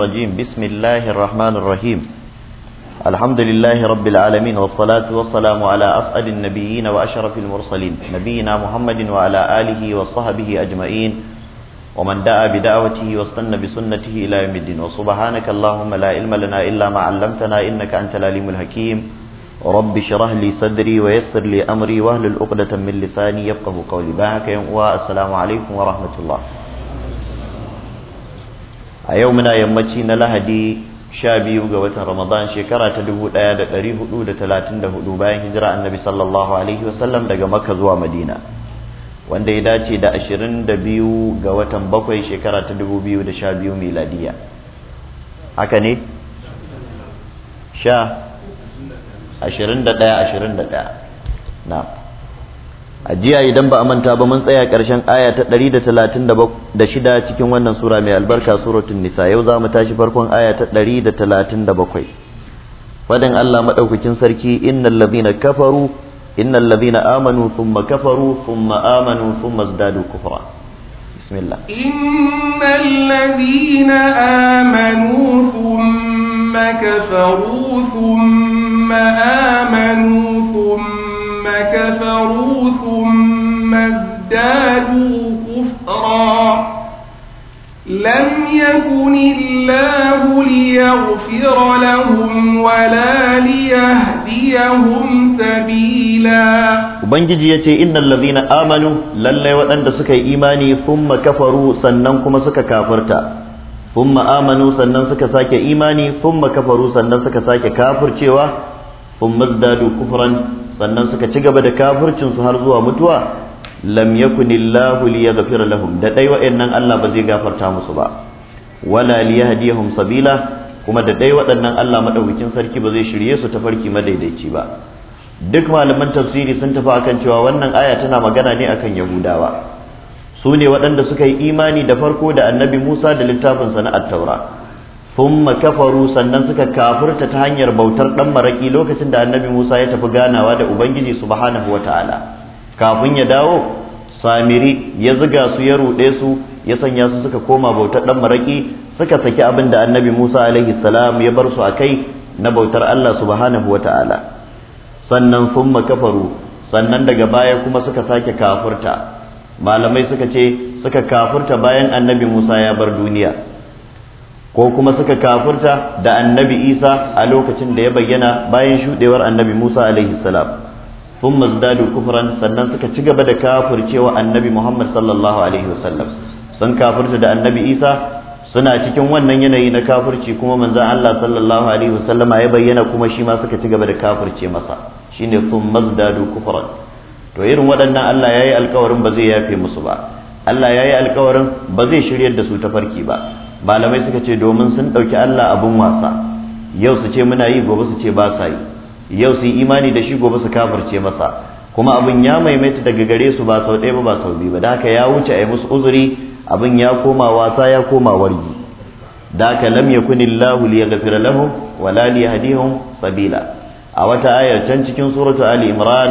الرجيم بسم الله الرحمن الرحيم الحمد لله رب العالمين والصلاة والسلام على أسأل النبيين وأشرف المرسلين نبينا محمد وعلى آله وصحبه أجمعين ومن دعا بدعوته واستنى بسنته إلى يوم الدين وسبحانك اللهم لا علم لنا إلا ما علمتنا إنك أنت العليم الحكيم رب شرح لي صدري ويسر لي أمري وهل الأقدة من لساني يفقه قولي باك يوم السلام عليكم ورحمة الله a yau muna yammaci na lahadi sha biyu ga watan ramadan shekara ta dubu ɗaya da ɗari hudu da talatin da hudu bayan hijira annabi sallallahu alaihi wasallam daga makka zuwa madina wanda ya dace da ashirin da biyu ga watan bakwai shekara ta dubu biyu da sha biyu miladiya haka ne sha ashirin da ɗaya ashirin da ɗaya na a jiya idan ba a manta ba mun tsaya ƙarshen aya ta 136 cikin wannan sura mai albarka suratul nisa yau za mu tashi farkon aya ta 137 fadin Allah madaukakin sarki innal ladhina kafaru innal ladhina amanu thumma kafaru thumma amanu thumma izdadu kufra بسم الله إن الذين آمنوا ثم كفروا ثم آمنوا ثم كفروا ثم ازدادوا كفرا لم يكن الله ليغفر لهم ولا ليهديهم سبيلا Ubangiji ya ce innal ladhina amanu lallai waɗanda suka yi imani thumma kafaru sannan kuma suka kafirta thumma amanu sannan suka sake imani thumma kafaru sannan suka sake kafircewa thumma zadu kufran sannan suka ci gaba da kafircinsu har zuwa mutuwa lam yakunillahu liyaghfira lahum da dai waɗannan Allah ba zai gafarta musu ba wala liyahdihum sabila kuma da dai waɗannan Allah madaukakin sarki ba zai shirye su ta farki madaidaici ba duk malaman tafsiri sun tafi akan cewa wannan aya tana magana ne akan yahudawa su ne waɗanda suka yi imani da farko da annabi Musa da littafinsa na at-taura thumma kafaru sannan suka kafirta ta hanyar bautar dan maraki lokacin da annabi Musa ya tafi ganawa da ubangiji subhanahu wataala kafin ya dawo samiri ya ziga su ya ruɗe su ya sanya su suka koma bautar dan maraki suka saki abin da annabi Musa alaihi salam ya bar su akai na bautar Allah subhanahu wataala sannan thumma kafaru sannan daga baya kuma suka sake kafurta malamai suka ce suka kafurta bayan annabi Musa ya bar duniya ko kuma suka kafurta da annabi isa a lokacin da ya bayyana bayan shudewar annabi musa alaihi salam sun mazdadu kufran sannan suka ci gaba da kafurcewa annabi muhammad sallallahu alaihi wasallam sun kafurta da annabi isa suna cikin wannan yanayi na kafurci kuma manza allah sallallahu alaihi wasallam ya bayyana kuma shi ma suka ci gaba da kafurce masa shine sun mazdadu kufran to irin waɗannan allah ya yi alkawarin ba zai yafe musu ba allah ya yi alkawarin ba zai shiryar da su ta farki ba malamai suka ce domin sun ɗauki Allah abin wasa yau su ce muna yi gobe su ce ba sa yi yau su yi imani da shi gobe su kafirce masa kuma abin ya maimaita daga gare su ba sau ɗaya ba sau biyu ba da haka ya wuce a yi musu uzuri abin ya koma wasa ya koma wargi da haka lam yakun illahu liyaghfir lahum wala liyahdihum sabila a wata ayar can cikin suratu ali imran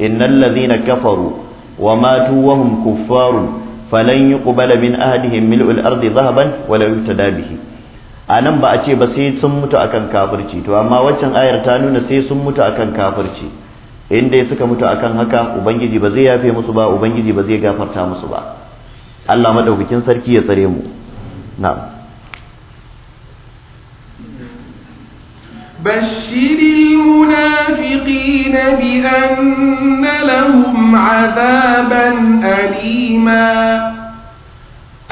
innal ladhina kafaru wa matu wa hum kuffarun falan yuqbala min ahadihim mil'ul ardi zahaban wala la yuftada bihi nan ba a ce ba sai sun mutu akan kafirci to amma waccan ayar ta nuna sai sun mutu akan kafirci inda suka mutu akan haka ubangiji ba zai yafe musu ba ubangiji ba zai gafarta musu ba Allah madaukakin sarki ya tsare mu na'am بشر المنافقين بأن لهم عذابا أليما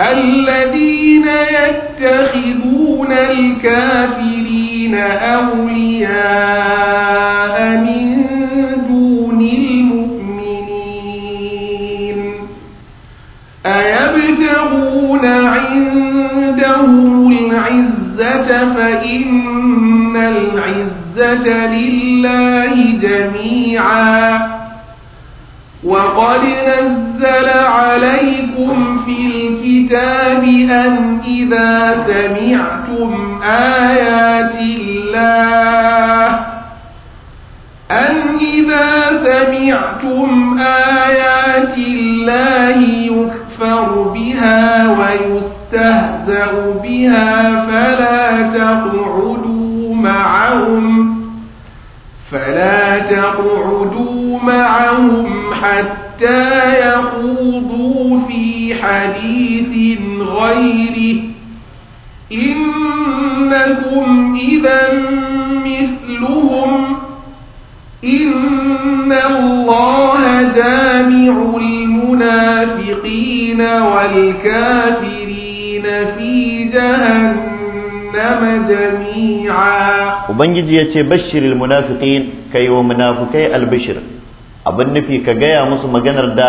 الذين يتخذون الكافرين أولياء من دون المؤمنين أيبتغون عندهم العزة العزة فإن العزة لله جميعا وقد نزل عليكم في الكتاب أن إذا سمعتم آيات الله أن إذا سمعتم آيات الله يكفر بها ويسر يستهزأ بها فلا تقعدوا معهم فلا تقعدوا معهم حتى يخوضوا في حديث غيره إنكم إذا مثلهم إن الله جامع المنافقين والكافرين Ubangiji ya ce bashiril munafiqin yi wa munafukai albishir abin nufi ka gaya musu maganar da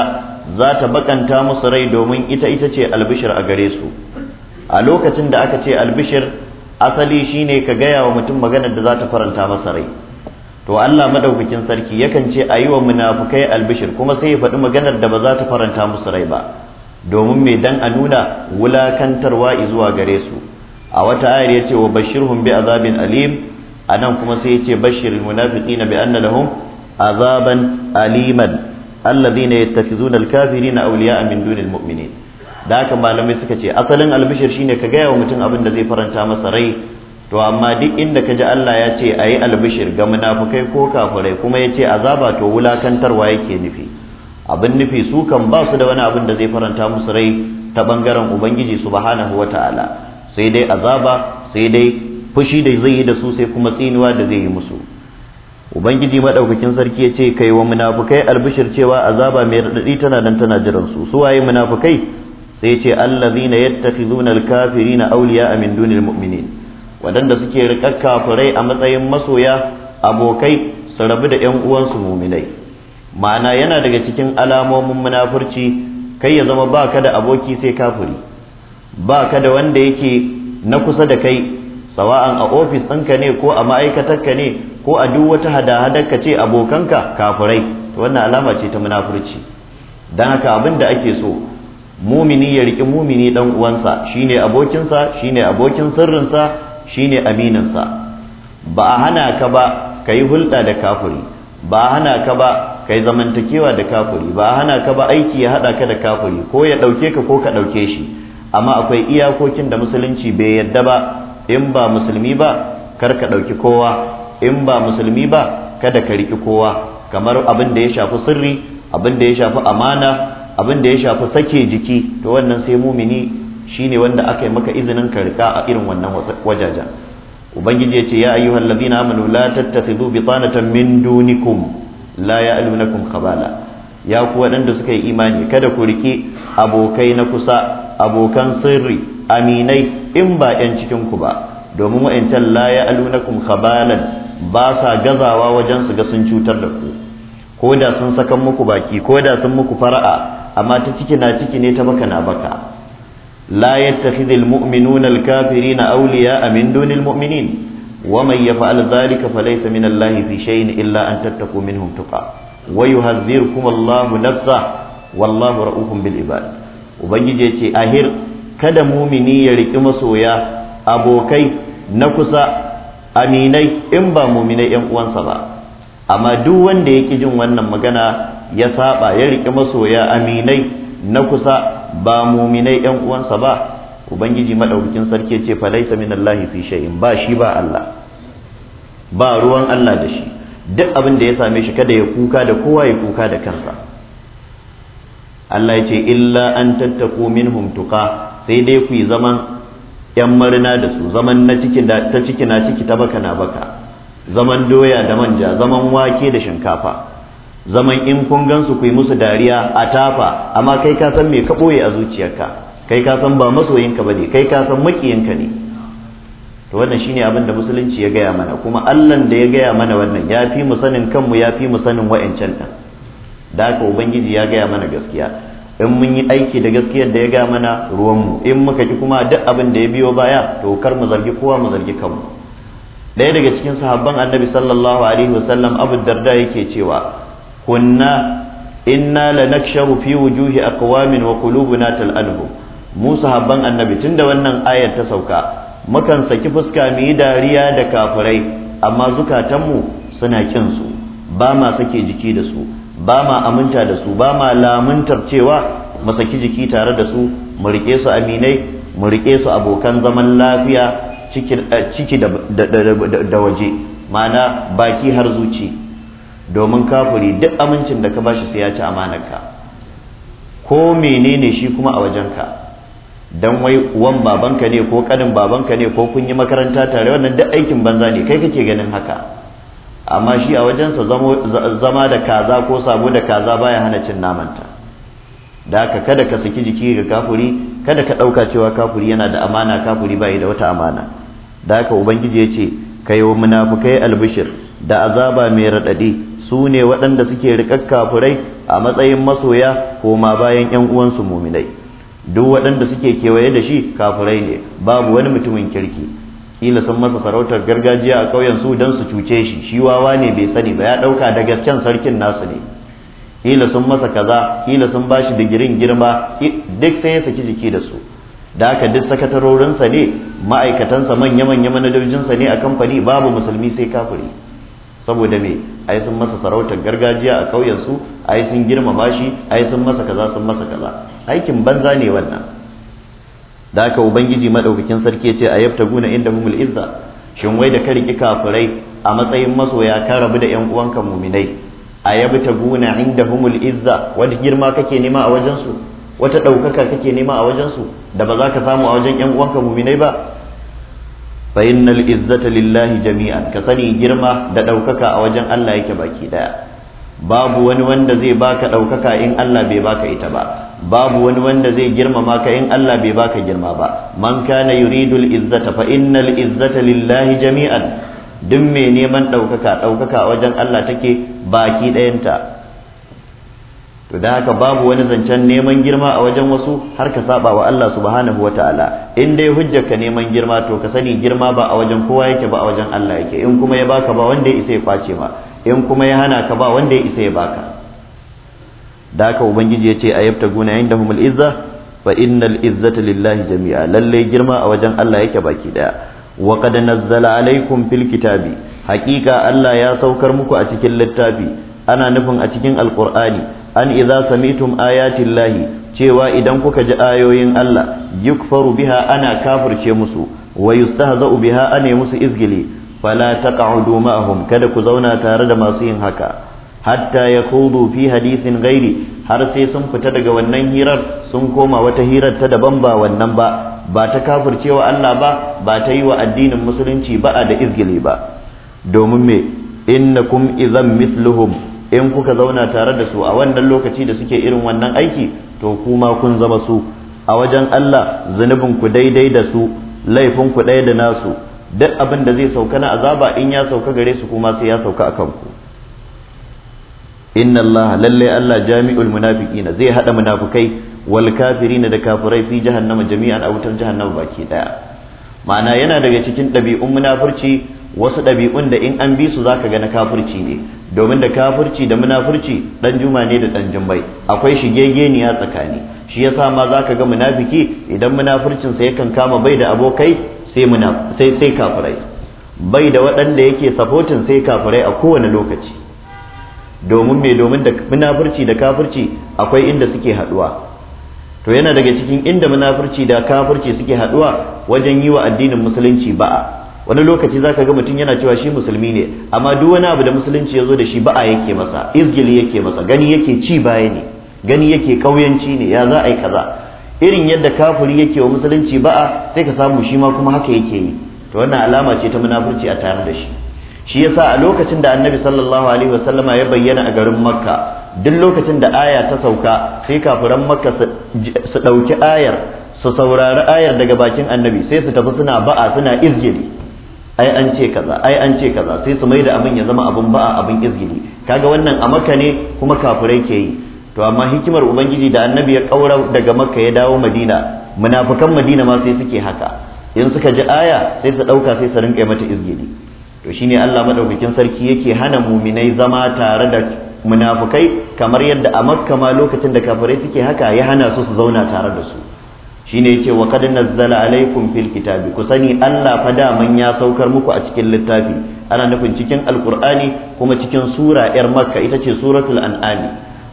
za ta bakanta musu rai domin ita ita ce albishir a gare su a lokacin da aka ce albishir asali shine ka gaya wa mutum maganar da za ta faranta masa rai to Allah madaukakin sarki yakan ce a yi wa munafukai albishir kuma sai ya faɗi maganar da ba za ta faranta musu rai ba domin mai dan a nuna wulakantarwa zuwa gare su a wata ayar ya ce wa bashirhum bi azabin alim a nan kuma sai ya ce bashirin munafiqina bi anna lahum azaban aliman alladhina na alkafirina a min dunil mu'minin da haka malamai suka ce asalin albishir shine ka gaya wa mutum abin da zai faranta masa rai to amma duk inda ka ji Allah ya ce ayi albishir ga munafukai ko kafirai kuma ya ce azaba to wulakantarwa yake nufi abin nufi su kan ba su da wani abin da zai faranta musu rai ta bangaren ubangiji subhanahu wata'ala sai dai azaba sai dai fushi da zai yi da su sai kuma tsinuwa da zai yi musu ubangiji madaukakin sarki ya ce kai wa munafukai albishir cewa azaba mai raɗaɗi tana nan tana jiran su su waye munafukai sai ce allazina kafiri na awliya a dunil mu'minin wadanda suke rikakka kafirai a matsayin masoya abokai su rabu da yan uwansu mu'minai ma'ana yana daga cikin alamomin munafurci kai ya zama ba ka da aboki sai kafuri ba ka da wanda yake na kusa da kai sawa'an a ofis ɗinka ne ko a ka ne ko a duk wata hada hadar ka ce abokanka kafurai wannan alama ce ta munafurci don haka abin da ake so mumini ya riƙi mumini ɗan uwansa shine abokinsa shine abokin sirrinsa shine amininsa ba a hana ka ba ka yi hulɗa da kafuri ba a hana ka ba kai zamantakewa da kafuri ba a hana ka ba aiki ya hada ka da kafuri ko ya dauke ka ko ka dauke shi amma akwai iyakokin da musulunci bai yadda ba in ba musulmi ba kar ka dauki kowa in ba musulmi ba kada ka riki kowa kamar abin da ya shafi sirri abin da ya shafi amana abin da ya shafi sake jiki to wannan sai mumini shine wanda aka yi maka izinin ka rika a irin wannan wajajen ubangiji ya ce ya ayyuhal ladina amanu la tattakhidhu bitanatan min dunikum la ya ya'lunakum khabala ya ku waɗanda suka yi imani kada ku rike abokai na kusa abokan sirri aminai in ba 'yan ku ba domin wa'ancan la ya ya'lunakum khabalan ba sa gazawa wajen su ga sun cutar da ku ko da sun sakan muku baki ko da sun muku fara'a amma ta ciki na ciki ne ta baka na baka la yattakhidhul mu'minuna al-kafirina awliya'a min dunil mu'minin ومن يفعل ذلك فليس من الله في شيء إلا أن تتقوا منهم تقى ويهذركم الله نفسه والله رؤوف بالعباد ubangiji ce ahir kada mumini ya riƙi masoya abokai na kusa aminai in ba muminai yan uwansa ba amma duk wanda ya ki jin wannan magana ya saba ya riƙi masoya aminai na kusa ba muminai yan uwansa ba ubangiji madaukakin sarki ce fa laysa min allahi fi shay'in ba shi ba Allah ba ruwan Allah da shi duk abin da ya same shi kada ya kuka da kowa ya kuka da kansa Allah ya ce illa an tattaku minhum tuqa sai dai ku yi zaman yan marina da su zaman na ciki da ta ciki na ciki ta baka na baka zaman doya da manja zaman wake da shinkafa zaman in kun gansu ku yi musu dariya a tafa amma kai ka san me ka boye a zuciyarka kai ka san ba masoyinka ba ne? kai ka san makiyinka ne to wannan shine abin da musulunci ya gaya mana kuma Allah da ya gaya mana wannan ya fi mu sanin kanmu ya fi mu sanin wa'ancan din da haka ubangiji ya gaya mana gaskiya in mun yi aiki da gaskiyar da ya gaya mana ruwanmu in muka ki kuma duk abin da ya biyo baya to kar mu zargi kowa mu zargi kanmu ɗaya daga cikin sahabban annabi sallallahu alaihi wasallam abu darda yake cewa kunna inna lanakshahu fi wujuhi aqwamin wa qulubuna tal'anhum mu sahabban annabi da wannan ayar ta sauka mukan saki fuska mu yi dariya da kafirai amma zukatanmu suna kin su ba ma sake jiki da su ba ma aminta da su ba ma lamuntar cewa mu saki jiki tare da su mu rike su aminai mu rike su abokan zaman lafiya ciki eh, da waje ma'ana baki har zuci domin kafuri duk amincin da ka bashi sai ya ci amanarka ko menene shi kuma a wajenka ka dan wai uwan babanka ne ko kanin babanka ne ko kun yi makaranta tare wannan duk aikin banza ne kai kake ganin haka amma shi a wajensa zama da kaza ko sabo da kaza baya hana cin namanta da haka kada ka saki jiki ga kafuri kada ka ɗauka cewa kafuri yana da amana kafuri bai da wata amana da haka ubangiji ya ce kai wa munafukai albishir da azaba mai raɗaɗi su ne waɗanda suke riƙa kafurai a matsayin masoya ko ma bayan 'yan uwansu muminai duk waɗanda suke kewaye da shi kafirai ne babu wani mutumin kirki ila sun masa sarautar gargajiya a ƙauyen su don su cuce shi shi wawa ne bai sani ba ya ɗauka daga can sarkin nasu ne kila sun masa kaza ila sun bashi digirin girma duk sai ya saki jiki da su da haka duk sakatarorinsa ne ma'aikatansa manya-manya manajojinsa ne a kamfani babu musulmi sai kafiri saboda me ai sun masa sarautar gargajiya a ƙauyensu su ai sun girmama shi ai sun masa kaza sun masa kaza aikin banza ne wannan da aka ubangiji madaukakin sarki ce a yabta guna inda humul izza shin wai da ka riki kafirai a matsayin masoya ka rabu da yan uwanka muminai a yabta guna inda humul izza wani girma kake nema a wajensu? wata ɗaukaka kake nema a wajensu? da ba za ka samu a wajen yan uwanka muminai ba Fa'innal innal izzata lillahi jami'an ka sani girma da ɗaukaka a wajen Allah yake baki ɗaya. babu wani wanda zai baka ɗaukaka in Allah bai baka ita ba babu wani wanda zai girmama ka in Allah bai baka girma ba Manka na yuridul izzata fa'innal innal izzata lillahi jami'an duk mai neman ɗaukaka ɗaukaka a wajen Allah take baki ɗayanta to da haka babu wani zancen neman girma a wajen wasu har ka saba wa Allah subhanahu ta'ala in dai hujjar ka neman girma to ka sani girma ba a wajen kowa yake ba a wajen Allah yake in kuma ya baka ba wanda ya isa ya kwace ma in kuma ya hana ka ba wanda ya isa ya baka da haka ubangiji ya ce a yabta guna inda humul izza fa innal izzata lillahi jami'a lalle girma a wajen Allah yake baki daya wa qad nazzala alaikum fil kitabi haqiqa Allah ya saukar muku a cikin littafi ana nufin a cikin alkur'ani an idza sami'tum ayati llahi cewa idan kuka ji ayoyin Allah yukfaru biha ana kafirce musu wa yustahza'u biha ana musu izgili fala taq'udu ma'ahum kada ku zauna tare da masu yin haka hatta yakhudu fi hadithin ghairi har sai sun fita daga wannan hirar sun koma wata hirar ta daban ba wannan ba ba ta kafircewa Allah ba ba ta yi wa addinin musulunci ba a da izgili ba domin me innakum idzan mithluhum in kuka zauna tare da su a wannan lokaci da suke irin wannan aiki to kuma kun zama su a wajen Allah zunubin ku daidai da su laifin ku ɗaya da nasu duk abin da zai sauka na azaba in ya sauka gare su kuma sai ya sauka akan ku inna Allah lalle Allah jami'ul munafiqina zai hada munafikai wal kafirina da kafirai fi jahannama jami'an a wutar jahannama baki daya ma'ana yana daga cikin ɗabi'un munafurci wasu ɗabi'un da in an bi su zaka ga na kafirci ne domin da kafirci da munafurci dan juma ne da dan jumbai akwai shigegeniya tsakani shi yasa ma zaka ga munafiki idan munafurcin sa yakan kama bai da abokai sai sai kafirai bai da waɗanda yake sapotin sai kafirai a kowane lokaci domin me domin da munafurci da kafirci akwai inda suke haɗuwa to yana daga cikin inda munafurci da kafirci suke haɗuwa wajen yi wa addinin musulunci ba'a wani lokaci zaka ga mutum yana cewa shi musulmi ne amma duk wani abu da musulunci ya zo da shi ba'a yake masa izgili yake masa gani yake ci baya ne gani yake kauyanci ne ya za a yi kaza irin yadda kafiri yake wa musulunci ba'a sai ka samu shi ma kuma haka yake yi to wannan alama ce ta munafurci a tare da shi shi yasa a lokacin da annabi sallallahu alaihi wasallama ya bayyana a garin makka duk lokacin da aya ta sauka sai kafiran makka su ɗauki ayar su saurari ayar daga bakin annabi sai su tafi suna ba'a suna izgili ai an ce kaza ai an ce kaza sai su maida abin ya zama abin ba'a abin izgili kaga wannan a maka ne kuma kafurai ke yi to amma hikimar ubangiji da annabi ya kaura daga makka ya dawo madina munafikan madina ma sai suke haka in suka ji aya sai su dauka sai su rinka mata izgili to shine Allah madaukakin sarki yake hana muminai zama tare da munafukai kamar yadda a makka ma lokacin da kafurai suke haka ya hana su su zauna tare da su shine yace wa kad nazzala alaikum fil kitabi ku sani Allah fa daman ya saukar muku a cikin littafi ana nufin cikin alqur'ani kuma cikin sura yar makka ita ce suratul an'ami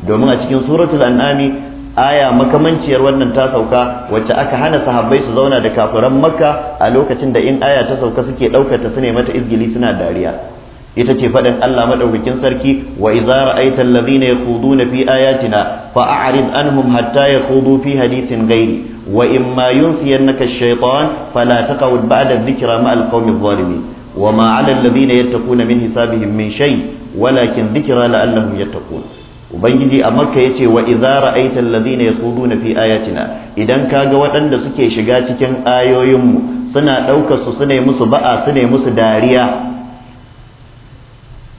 domin a cikin suratul an'ami aya makamanciyar wannan ta sauka wacce aka hana sahabbai su zauna da kafiran makka a lokacin da in aya ta sauka suke ɗaukar ta su ne mata izgili suna dariya ita ce faɗin Allah maɗaukakin sarki wa iza ra'aita allazina yakhuduna fi ayatina fa a'rid anhum hatta yakhudu fi hadithin ghairi wa in ma yunsiyannaka ash-shaytan fala taqud ba'da dhikra ma al-qawmi adh-dhalimin wa ma 'ala alladhina yattaquna min hisabihim min shay walakin dhikra la'allahum yattaqun ubangiji a makka yace wa idza ra'aita alladhina yasuduna fi ayatina idan kaga waɗanda suke shiga cikin ayoyinmu suna ɗaukar su sune musu ba'a sune musu dariya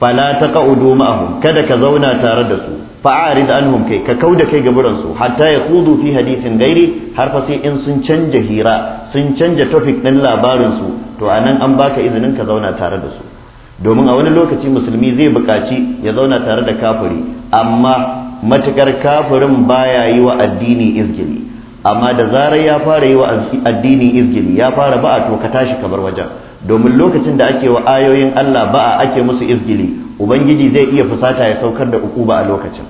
fala taqaudu ma'ahum kada ka zauna tare da su fa'arid anhum kai ka kauda kai gaburan su hatta ya kudu fi hadisin gairi har fa sai in sun canja hira sun canja tofik din labarin su to anan an baka izinin ka zauna tare da su domin a wani lokaci musulmi zai buƙaci ya zauna tare da kafuri, amma matukar kafirin baya yi wa addini izgili amma da zarar ya fara yi wa addini izgili ya fara ba'a to ka tashi kamar wajen domin lokacin da ake wa ayoyin Allah ba'a ake musu izgili ubangiji zai iya fusata ya saukar da ukuba a lokacin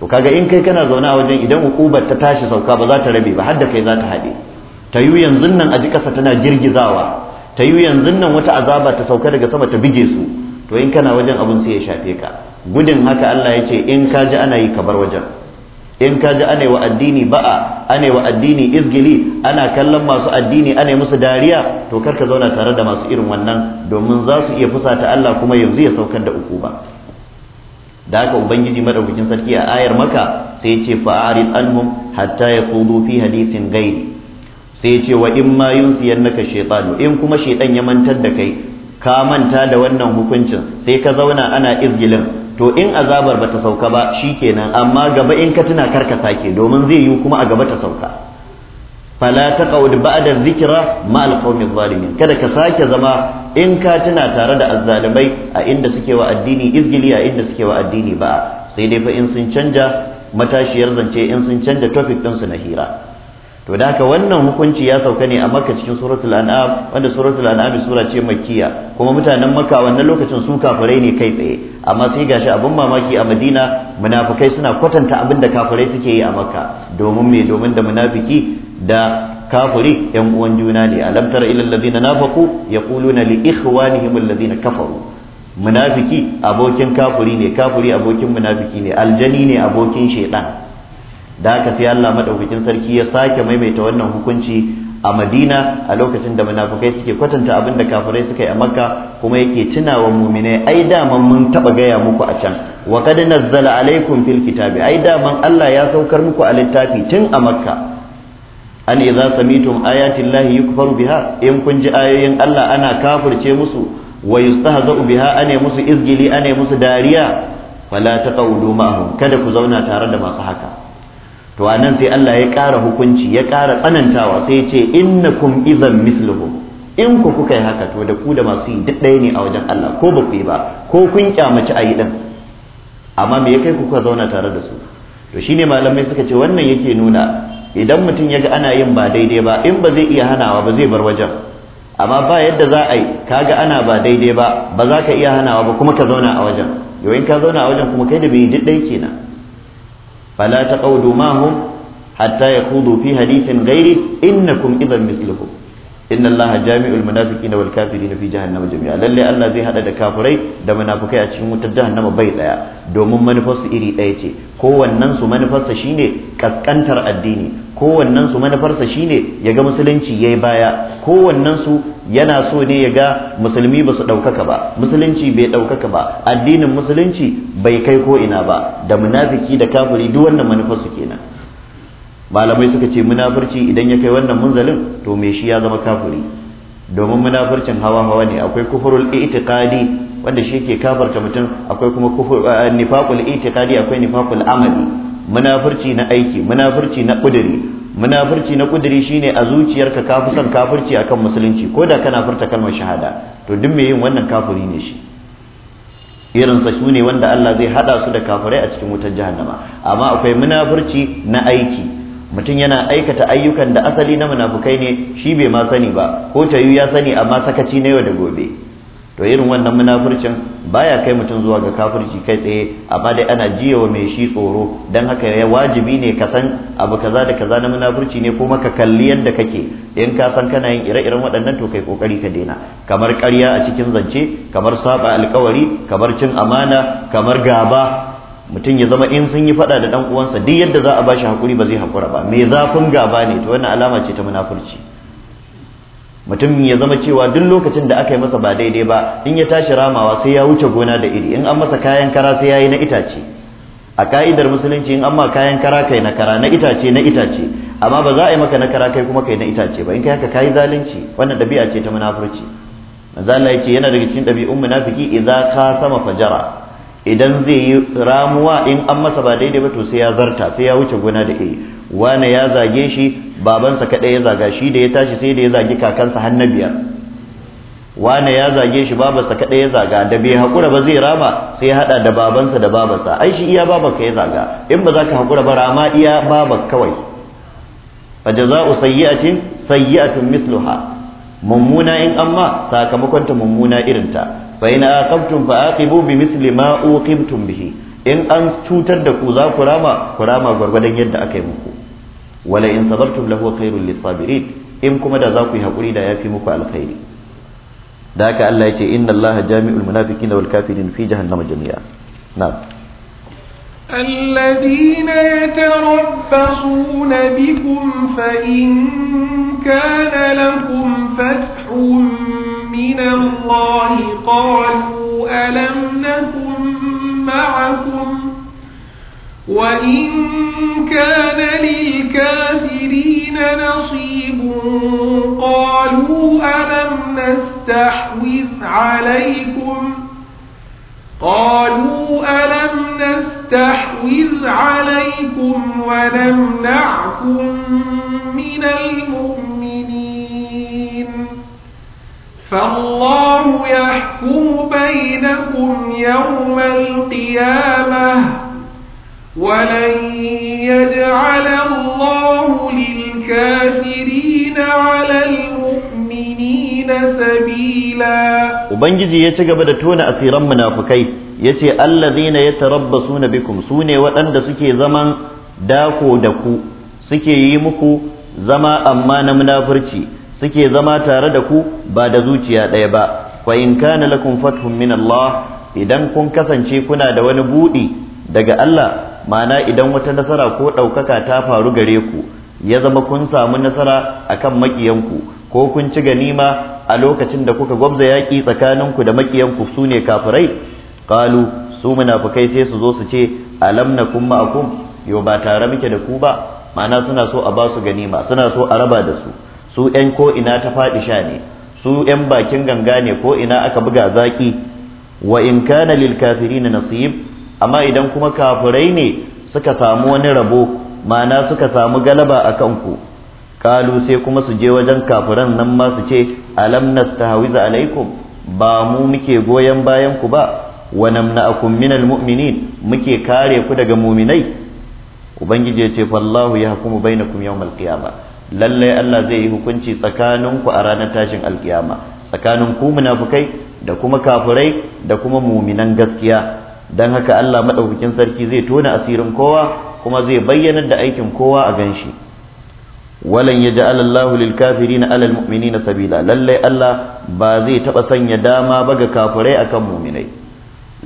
to kaga in kai kana zaune a wajen idan ukubar ta tashi sauka ba za ta rabe ba har da kai za ta haɗe ta yi yanzu nan a ji ƙasa tana girgizawa ta yi yanzu nan wata azaba ta sauka daga sama ta bige su to in kana wajen abun sai ya shafe ka gudun haka Allah ya ce in ka ji ana yi ka bar wajen in ka ji ane wa addini ba'a ane wa addini izgili ana kallon masu addini ane musu dariya to karka zauna tare da masu irin wannan domin za su iya fusata Allah kuma yanzu ya saukar da uku ba da haka ubangiji madaukakin sarki a ayar maka sai ce fa'arid anhum hatta yaqudu fi hadithin sai ce wa in ma yunsiyannaka shaytanu in kuma shaytan ya mantar da kai ka manta da wannan hukuncin sai ka zauna ana izgilin to in azabar bata sauka ba shi kenan amma gaba in ka tuna karka sake domin zai yi kuma a gaba ta sauka fala ta taqaud ba'da dhikra ma alqawmi zalimin kada ka sake zama in ka tuna tare da azzalimai a inda suke wa addini izgili a inda suke wa addini ba sai dai fa in sun canja matashiyar zance in sun canja topic su na hira to da haka wannan hukunci ya sauka ne a makka cikin suratul an'am wanda suratul an'am sura ce makkiya kuma mutanen makka wannan lokacin su kafirai ne kai tsaye amma sai gashi abin mamaki a madina munafikai suna kwatanta abin da kafirai suke yi a makka domin me domin da munafiki da kafiri yan uwan juna ne alam tara ila alladhina nafaqu yaquluna li ikhwanihim alladhina kafaru munafiki abokin kafiri ne kafiri abokin munafiki ne aljani ne abokin shaitan da aka sai Allah madaukakin sarki ya sake maimaita wannan hukunci a Madina a lokacin da munafukai suke kwatanta abin da kafirai suka yi a Makka kuma yake tunawa mu'minai ai man mun taba gaya muku a can wa kad nazzala alaikum fil kitabi ai da man Allah ya saukar muku a littafi tun a Makka an idza samitum ayati llahi yukfaru biha in kun ji ayoyin Allah ana kafirce musu wa yustahza'u biha ane musu izgili ane musu dariya fala taqawdu ma'hum kada ku zauna tare da masu haka to anan sai Allah ya ƙara hukunci ya ƙara tsanantawa sai ya ce innakum idan misluhu in ku kuka yi haka to da ku da masu yi duk ne a wajen Allah ko ba ku yi ba ko kun kyamaci a yi ɗin amma me ya kai ku kuka zauna tare da su to shine malamai suka ce wannan yake nuna idan mutum ya ga ana yin ba daidai ba in ba zai iya hanawa ba zai bar wajen amma ba yadda za a yi kaga ana ba daidai ba ba za ka iya hanawa ba kuma ka zauna a wajen yau in ka zauna a wajen kuma kai da bai duk ɗaya kenan ta taqudu mahum hatta ya yakhudu fi hadithin ghairi innakum idan mithluhum inna allaha jami'ul munafiqina wal kafirina fi jahannama jami'a lalle Allah zai haɗa da kafurai da munafukai a cikin wutar nama bai ɗaya domin manufarsu iri ɗaya ce kowannen su manufarsa shine kaskantar addini wannan su manufarsa shine ya ga musulunci yayi baya wannan su yana so ne ya ga musulmi ba su ɗaukaka ba musulunci bai ɗaukaka ba addinin musulunci bai kai ko ina ba da munafiki da kafiri duk wannan manufarsu kenan malamai suka ce munafurci idan ya kai wannan munzalin to me shi ya zama kafiri domin munafurcin hawa hawa ne akwai kufurul itiqadi wanda shi ke kafarta mutum akwai kuma kufur nifaqul itiqadi akwai nifaqul amali munafurci na aiki munafurci na kuduri munafurci na kuduri shine a zuciyarka ka fi son kafirci akan musulunci ko da kana furta kalmar shahada to duk me yin wannan kafiri ne shi sa su ne wanda Allah zai hada su da kafirai a cikin wutar jahannama amma akwai munafurci na aiki mutum yana aikata ayyukan da asali na munafukai ne shi bai ma sani ba ko tayu ya sani amma sakaci na yau da gobe to irin wannan munafurcin baya kai mutum zuwa ga kafirci kai tsaye amma dai ana jiya wa mai shi tsoro don haka ya wajibi ne ka san abu kaza da kaza na munafurci ne kuma ka kalli yadda kake in ka san kana yin ire-iren waɗannan to kai kokari ka daina kamar ƙarya a cikin zance kamar saba alkawari kamar cin amana kamar gaba mutum ya zama in sun yi fada da dan uwansa duk yadda za a bashi hakuri ba zai hakura ba me zafin gaba ne to wannan alama ce ta munafurci mutum ya zama cewa duk lokacin da aka yi masa ba daidai ba in ya tashi ramawa sai ya wuce gona da iri in an masa kayan kara sai yayi na itace a ka'idar musulunci in an ma kayan kara kai na kara na itace na itace amma ba za a yi maka na kara kai kuma kai na itace ba in kai haka kayi zalunci wannan dabi'a ce ta munafurci manzo Allah yake yana daga cikin dabi'un munafiki idza sama fajara idan zai yi ramuwa in an masa ba daidai ba to sai ya zarta sai ya wuce gona da iri wane ya zage shi babansa kadai ya zaga shi da ya tashi sai da ya zagi kakansa har na biyar wane ya zage shi babansa kadai ya zaga da bai hakura ba zai rama sai ya hada da babansa da babansa. ai shi iya babanka ya zaga in ba za ka hakura ba rama iya baban kawai fa jaza'u sayyi'atin sayyi'atun mithluha mummuna in amma sakamakon ta mummuna irinta fa in aqabtum fa bi misli ma uqibtum bihi in an cutar da ku za ku rama ku rama gwargwadon yadda aka yi muku wala in sabartum lahu khairul lisabirin in kuma da za ku yi hakuri da yafi muku alkhairi da haka Allah ya ce inna Allah jami'ul munafikina wal kafirin fi jahannama jami'a na'am الذين يتربصون بكم فإن كان لكم فتح من الله قالوا ألم نكن معكم وإن كان للكافرين نصيب قالوا ألم نستحوذ عليكم قالوا ألم نستحوذ عليكم ونمنعكم من المؤمنين فالله يحكم بينكم يوم القيامة ولن يجعل الله للكافرين على المؤمنين Ubangiji ya ci gaba da tona asiran munafukai ya ce allazina ya tarabbasu na bikum sune ne waɗanda suke zaman dako da ku suke yi muku zama amma na munafurci suke zama tare da ku ba da zuciya ɗaya ba fa in kana lakum fathun min Allah idan kun kasance kuna da wani buɗi daga Allah ma'ana idan wata nasara ko ɗaukaka ta faru gare ku ya zama kun samu nasara akan makiyanku ko kun ci ganima a lokacin da kuka gwabza yaƙi tsakaninku da maƙiyanku su ne kafirai Ƙalu su munafukai sai su zo su ce alam na kun ma'akum yo ba tare muke da ku ba ma'ana suna so a ba su ganima suna so a raba da su su yan ko ina ta faɗi sha ne su yan bakin ganga ne ko ina aka buga zaƙi? wa in kana lil kafirin nasib amma idan kuma kafirai ne suka samu wani rabo ma'ana suka samu galaba a ku kalu sai kuma su je wajen kafiran nan ma su ce alam nastahwiza alaikum ba mu muke goyon bayan ku ba wa namna'akum minal mu'minin muke kare ku daga mu'minai ubangiji ya ce fallahu hukumu bainakum yawmal qiyamah lallai Allah zai yi hukunci tsakanin ku a ranar tashin alkiyama tsakanin ku munafukai da kuma kafirai da kuma muminan gaskiya dan haka Allah madaukakin sarki zai tona asirin kowa kuma zai bayyana da aikin kowa a ganshi shi walan ya ja'ala Allahu lil na alal na sabila lallai Allah ba zai taɓa sanya dama ba ga kafirai akan mu'minai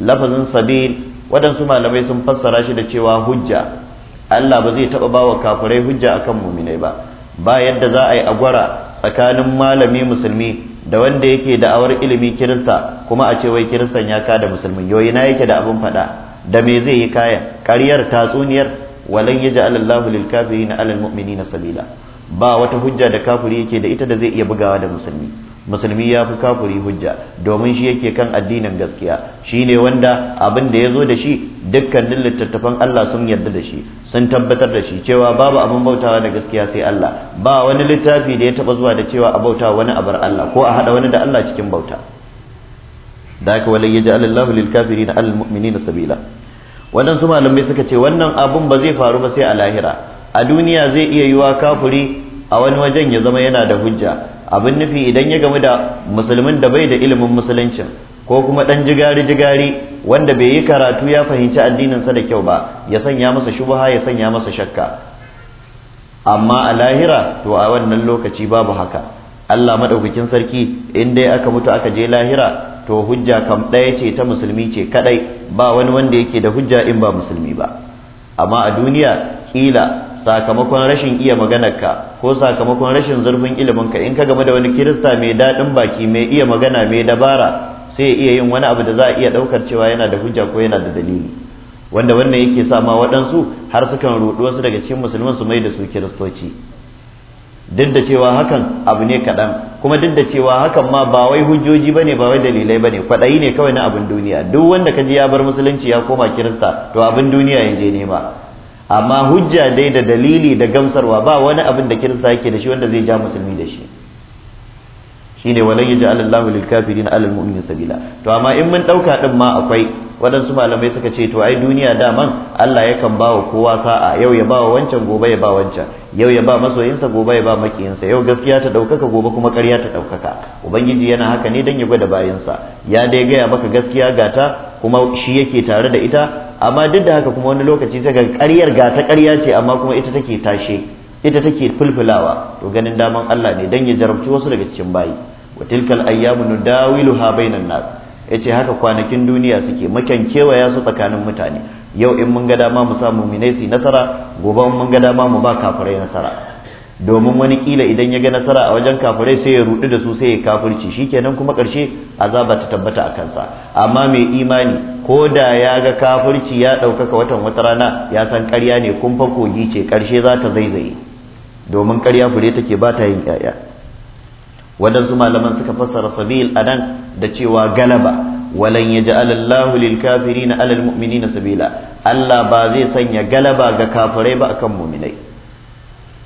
lafazin sabil waɗansu malamai sun fassara shi da cewa hujja Allah ba zai taba bawa kafirai hujja akan mu'minai ba ba yadda za a yi agwara tsakanin malami musulmi da wanda yake da'awar ilimi kirista kuma a ce wai kiristan ya kada musulmi yoyi na yake da abin faɗa da me zai yi kayan ƙaryar tatsuniyar walan yaj'al Allahu lil kafirin 'ala al mu'minina sabila ba wata hujja da kafiri yake da ita da zai iya bugawa da musulmi musulmi ya fi kafiri hujja domin shi yake kan addinin gaskiya shi ne wanda abin da ya zo da shi dukkanin littattafan Allah sun yarda da shi sun tabbatar da shi cewa babu abin bautawa da gaskiya sai Allah ba wani littafi da ya taba zuwa da cewa a bauta wani abar Allah ko a hada wani da Allah cikin bauta da haka walai ja'alallahu lil kafirin al mu'minina sabila waɗansu malamai suka ce wannan abun ba zai faru ba sai a lahira a duniya zai iya yiwa kafuri a wani wajen ya zama yana da hujja abin nufi idan ya gamu da musulmin da bai da ilimin musuluncin ko kuma ɗan jigari jigari wanda bai yi karatu ya fahimci addininsa da kyau ba ya sanya masa shubha ya sanya masa shakka amma a lahira to a wannan lokaci babu haka Allah madaukakin sarki in dai aka mutu aka je lahira to hujja kam ɗaya ce ta musulmi ce kaɗai ba wani wanda yake da hujja in ba musulmi ba amma a duniya kila sakamakon rashin iya maganarka ko sakamakon rashin zurfin iliminka in ka game da wani kirista mai daɗin baki mai iya magana mai dabara sai iya yin wani abu da za a iya ɗaukar cewa yana da hujja ko yana da dalili wanda wannan yake sa ma waɗansu har sukan ruɗu wasu daga cikin musulman su mai da su kiristoci duk da cewa hakan abu ne kaɗan kuma duk da cewa hakan ma ba wai hujjoji ba ne ba wai dalilai ba ne kwaɗayi ne kawai na abin duniya duk wanda ka ji ya bar musulunci ya koma kirista to abin duniya ya je nema amma hujja dai da dalili da gamsarwa ba wani abin da kirista yake da shi wanda zai ja musulmi da shi shine walan yaj'al Allahu lil kafirin mu'minin sabila to amma in mun dauka din ma akwai waɗansu malamai suka ce to ai duniya daman Allah yakan bawa kowa sa'a yau ya bawa wancan gobe ya ba wancan yau ya ba masoyinsa gobe ya ba makiyinsa yau gaskiya ta ɗaukaka gobe kuma ƙarya ta ɗaukaka ubangiji yana haka ne don ya gwada bayansa ya dai gaya maka gaskiya gata kuma shi yake tare da ita amma duk da haka kuma wani lokaci ta ga ƙaryar gata ƙarya ce amma kuma ita take tashe ita take fulfulawa to ganin daman Allah ne don ya jarabci wasu daga cikin bayi wa tilkal ayyamu nudawiluha bainan nas ya ce haka kwanakin duniya suke mukan ya su tsakanin mutane yau in mun ga dama mu samu muminai nasara gobe mun ga dama mu ba kafirai nasara domin wani kila idan ya ga nasara a wajen kafirai sai ya rudu da su sai ya kafirci shikenan kuma karshe azaba ta tabbata a kansa amma mai imani ko da ya ga kafirci ya ɗaukaka watan wata rana ya san ƙarya ne kun fa kogi ce karshe za ta zaizaye domin ƙarya fure take ba ta yin ƴaƴa waɗansu malaman suka fassara sabil a nan da cewa galaba walan yaj'al Allahu lil kafirina 'ala al mu'minina sabila Allah ba zai sanya galaba ga kafirai ba akan mu'minai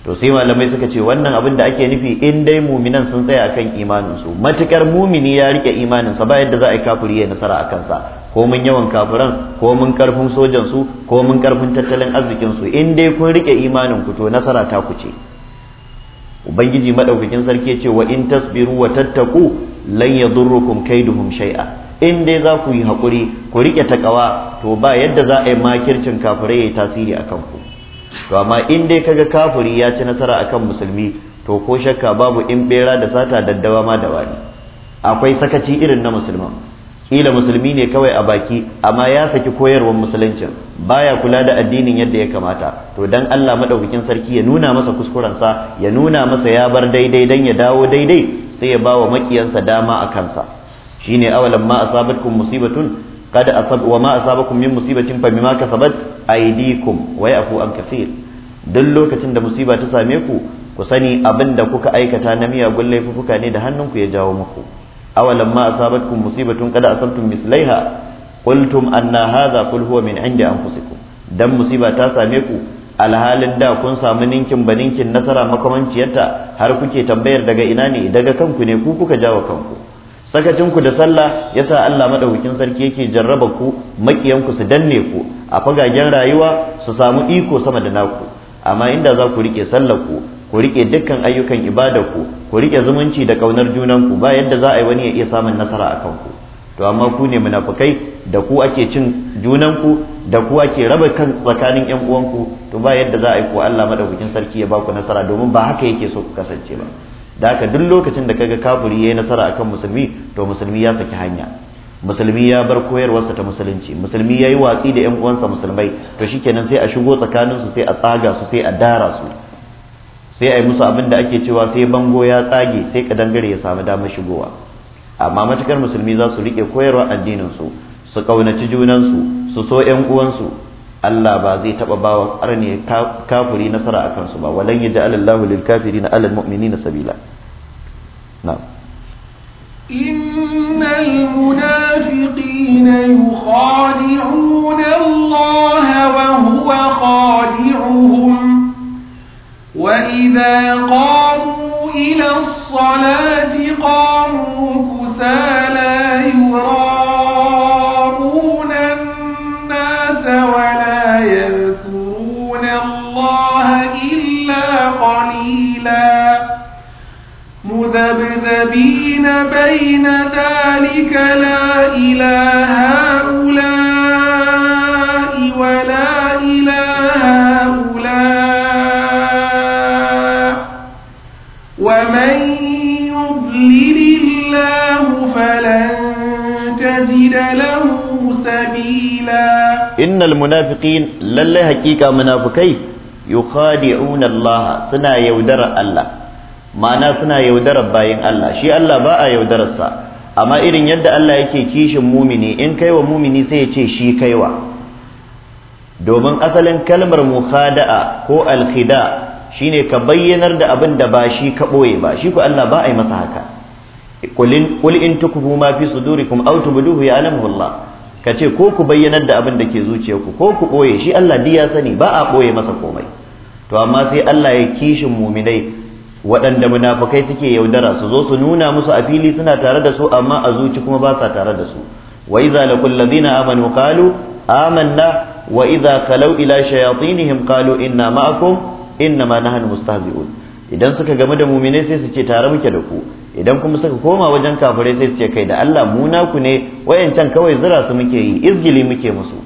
to sai malamai suka ce wannan abin da ake nufi in dai mu'minan sun tsaya akan imanin su matukar mu'mini ya rike imanin sa ba yadda za a yi kafiri ya nasara akan sa ko mun yawan kafiran ko mun karfin sojan su ko mun karfin tattalin arzikin su in dai kun rike imanin ku to nasara ta ku ce ubangiji madaukakin sarki yace wa in tasbiru wa tattaku lan yadurrukum kaiduhum shay'a in dai za ku yi hakuri ku rike takawa to ba yadda za a yi makircin kafirai yayi tasiri akan ku to amma in dai kaga kafiri ya ci nasara akan musulmi to ko shakka babu in bera da sata daddawa ma da wani akwai sakaci irin na musulman kila musulmi ne kawai a baki amma ya saki koyarwar musuluncin baya kula da addinin yadda ya kamata to dan Allah madaukakin sarki ya nuna masa kuskurensa ya nuna masa ya bar daidai dan ya dawo daidai sai ya bawa makiyansa dama a kansa shine awalan ma asabatkum musibatun qad asab wa ma asabakum min musibatin fa bima kasabat aydikum wa yafu an kaseer duk lokacin da musiba ta same ku ku sani abin da kuka aikata na miyagun laifuka ne da hannunku ya jawo muku awalan ma asabatkum musibatun qad asabtum mislaiha qultum anna hadha qul huwa min indi anfusikum dan musiba ta same ku alhalin da kun samu ninkin baninkin nasara makamanciyarta har kuke tambayar daga ina ne daga kanku ne ku kuka jawo kanku sakacinku da sallah yasa Allah madaukakin sarki yake jarraba ku makiyanku su danne ku a fagagen rayuwa su samu iko sama da naku amma inda za ku rike sallar ku ku rike dukkan ayyukan ibadarku ku ku rike zumunci da kaunar junanku ba yadda za a yi wani ya iya samun nasara a kanku to amma ku ne munafukai da ku ake cin junanku da ku ake raba kan tsakanin yan uwanku to ba yadda za a yi ku Allah madaukakin sarki ya baku nasara domin ba haka yake so ku kasance ba da haka duk lokacin da kaga kafiri yayi nasara akan musulmi to musulmi ya saki hanya musulmi ya bar koyarwarsa ta musulunci musulmi ya yi watsi da 'yan uwansa musulmai to shikenan sai a shigo tsakaninsu sai a tsaga su sai a dara su sai a yi musu abin da ake cewa sai bango ya tsage sai kadangare ya samu damar shigowa amma matukar musulmi za su rike koyarwa addinin su su kaunaci junansu su so yan uwansu Allah ba zai taba bawa ƙarni kafiri nasara a kansu ba walan yadda Allahu lil na alal na sabila na'am huwa وإذا قاموا إلى الصلاة قاموا كسالى يراءون الناس ولا يذكرون الله إلا قليلا مذبذبين بين ذلك لا إله هؤلاء innal munafiqin lallai hakika munafikai yukhadi'un Allah suna yaudarar Allah ma'ana suna yaudarar bayin Allah shi Allah ba a yaudararsa amma irin yadda Allah yake kishin mumini in kaiwa mumini sai ya ce shi kaiwa domin asalin kalmar mukhada'a ko alkhida shine ka bayyanar da abin da ba shi ka boye ba shi ku Allah ba a yi masa haka qul in tukhu ma fi sudurikum aw tubduhu ya'lamuhu Allah ka ce ko ku bayyanar da abin da ke ku ko ku ɓoye shi Allah ya sani ba a ɓoye masa komai to amma sai Allah ya kishin muminai waɗanda munafukai suke yaudara su zo su nuna musu a fili suna tare da su amma a zuci kuma ba sa tare da su wa idza laqul ladina amanu qalu amanna wa iza kalau ila shayatinihim qalu inna ma'akum na nahnu mustahzi'un idan suka game da muminai sai su ce tare muke da ku idan kuma suka koma wajen kafirai sai ce kai da Allah mu ku ne wayancan kawai zira su muke yi izgili muke musu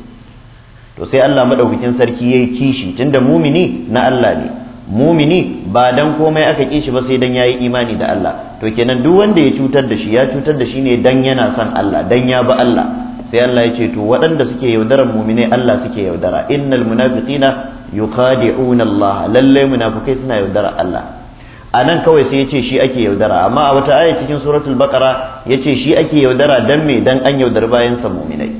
to sai Allah madaukakin sarki yayi kishi tunda mumini na Allah ne mumini ba dan komai aka kishi ba sai dan yayi imani da Allah to kenan duk wanda ya cutar da shi ya cutar da shi ne dan yana son Allah dan ya ba Allah sai Allah ya ce to waɗanda suke yaudarar mumine Allah suke yaudara innal munafiqina yukhadi'una Allah lalle munafikai suna yaudara Allah a nan kawai sai ya ce shi ake yaudara amma a wata aya cikin suratul baqara ya ce shi ake yaudara dan me dan an yaudar bayan sa muminai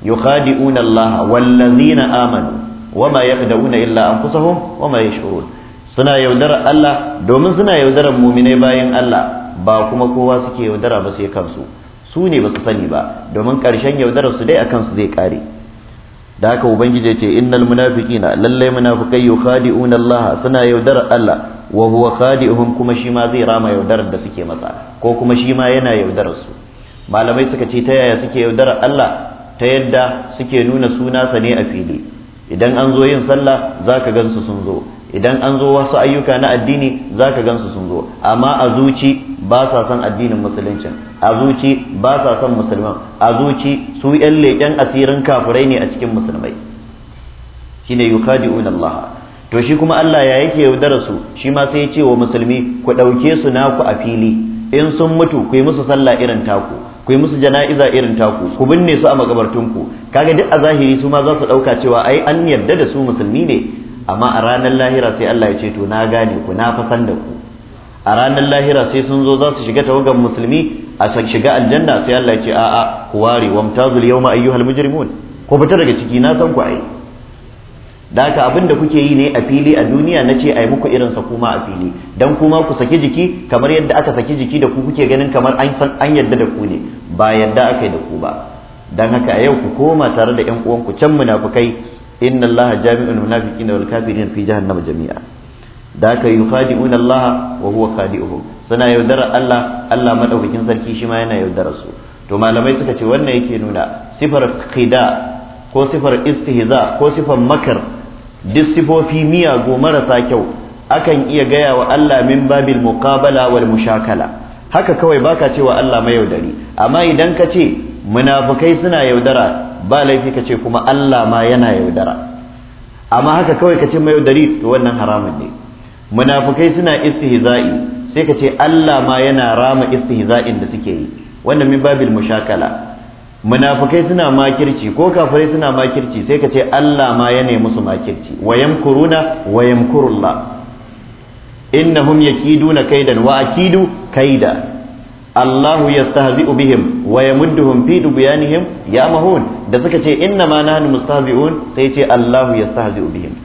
yukhadi'una Allah wallazina amanu wama yakhda'una illa anfusahum wama yashurun suna yaudara Allah domin suna yaudarar muminai bayan Allah ba kuma kowa suke yaudara ba sai kansu su ne ba su sani ba domin karshen yaudarar su dai akan su zai kare da haka ubangiji ce innal munafiqina lallai munafiqai yukhadi'una Allah suna yaudarar Allah wa huwa khadi'uhum kuma shi ma zai rama yaudarar da suke masa ko kuma shi ma yana yaudarar su malamai suka ce ta yaya suke yaudarar Allah ta yadda suke nuna suna sa ne a fili idan an zo yin sallah zaka gansu sun zo idan an zo wasu ayyuka na addini zaka gansu sun zo amma a zuci ba sa son addinin musuluncin a zuci ba sa son musulman a zuci su yan leƙen asirin kafurai ne a cikin musulmai shine yukadi'una Allah to shi kuma Allah ya yake yaudara su shi ma sai ya ce wa musulmi ku ɗauke su naku a fili in sun mutu ku yi musu sallah irin taku ku yi musu jana'iza irin taku ku binne su a ku kaga duk a zahiri su ma za su ɗauka cewa ai an yarda da su musulmi ne amma a ranar lahira sai Allah ya ce to na gane ku na fasan da ku a ranar lahira sai sun zo za su shiga tawagar musulmi a shiga aljanna sai Allah ya ce a'a ku ware wamtazul yawma ayyuhal mujrimun ku fita daga ciki na san ku ai da haka abin da kuke yi ne a fili a duniya na ce a yi muku irin sa kuma a fili don kuma ku saki jiki kamar yadda aka saki jiki da ku kuke ganin kamar an yadda da ku ne ba yadda aka yi da ku ba don haka a yau ku koma tare da yan uwanku can munafukai inna allaha na munafiqina wal kafirin fi jahannama jami'a da haka yukhadi'una allah wa huwa khadi'uhum suna yaudara allah allah maɗaukakin sarki shi ma yana yaudara su to malamai suka ce wannan yake nuna sifar khida ko sifar istihza ko sifar makar duk sifofi miyago marasa kyau akan iya gaya wa Allah min babil muqabala wal mushakala haka kawai baka cewa Allah mai yaudari amma idan ka ce munafukai suna yaudara ba laifi ka ce kuma Allah ma yana yaudara amma haka kawai ka ce mai yaudari to wannan haramun ne munafukai suna istihza'i sai ka ce Allah ma yana rama istihza'in da suke yi wannan min babil mushakala Munafukai suna makirci ko kafirai suna makirci sai ka ce Allah ma ya nemi musu makirci wa yamkuruna wa yamkurullah innahum yakiduna kaidan wa akidu kaida Allah yastahzi'u bihim wa yamudduhum fi dubyanihim ya mahun da suka ce inna ma nahnu mustahzi'un sai ce Allah yastahzi'u bihim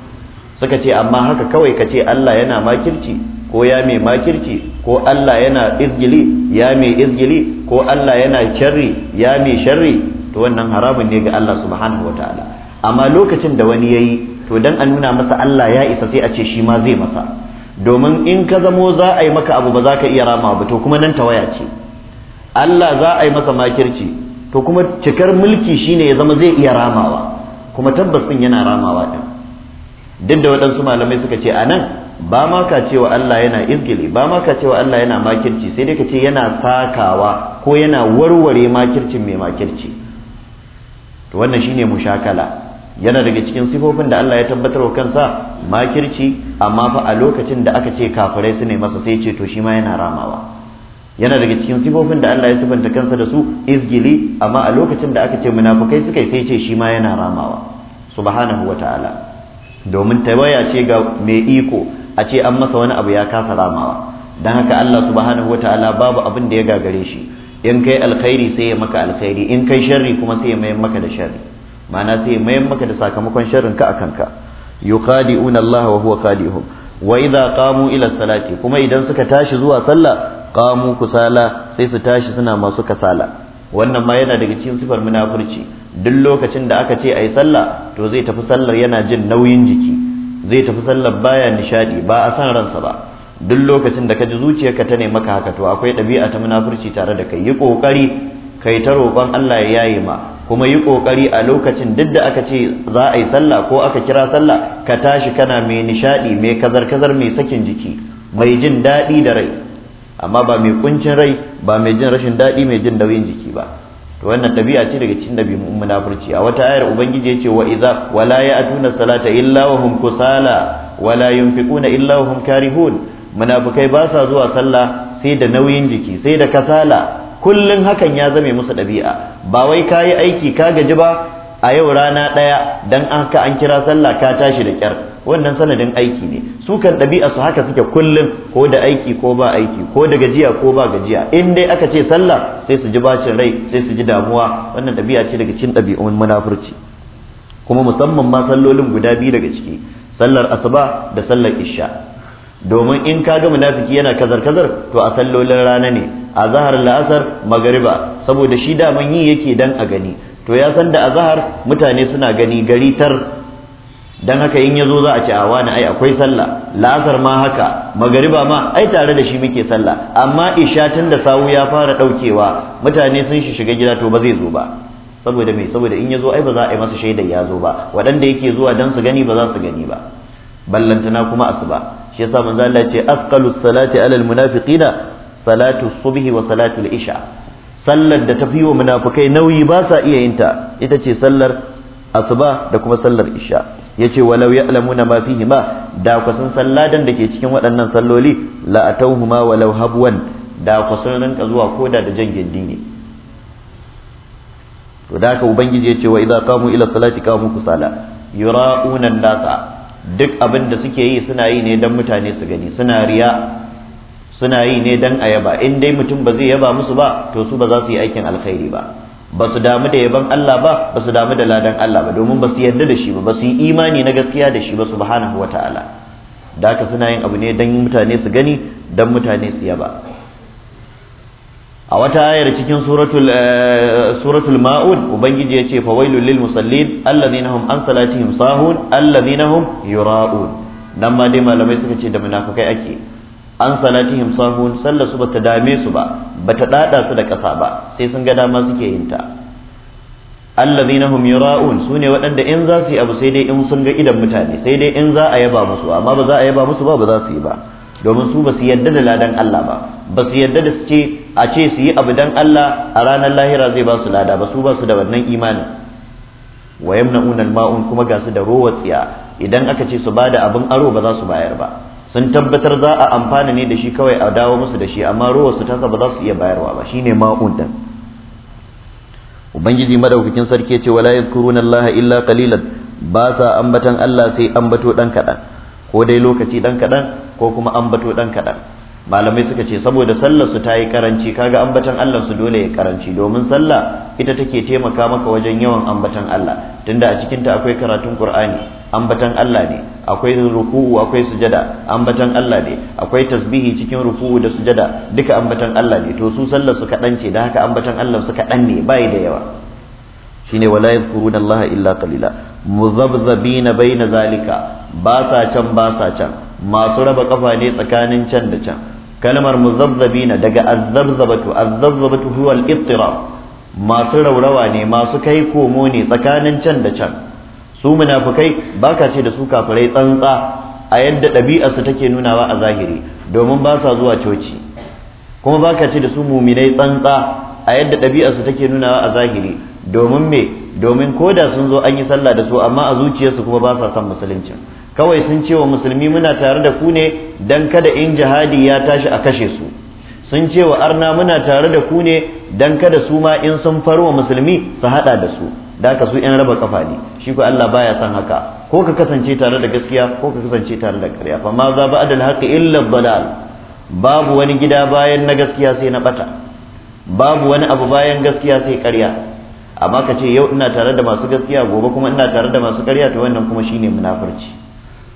suka ce amma haka kawai ka ce Allah yana makirci ko ya mai makirci ko Allah yana izgili ya mai izgili ko Allah yana sharri ya mai sharri to wannan haramun ne ga Allah subhanahu wataala amma lokacin da wani yayi to dan a nuna masa Allah ya isa sai a ce shi ma zai masa domin in ka zamo za a yi maka abu ba za ka iya rama ba to kuma nan waya ce Allah za a yi masa makirci to kuma cikar mulki shine ya zama zai iya ramawa kuma tabbas din yana ramawa din duk da waɗansu malamai suka ce a nan ba ma ka cewa Allah yana izgili ba ma ka cewa Allah yana makirci sai dai ka ce yana sakawa ko yana warware makircin mai makirci to wannan shine mushakala yana daga cikin sifofin da Allah ya tabbatar wa kansa makirci amma fa a lokacin da aka ce kafirai su ne masa sai ce to shi ma yana ramawa yana daga cikin sifofin da Allah ya sifanta kansa da su izgili amma a lokacin da aka ce munafukai suka sai ce shi ma yana ramawa subhanahu wa ta'ala domin tawaya ce ga mai iko a ce an masa wani abu ya kasa ramawa don haka Allah subhanahu wa ta'ala babu abin da ya gagare shi in kai alkhairi sai ya maka alkhairi in kai sharri kuma sai ya mayan maka da sharri ma'ana sai ya mayan maka da sakamakon sharrin ka akan ka yuqadi'una Allah wa huwa qadi'uhum wa idza qamu ila salati kuma idan suka tashi zuwa sallah qamu kusala sai su tashi suna masu kasala wannan ma yana daga cikin sifar munafurci duk lokacin da aka ce ayi sallah to zai tafi sallar yana jin nauyin jiki zai tafi sallar baya nishadi ba a san ransa ba duk lokacin da ka ji zuciyarka ta nemi maka haka to akwai ɗabi'a ta munafurci tare da kai yi ƙoƙari kai ta roƙon Allah ya yaye ma kuma yi ƙoƙari a lokacin duk da aka ce za a yi sallah ko aka kira sallah ka tashi kana mai nishadi mai kazar-kazar mai sakin jiki mai jin daɗi da rai amma ba mai kuncin rai ba mai jin rashin daɗi mai jin nauyin jiki ba to wannan dabi'a ce daga cikin dabi'un munafurci a wata ayar ubangiji yace wa idza wala ya'tuna salata illa wa hum kusala wala yunfiquna illa wa hum karihun munafikai ba sa zuwa sallah sai da nauyin jiki sai da kasala kullun hakan ya zame musu dabi'a ba wai kayi aiki ka gaji ba a yau rana ɗaya don an ka an kira sallah ka tashi da kyar wannan sanadin aiki ne su kan ɗabi'a su haka suke kullum ko da aiki ko ba aiki ko da gajiya ko ba gajiya in dai aka ce sallah sai su ji bashin rai sai su ji damuwa wannan ɗabi'a ce daga cikin ɗabi'un munafurci kuma musamman ma sallolin guda biyu daga ciki sallar asuba da sallar isha domin in ka ga munafiki yana kazar kazar to a sallolin rana ne a zahar la'asar magariba saboda shi daman yi yake dan a gani to ya san da zahar mutane suna gani gari tar dan haka in yazo za a ci awa na ai akwai sallah la'asar ma haka magariba ma ai tare da shi muke sallah amma isha tun da sawu ya fara daukewa mutane sun shi shiga gida to ba zai zo ba saboda me saboda in yazo ai ba za a yi masa shaidar ya zo ba waɗanda yake zuwa dan su gani ba za su gani ba ballantana kuma asuba shi yasa manzo Allah ya ce asqalu salati alal munafiqina salatu subhi wa salatu isha sallar da ta fi wa munafukai nauyi ba sa iya yin ta ita ce sallar asuba da kuma sallar isha yace walau ya'lamuna ma fihi ma da ku salladan da ke cikin waɗannan salloli la ma walau habwan da ku rinka zuwa koda da jan gindi to da haka ubangiji yace wa idza qamu ila salati qamu kusala yura'una nasa duk abin da suke yi suna yi ne dan mutane su gani suna riya suna yi ne dan a yaba in dai mutum ba zai yaba musu ba to su ba za su yi aikin alkhairi ba ba su damu da yaban Allah ba ba su damu da ladan Allah ba domin ba su yarda da shi ba ba su yi imani na gaskiya da shi ba subhanahu wataala da haka suna yin abu ne dan mutane su gani dan mutane su yaba a wata ayar cikin suratul eh, suratul ma'un ubangiji yace wailul lil musallin alladhina hum an salatihim sahun alladhina hum yura'un Nan ma dai malamai suka ce da munafikai ake an salatihim sahun sallar su bata dame su ba bata dada su da ƙasa ba sai sun ga dama suke yin ta allazina hum yura'un sune waɗanda in za su yi abu sai dai in sun ga idan mutane sai dai in za a yaba musu amma ba za a yaba musu ba ba za su yi ba domin su ba su yadda da ladan Allah ba ba su yadda da su ce a ce su yi abu dan Allah a ranar lahira zai ba su lada ba su ba su da wannan imanin wa yamna'una al-ma'un kuma ga su da rowar tsiya idan aka ce su bada abin aro ba za su bayar ba sun tabbatar za a amfana ne da shi kawai a dawo musu da shi amma su tasa ba za su iya bayarwa ba shine ma'udan. ubangiji madaukakin sarki ce wala yadhkuruna allaha illa qalilan ba sa ambatan Allah sai ambato dan kadan ko dai lokaci dan kadan ko kuma ambato dan kadan malamai suka ce saboda sallar su tayi karanci kaga ambatan Allah su dole ya karanci domin sallah ita take taimaka maka wajen yawan ambatan Allah tunda a cikinta akwai karatun Qur'ani ambatan Allah ne akwai ruku'u akwai sujada ambatan Allah ne akwai tasbihi cikin ruku'u da sujada duka ambatan Allah ne to su sallar su kadan ce da haka ambatan Allah su kadan ne bai da yawa shine wala yadhkuruna Allah illa qalila muzabzabina baina zalika ba sa can ba sa can masu raba kafa ne tsakanin can da can kalmar muzabzabina daga azzabzabatu azzabzabatu huwa al-ittirab masu raurawa ne masu kai komo ne tsakanin can da can su munafukai baka ce da su kafirai tsantsa a yadda ɗabi'arsu take nunawa a zahiri domin ba sa zuwa coci kuma baka ce da su muminai tsantsa a yadda ɗabi'arsu take nunawa a zahiri domin me domin koda sun zo an yi sallah da su amma a zuciyarsu kuma ba sa son musuluncin kawai sun ce wa musulmi muna tare da ku ne don kada in jihadi ya tashi a kashe su sun ce wa arna muna tare da ku ne don kada su ma in sun farwa musulmi su hada da su da ka su yan raba kafa ne shi ko Allah baya san haka ko ka kasance tare da gaskiya ko ka kasance tare da ƙarya fa ma za ba'dal haqqi illa dalal babu wani gida bayan na gaskiya sai na bata babu wani abu bayan gaskiya sai ƙarya amma ka ce yau ina tare da masu gaskiya gobe kuma ina tare da masu ƙarya to wannan kuma shine munafurci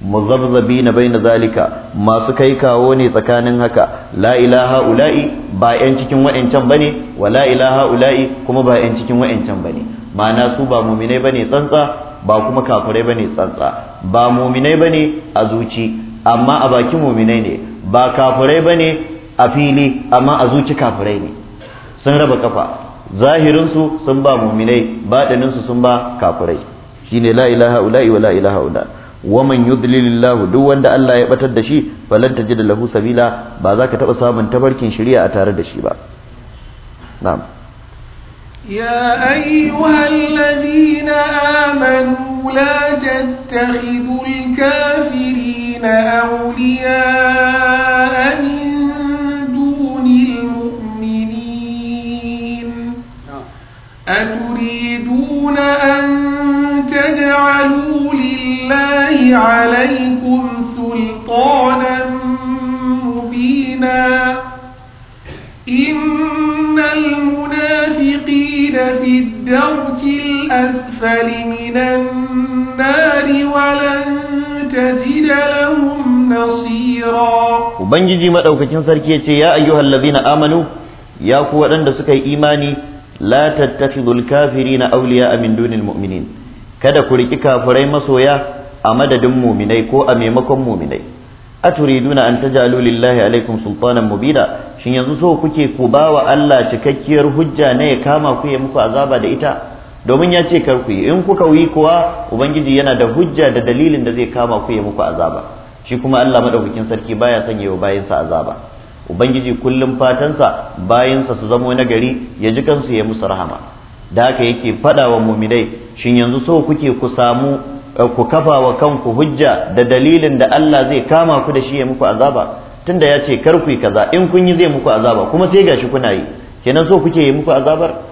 muzabzabina baina zalika masu kai kawo ne tsakanin haka la ilaha ula'i ba yan cikin ba bane wa la ilaha ula'i kuma ba yan cikin wa'ancan bane ma'ana su ba muminai bane tsantsa ba kuma kafirai bane tsantsa ba muminai bane a zuci amma a baki muminai ne ba kafirai bane a fili amma a zuci kafirai ne sun raba kafa zahirinsu sun ba muminai baɗininsu sun ba kafirai shine la ilaha ula'i wa ilaha ula'i wa man yudlilillahu duk wanda Allah ya batar da shi falan tajid lahu sabila ba za ka taɓa samun tabarkin shari'a a tare da shi ba na'am يا أيها الذين آمنوا لا تتخذوا الكافرين أولياء من دون المؤمنين أتريدون أن تجعلوا الله عليكم سلطانا مبينا إن المنافقين في الدرك الأسفل من النار ولن تجد لهم نصيرا وبنجي مدوكتين سركي يا أيها الذين آمنوا يا قوة عند سكي إيماني لا تتخذوا الكافرين أولياء من دون المؤمنين kada ku riƙi kafirai masoya a madadin muminai ko a maimakon muminai a nuna an tajalu lillahi alaikum sultanan mubina shin yanzu so kuke ku bawa Allah cikakkiyar hujja na ya kama ku ya muku azaba da ita domin ya ce kar ku yi in kuka yi kuwa ubangiji yana da hujja da dalilin da zai kama ku ya muku azaba shi kuma Allah madaukakin sarki baya sanya wa sa azaba ubangiji kullum fatansa bayansa su zamo nagari ya ji kansu ya musu rahama da haka yake faɗa wa muminai shin yanzu so kuke ku samu Eh, ku kafa wa kanku hujja da dalilin da Allah zai kama ku da shi ya muku azaba tunda ya ce kar ku kaza in kun yi zai muku azaba kuma sai gashi kuna yi kenan so kuke yi muku azabar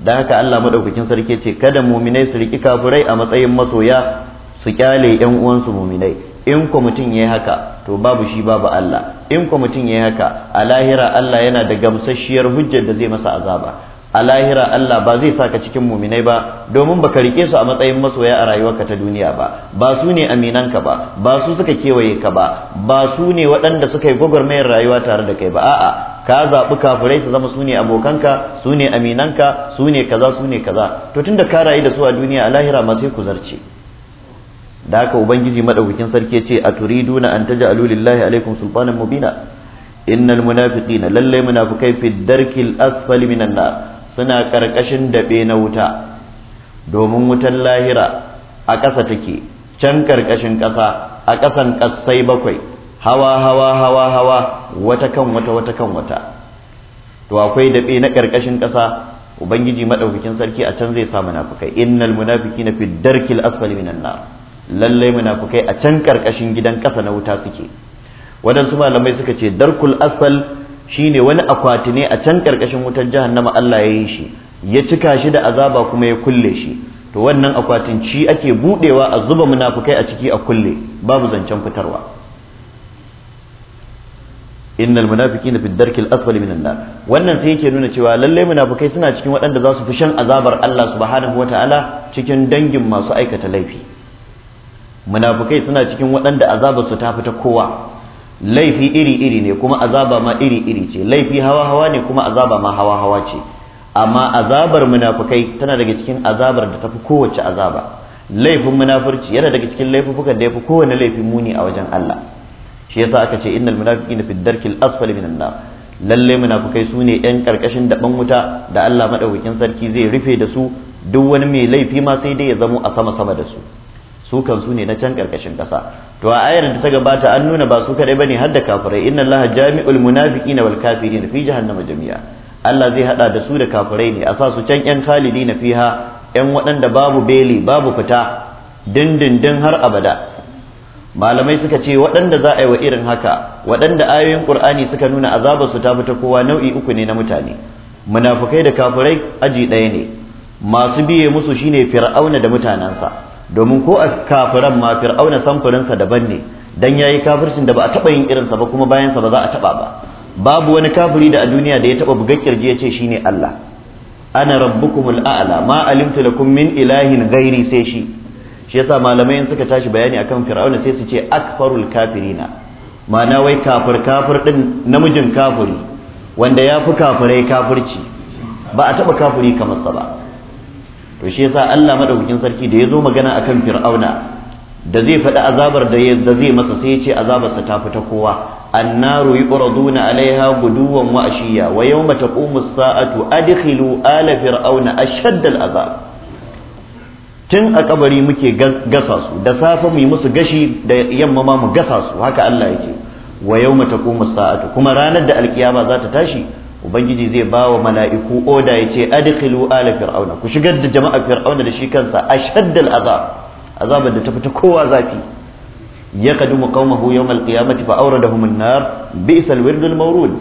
dan haka Allah madaukakin sarki ce kada muminai su riki kafurai a matsayin masoya su kyale yan uwansu muminai in ku mutum yayi haka to babu shi babu Allah in ku mutum yayi haka a lahira Allah yana da gamsasshiyar hujjar da zai masa azaba a lahira Allah ba zai saka cikin muminai ba domin baka rike su a matsayin masoya a rayuwarka ta duniya ba ba su ne aminanka ba ba su suka kewaye ka ba ba su ne waɗanda suka yi gwagwarmayar rayuwa tare da kai ba a'a ka zaɓi kafirai su zama su ne abokanka su ne aminanka su ne kaza su ne kaza to tunda ka rayu da su a duniya a lahira ma sai ku zarce da haka ubangiji madaukakin sarki ya ce a turiduna an taja alulillahi alaikum sulfanan mubina innal munafiqina lallai munafikai fi darkil asfali minan nar suna ƙarƙashin daɓe na wuta domin wutan lahira a ƙasa take can karkashin ƙasa a ƙasan ƙasai bakwai hawa hawa hawa hawa wata kan wata wata kan wata to akwai daɓe na karkashin ƙasa ubangiji madaukakin sarki a can zai sa munafukai innal munafiqina fi darkil asfali minan nar lallai munafukai a can karkashin gidan ƙasa na wuta suke wadansu malamai suka ce darkul asfal shine wani akwati ne a can karkashin wutar jahannama Allah ya yi shi ya cika shi da azaba kuma ya kulle shi to wannan akwatin ci ake budewa a zuba munafukai a ciki a kulle babu zancen fitarwa innal munafiqina fi darkil asfali minan nar wannan sai yake nuna cewa lalle munafukai suna cikin waɗanda za su fi shan azabar Allah subhanahu wataala cikin dangin masu aikata laifi munafukai suna cikin waɗanda azabar su ta fita kowa laifi iri-iri ne kuma azaba ma iri-iri ce laifi hawa-hawa ne kuma azaba ma hawa-hawa ce amma azabar munafukai tana daga cikin azabar da tafi kowace azaba laifin munafurci yana daga cikin laifukan da yafi kowane laifin muni a wajen Allah shi yasa aka ce innal munafiqina fi darkil asfali minan nar lalle munafukai su ne yan karkashin daban wuta da Allah madaukakin sarki zai rufe da su duk wani mai laifi ma sai dai ya zamo a sama sama da su su kan su ne na can karkashin kasa to a ayar da ta gabata an nuna ba su kadai bane har da kafirai inna allaha jami'ul munafiqina wal kafirin fi jahannama jami'a Allah zai hada da su da kafirai ne a sa su can yan khalidina fiha yan waɗanda babu beli babu fita dindindin har abada malamai suka ce waɗanda za a yi wa irin haka waɗanda ayoyin qur'ani suka nuna azabar su ta fita kowa nau'i uku ne na mutane munafukai da kafirai aji ɗaya ne masu biye musu shine fir'auna da mutanensa domin ko a kafiran ma fir'auna samfurinsa daban ne dan yayi kafircin da ba a taba yin irinsa ba kuma bayan sa ba za a taba ba babu wani kafiri da a duniya da ya taɓa buga kirji ya ce shine Allah ana rabbukumul a'la ma alimtu lakum min ilahin ghairi sai shi shi yasa malamai suka tashi bayani akan fir'auna sai su ce akfarul kafirina ma'ana wai kafir kafir din namijin kafiri wanda ya fi kafirai kafirci ba a taɓa kafiri kamar sa ba to shi yasa Allah madaukakin sarki da ya zo magana akan fir'auna da zai faɗi azabar da zai masa sai ya ce azabarsa ta fita kowa annaru yuqraduna alaiha guduwan wa ashiya wa yawma taqumu as-sa'atu adkhilu ala fir'auna ashadd al-azab tun a kabari muke gasa su da safe mu yi musu gashi da yamma ma mu gasa su haka Allah yake wa yawma taqumu as-sa'atu kuma ranar da alkiyama za ta tashi ubangiji zai ba wa mala'iku oda ya ce adkhilu ala fir'auna ku shigar da jama'a fir'auna da shi kansa ashaddal azab azabar da ta fita kowa zafi yaqdumu qaumahu yawm alqiyamati fa awradahum an-nar bi'sal wirdul mawrud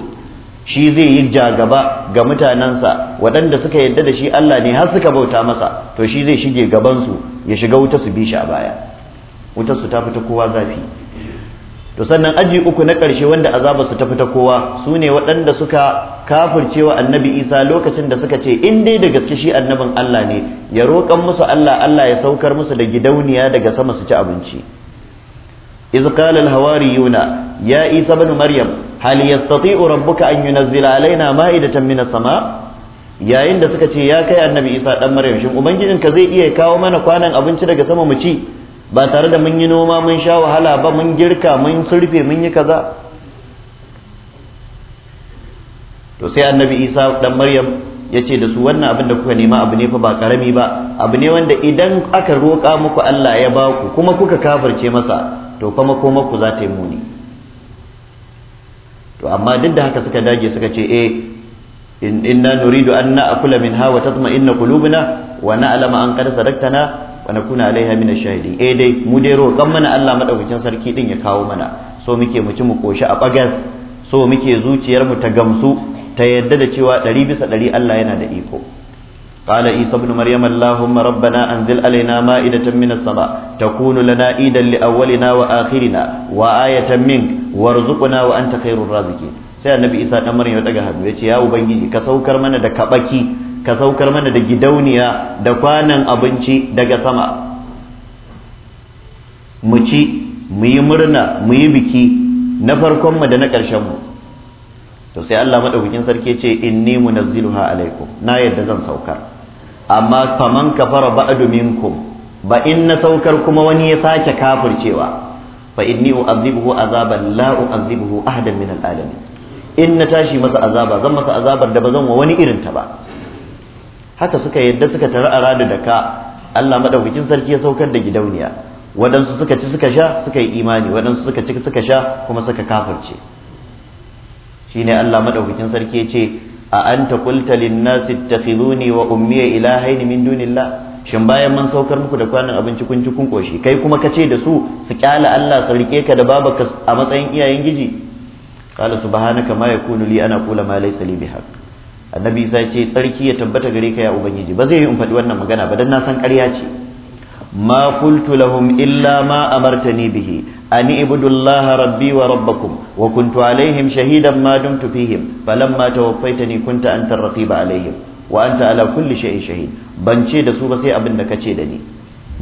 shi zai yi jagaba ga mutanensa waɗanda suka yadda da shi Allah ne har suka bauta masa to shi zai shige gabansu ya shiga wuta su bi shi a baya wutarsu su ta fita kowa zafi to sannan aji uku na ƙarshe wanda azaba su tafi ta kowa su ne waɗanda suka kafurcewa annabi isa lokacin da suka ce in dai da gaske shi annabin allah ne ya roƙan musu allah allah ya saukar musu da gidauniya daga sama su ci abinci iz hawari yuna ya isa bani maryam hal yastati'u rabbuka an yunzila alaina ma'idatan min sama yayin da suka ce ya kai annabi isa dan maryam shin ubangijinka zai iya kawo mana kwanan abinci daga sama mu ci ba tare da mun yi noma mun sha wahala ba mun girka mun surfe mun yi kaza to sai annabi isa dan maryam ya ce da su wannan abin da kuka nema abu ne fa ba karami ba abu ne wanda idan aka roƙa muku allah ya ba ku kuma kuka kafirce masa to fa makoma za ta yi muni to amma duk da haka suka dage suka ce eh inna nuridu an na'kula minha wa tatma'inna qulubuna wa na'lama an qad sadaqtana wa nakuna alaiha Shadi. ash eh dai mu dai roƙan mana Allah madaukakin sarki din ya kawo mana so muke mu ci mu koshi a bagas so muke zuciyar mu ta gamsu ta yadda da cewa ɗari bisa ɗari Allah yana da iko قال عيسى ابن مريم اللهم ربنا أنزل علينا مائدة من akiri na, wa عيدا لأولنا وآخرنا وآية منك ta kai rufa الرازقين sai annabi isa dan maryam ya daga hannu ya ce ya ubangiji ka saukar mana da kabaki ka saukar mana da gidauniya da kwanan abinci daga sama mu ci mu yi murna mu yi biki na farkonmu da na ƙarshenmu to sai Allah maɗaukakin sarki ce inni munazziluha alaikum na yadda zan saukar amma faman kafara ba'du minkum ba in na saukar kuma wani ya sake kafircewa fa inni u'adhibuhu azaban la u'adhibuhu ahadan min al'alamin in na tashi masa azaba zan masa azabar da ba zan wa wani irin ta ba haka suka yadda suka tara a rada da ka Allah madaukakin sarki ya saukar da gidauniya waɗansu suka ci suka sha suka yi imani waɗansu suka ci suka sha kuma suka kafirce shine Allah madaukakin sarki ya ce a anta qulta lin-nasi ittakhizuni wa ummiya ilahaini min dunillah shin bayan man saukar muku da kwanan abinci kun ci kun koshi kai kuma kace da su su kyala Allah su rike ka da babaka a matsayin iyayen giji qala subhanaka ma yakunu li ana qula ma laysa li bihaq annabi sai ce sarki ya tabbata gare ka ya ubangiji ba zai yi in faɗi wannan magana ba dan na san ƙarya ce ma qultu lahum illa ma amartani bihi ani ibudullaha rabbi wa rabbakum wa kuntu alaihim shahidan ma dumtu fihim falamma tawaffaytani kunta anta raqiba alaihim wa anta ala kulli shay'in shahid ban ce da su ba sai abin da kace da ni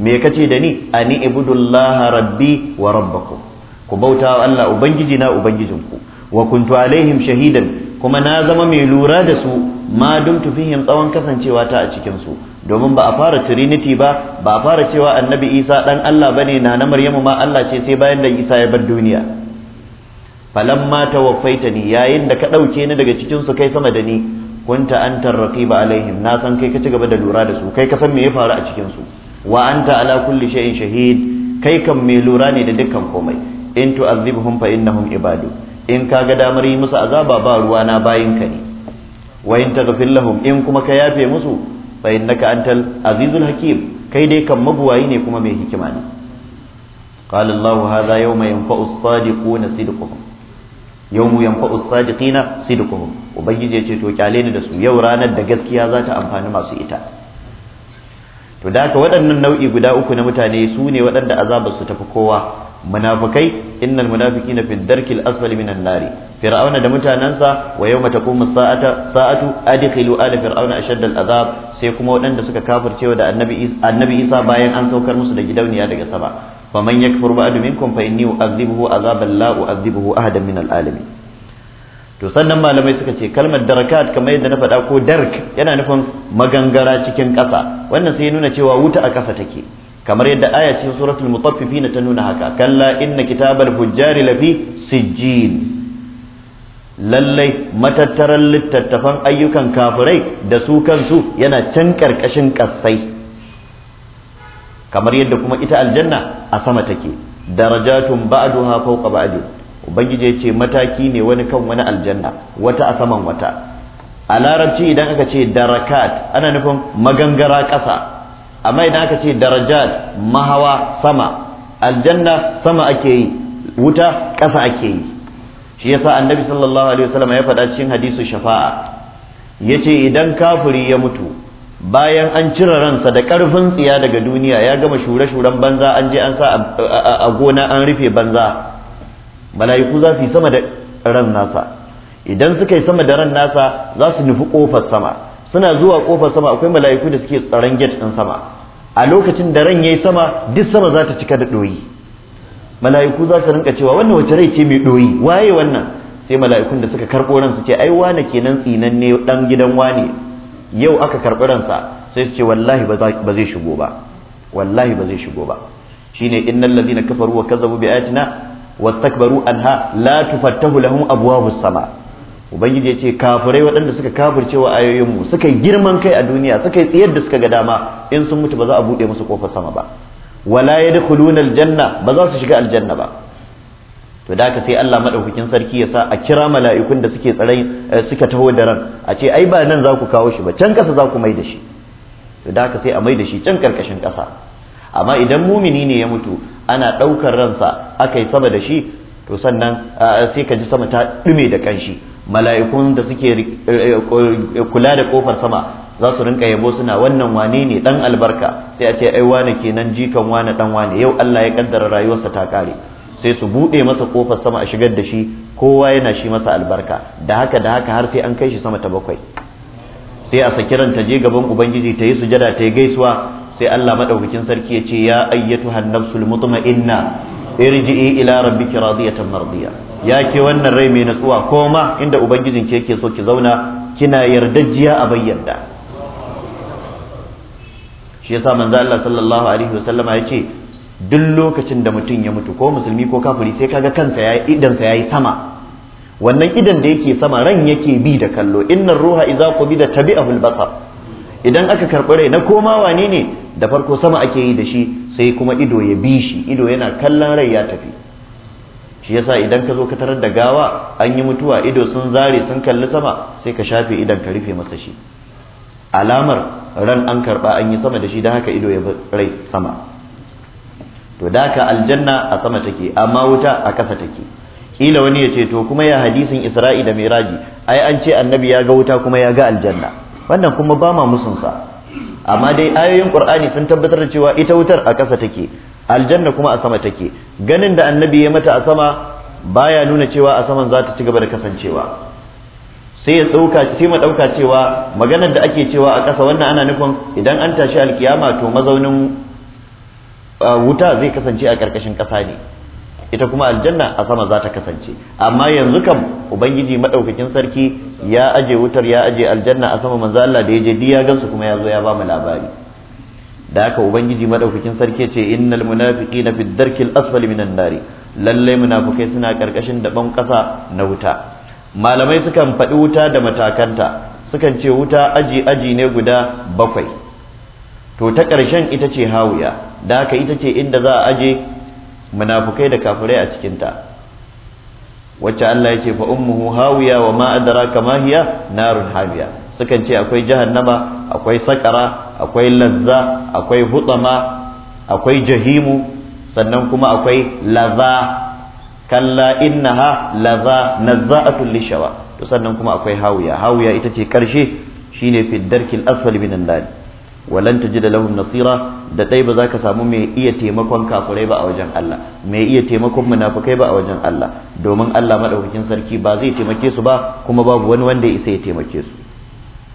me kace da ni ani ibudullaha rabbi wa rabbakum ku bauta wa Allah ubangiji na ubangijinku wa kuntu alaihim shahidan kuma na zama mai lura da su ma dumtu fihim tsawon kasancewa ta a cikin su domin ba a fara trinity ba ba a fara cewa annabi isa dan allah bane na na maryamu ma allah ce sai bayan da isa ya bar duniya falamma tawaffaitani yayin da ka dauke ni daga cikin su kai sama da ni kunta anta raqiba alaihim na san kai ka ci gaba da lura da su kai ka san me ya faru a cikin su wa anta ala kulli shay'in shahid kai kan mai lura ne da dukkan komai in tu'azibhum fa innahum ibadu in ka ga damar yi musu azaba ba ruwa na bayin ka ne wa in tagfir lahum in kuma ka yafe musu fa innaka antal azizul hakim kai dai kan mabuwayi ne kuma mai hikima ne qala allah hadha yawma yanfa'u as-sadiquna sidquhum yawma yanfa'u as-sadiqina sidquhum ubangiji ce to kyale ni da su yau ranar da gaskiya za ta amfani masu ita to da haka waɗannan nau'i guda uku na mutane su ne waɗanda azabar su tafi kowa munafikai innal munafiqina fi darkil asfali minan nari fir'auna da mutanansa wa yawma taqumu sa'ata sa'atu adkhilu ala fir'auna ashadda al'azab sai kuma waɗanda suka kafircewa da annabi isa annabi isa bayan an saukar musu da gidauniya daga sama faman yakfur ba'du minkum fa inni u'adhibuhu azaban la u'adhibuhu ahadan min al'alamin to sannan malamai suka ce kalmar darakat kamar yadda na faɗa ko dark yana nufin magangara cikin ƙasa wannan sai ya nuna cewa wuta a ƙasa take kamar yadda aya ce suratul mutaffifin ta nuna haka kalla inna kitabal fujjari lafi sijjin lallai matattaran littattafan ayyukan kafirai da su kansu yana can karkashin kasai, kamar yadda kuma ita aljanna a sama take darajatun ba'duha fawqa ba'din ubangiji ce mataki ne wani kan wani aljanna wata a saman wata a larabci idan aka ce darakat ana nufin magangara ƙasa amma idan aka ce darajat mahawa sama aljanna sama ake yi wuta ƙasa ake yi shi yasa annabi sallallahu alaihi wasallam ya faɗa cikin hadisu shafa'a yace idan kafiri ya mutu bayan an cire ransa da ƙarfin tsiya daga duniya ya gama shure-shuren banza an je an sa a gona an rufe banza mala'iku za su yi sama da ran nasa idan suka yi sama da ran nasa za su nufi ƙofar sama suna zuwa ƙofar sama akwai mala'iku da suke tsaron gate ɗin sama a lokacin da ran yayi sama duk sama za ta cika da doyi mala'iku za su rinka cewa wannan wace rai ce mai doyi waye wannan sai mala'ikun da suka karɓo ransu ce ai wane kenan tsinanne dan gidan wane yau aka karɓi ransa sai su ce wallahi ba zai shigo ba wallahi ba zai shigo ba shine innal ladina kafaru wa kazzabu bi ayatina wastakbaru anha la tufattahu lahum abwabus sama' ubangiji ya ce kafirai waɗanda suka kafirce wa ayoyinmu suka yi girman kai a duniya suka yi tsayar da suka ga dama in sun mutu ba za a buɗe musu kofar sama ba wala ya yadkhuluna aljanna ba za su shiga aljanna ba to da aka sai Allah madaukakin sarki ya sa a kira mala'ikun da suke tsare eh, suka taho da ran a ce ai ba nan za ku kawo shi ba can kasa za ku mai da shi to da aka sai a mai da shi can karkashin ƙasa amma idan mumini ne ya mutu ana ɗaukar ransa aka yi sama da shi to sannan eh, sai ka ji sama ta ɗume da kanshi mala'ikun da suke eh, eh, eh, kula da kofar sama za su rinka yabo suna wannan wane ne dan albarka sai a ce ai wane kenan jikan wane dan wane yau Allah ya kaddara rayuwarsa ta kare sai su buɗe masa kofar sama a shigar da shi kowa yana shi masa albarka da haka da haka har sai an kai shi sama ta bakwai sai a sakiran ta je gaban ubangiji ta yi sujada ta yi gaisuwa sai Allah madaukakin sarki ya ce ya ayyatu nafsul mutma'inna irji'i ila rabbiki radiyatan mardiya ya ke wannan rai mai natsuwa ko ma inda ubangijin ke yake so ki zauna kina yardajjiya a bayyana shi yasa manzo Allah sallallahu alaihi wasallama ya ce duk lokacin da mutum ya mutu ko musulmi ko kafiri sai kaga kansa yayi idan sa yayi sama wannan idan da yake sama ran yake bi da kallo innar ruha idza qubida tabi'ahu al-basar idan aka karɓi rai na koma wane ne da farko sama ake yi da shi sai kuma ido ya bi shi ido yana kallon rai ya tafi shi yasa idan ka zo ka tarar da gawa an yi mutuwa ido sun zare sun kalli sama sai ka shafe idan ka rufe masa shi alamar ran an karba an yi sama da shi da haka ido ya rai sama to da haka aljanna a sama take amma wuta a ƙasa take kila wani ya ce to kuma ya hadisin isra'i da miraji ai an ce annabi ya ga wuta kuma ya ga aljanna wannan kuma ba ma musunsa amma dai ayoyin qur'ani sun tabbatar da cewa ita wutar a ƙasa take aljanna kuma a sama take ganin da annabi ya mata a sama baya nuna cewa a saman za ta ci gaba da kasancewa sai ya tsauka sai ma ɗauka cewa maganar da ake cewa a ƙasa wannan ana nufin idan an tashi alkiyama to mazaunin wuta zai kasance a ƙarƙashin ƙasa ne ita kuma aljanna a sama za ta kasance amma yanzu kam ubangiji madaukakin sarki ya aje wutar ya aje aljanna a sama manzo Allah da ya je ya gansu kuma ya zo ya ba mu labari da haka ubangiji madaukakin sarki ce innal munafiqina fi darkil asfali minan nari lalle munafikai suna karkashin daban kasa na wuta malamai sukan faɗi wuta da matakanta sukan ce wuta aji aji ne guda bakwai to ta ƙarshen ita ce hawuya da haka ita ce inda za a aje munafukai da kafirai a cikinta wacce Allah ya ce fa ummuhu hawiya wa ma adraka ma hiya narun hawiya sukan ce akwai jahannama akwai sakara akwai lazza akwai hutsama akwai jahimu sannan kuma akwai laza kalla innaha laza nazza'atul lishawa to sannan kuma akwai hawiya hawiya ita ce karshe shine fi darkil asfali min an walan tajida lahum nasira da dai ba za ka samu mai iya taimakon kafirai ba a wajen Allah mai iya taimakon munafikai ba a wajen Allah domin Allah madaukakin sarki ba zai taimake su ba kuma babu wani wanda ya isa ya taimake su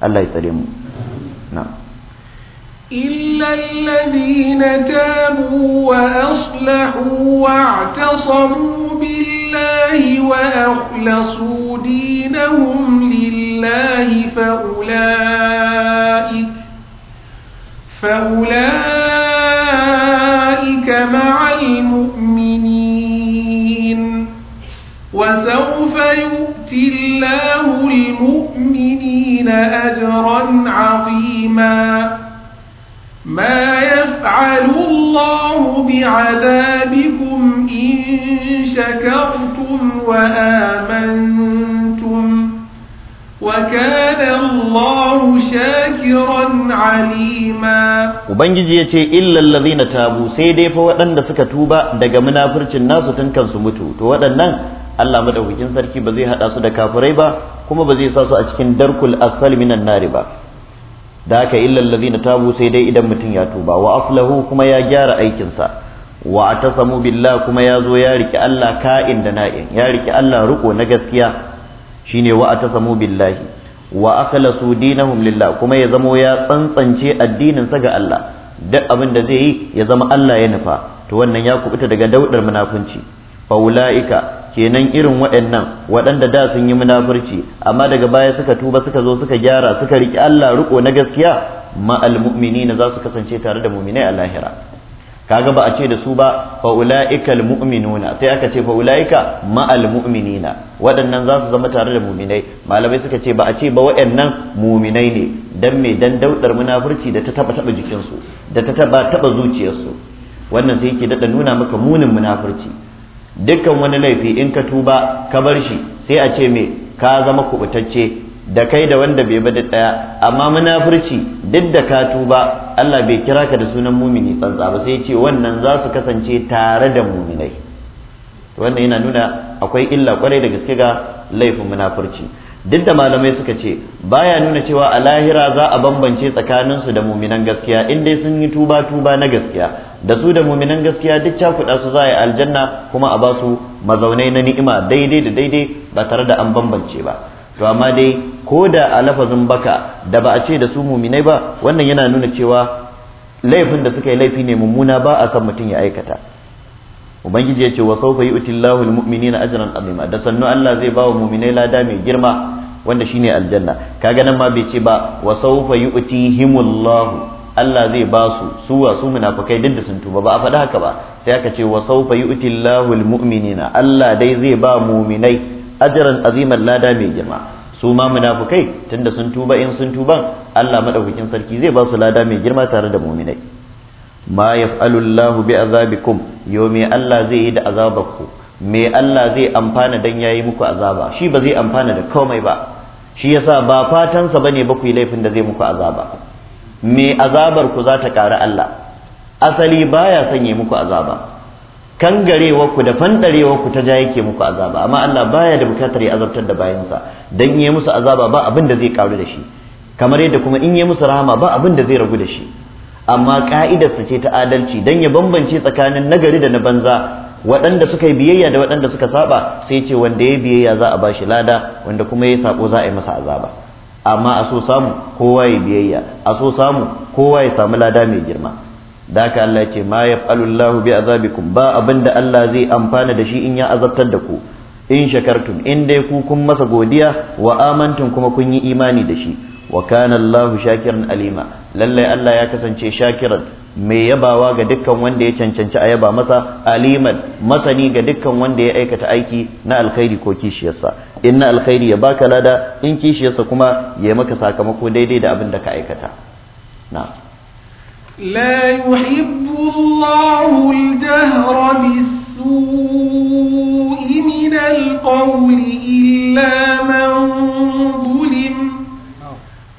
الله ya نعم إلا الذين تابوا وأصلحوا واعتصموا بالله وأخلصوا دينهم لله فأولئك فأولئك مع المؤمنين وسوف يؤتي الله المؤمنين للمحسنين أجرا عظيما ما يفعل الله بعذابكم إن شكرتم وآمنتم وكان الله شاكرا عليما وبنجي يتي إلا الذين تابوا سيدي فوأن سكا توبا دقا منافرش الناس تنكن سمتو تو Allah madaukakin sarki ba zai hada su da kafirai ba kuma ba zai sa su a cikin darkul asfal minan nari ba da haka lazi na tabu sai dai idan mutum ya tuba wa aflahu kuma ya gyara aikinsa wa atasamu billah kuma ya zo ya riki Allah ka'in da na'in ya riki Allah riko na gaskiya shine wa atasamu billahi wa akhlasu dinahum lillah kuma ya zamo ya tsantsance addininsa ga Allah duk abin da zai yi ya zama Allah ya nufa to wannan ya kubuta daga daudar munafunci fa kenan irin waɗannan waɗanda da sun yi munafurci amma daga baya suka tuba suka zo suka gyara suka riƙe Allah riko na gaskiya ma'al mu'minina za su kasance tare da mu'minai a lahira kaga ba a ce da su ba fa ulaikal mu'minuna sai aka ce fa ulaika ma almu'minina waɗannan za su zama tare da mu'minai malamai suka ce ba a ce ba waɗannan mu'minai ne dan me dan daudar munafurci da ta taba taba jikinsu da ta taba taba zuciyarsu wannan sai yake dada nuna maka munin munafurci dukkan wani laifi in ka tuba ka bar shi sai a ce me ka zama kubutacce da kai da wanda bai bada daya amma munafurci duk da ka tuba Allah bai kira ka da sunan mumini tsantsa ba sai ce wannan za su kasance tare da muminai wannan yana nuna akwai illa kwarai da gaske ga laifin munafurci duk da malamai suka ce baya nuna cewa a lahira za a bambance tsakaninsu da muminan gaskiya in dai sun yi tuba tuba na gaskiya da su da muminan gaskiya duk cakuɗa su za a yi aljanna kuma a ba su mazaunai na ni'ima daidai da daidai ba tare da an bambance ba to amma dai ko da a lafazin baka da ba a ce da su muminai ba wannan yana nuna cewa laifin da suka yi laifi ne mummuna ba a san mutum ya aikata ubangiji ya ce wa sawfa yu'ti Allahu al ajran azima da sannu Allah zai bawa mu'minai lada mai girma wanda shine aljanna kaga nan ma bai ce ba wa sawfa yu'tihimullahu Allah zai ba su wa su munafikai duk da sun tuba ba a faɗi haka ba sai aka ce wa sawfa yu'ti Allahu al-mu'minina Allah dai zai ba mu'minai ajran azima lada mai girma su ma munafukai tunda sun tuba in sun tuban Allah madaukakin sarki zai ba su lada mai girma tare da muminai ma yaf'alullahu bi azabikum yau me Allah zai yi da azabarku me Allah zai amfana dan yayi muku azaba shi ba zai amfana da komai ba shi yasa ba fatansa bane ba ku yi laifin da zai muku azaba me azabar ku za ta ƙara Allah asali baya sanye muku azaba kangarewa ku da fandarewa ku ta ja yake muku azaba amma Allah baya da bukatar ya azabtar da bayansa dan yi musu azaba ba abin da zai ƙaru da shi kamar yadda kuma in yi musu rahama ba abin da zai ragu da shi amma ka'idarsa ce ta adalci don ya bambance tsakanin nagari da na banza waɗanda suka yi biyayya da waɗanda suka saba sai ce wanda ya biyayya za a ba shi lada wanda kuma ya sako za a yi masa azaba amma a so samu kowa ya biyayya a so samu kowa ya samu lada mai girma da haka Allah ce ma yaf'alullahu bi azabikum ba abinda Allah zai amfana da shi in ya azabtar da ku in shakartum in dai ku kun masa godiya wa amantum kuma kun yi imani da shi wakanallahu kana Allahu shakiran alima lallai Allah ya kasance shakiran mai yabawa ga dukkan wanda ya cancanci a yaba masa aliman masani ga dukkan wanda ya aikata aiki na alkhairi ko kishiyarsa in na alkhairi ya baka lada in kishiyarsa kuma ya maka sakamako daidai da abin da ka aikata na'am لا يحب الله الجهر بالسوء من القول إلا من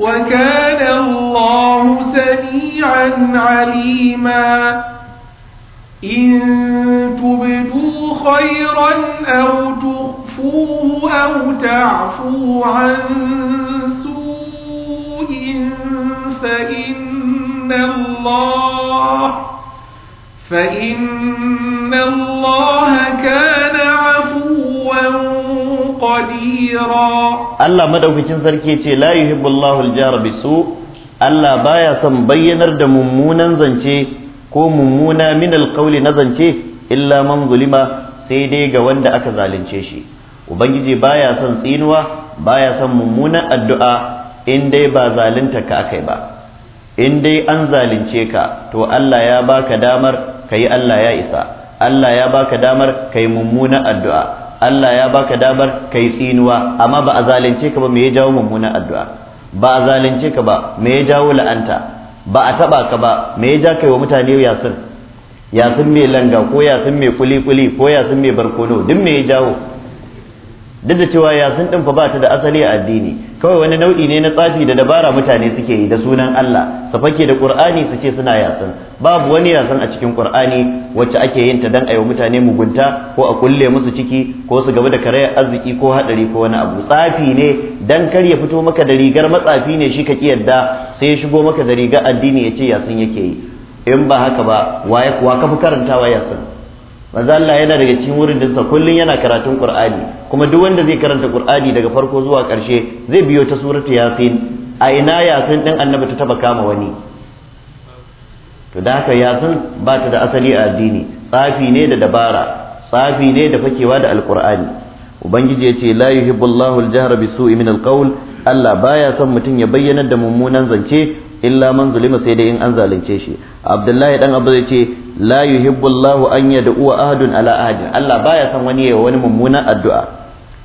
وكان الله سميعا عليما إن تبدوا خيرا أو تخفوه أو تعفو عن سوء فإن الله فإن الله كان عفوا قديرا الله sarki ce la لا يحب الله Allah بسوء Allah baya سن bayyanar da mummunan zance ko mummuna min alqawli na zance illa man zulima sai dai ga wanda aka zalunce shi ubangiji baya son tsinuwa baya son mummunan addu'a in dai ba zalunta ka akai ba in dai an zalunce ka to Allah ya baka damar kai Allah ya isa Allah ya baka damar kai mummuna addu'a Allah ya baka damar kai tsinuwa amma ba a zalunce ka ba me ya jawo mummunan addu'a ba a zalunce ka ba me ya jawo la'anta ba a taba ka ba me ya ja kai wa mutane yasir yasin mai langa ko yasin mai kuli kuli ko yasin mai barkono duk me ya jawo duk da cewa yasin din fa ba ta da asali a addini kawai wani nau'i ne na tsafi da dabara mutane suke yi da sunan Allah su fake da Qur'ani su ce suna yasin babu wani yasin a cikin Qur'ani wacce ake yin ta dan ayo mutane mugunta ko a kulle musu ciki ko su gaba da karayar arziki ko hadari ko wani abu tsafi ne dan kar ya fito maka da rigar matsafi ne shi ka ki yadda sai ya shigo maka da rigar addini ya ce yasin yake yi in ba haka ba wa kuwa ka fi karantawa yasin manzo Allah yana daga cikin wurin dinsa kullun yana karatun Qur'ani kuma duk wanda zai karanta Qur'ani daga farko zuwa karshe zai biyo ta suratul Yasin a ina Yasin din Annabi ta taba kama wani to da haka Yasin ba ta da asali a addini tsafi ne da dabara tsafi ne da fakewa da alqur'ani ubangiji ya ce la yuhibbullahu al-jahra bisu'i min al-qawl Allah baya son mutum ya bayyana da mummunan zance illa man zulima sai dai in an zalunce shi abdullahi dan abu zai ce la yuhibbu Allahu an yad'u ahadun ala ahadin Allah baya son wani yayi wani mummunan addu'a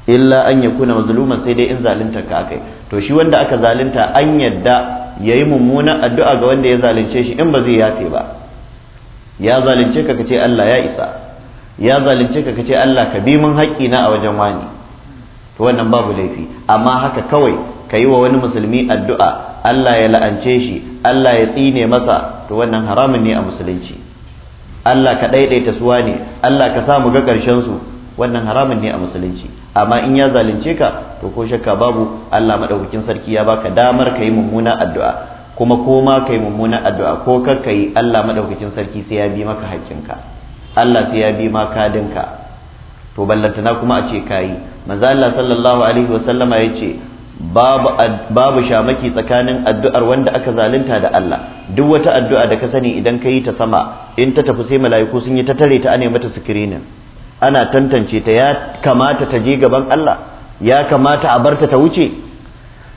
illa an yakuna mazluma sai dai in zalunta ka kai to shi wanda aka zalunta an yadda yayi mummunan addu'a ga wanda ya zalunce shi in ba zai yafe ba ya zalunce ka kace Allah ya isa ya zalunce ka kace Allah ka bi min haƙƙi na a wajen wani to wannan babu laifi amma haka kawai ka yi wa wani musulmi addu'a Allah ya la'ance shi Allah ya tsine masa to wannan haramun ne a musulunci Allah ka ɗaiɗaita suwa ne Allah ka samu ga ƙarshen su wannan haramun ne a musulunci amma in ya zalunce ka to ko shakka babu Allah maɗaukakin sarki ya baka damar ka yi mummuna addu'a kuma ko ma ka yi mummuna addu'a ko kar ka yi Allah maɗaukakin sarki sai ya bi maka haƙƙinka Allah sai ya bi ma kadinka to ballantana kuma a ce kayi manzo Allah sallallahu alaihi wa sallama ya ce. babu shamaki tsakanin addu'ar wanda aka zalunta da Allah duk wata addu'a da ka sani idan ka yi ta sama in ta tafi sai mala'iku sun yi ta tare ta ane mata sikirinin ana tantance ta ya kamata ta je gaban Allah ya kamata a barta ta wuce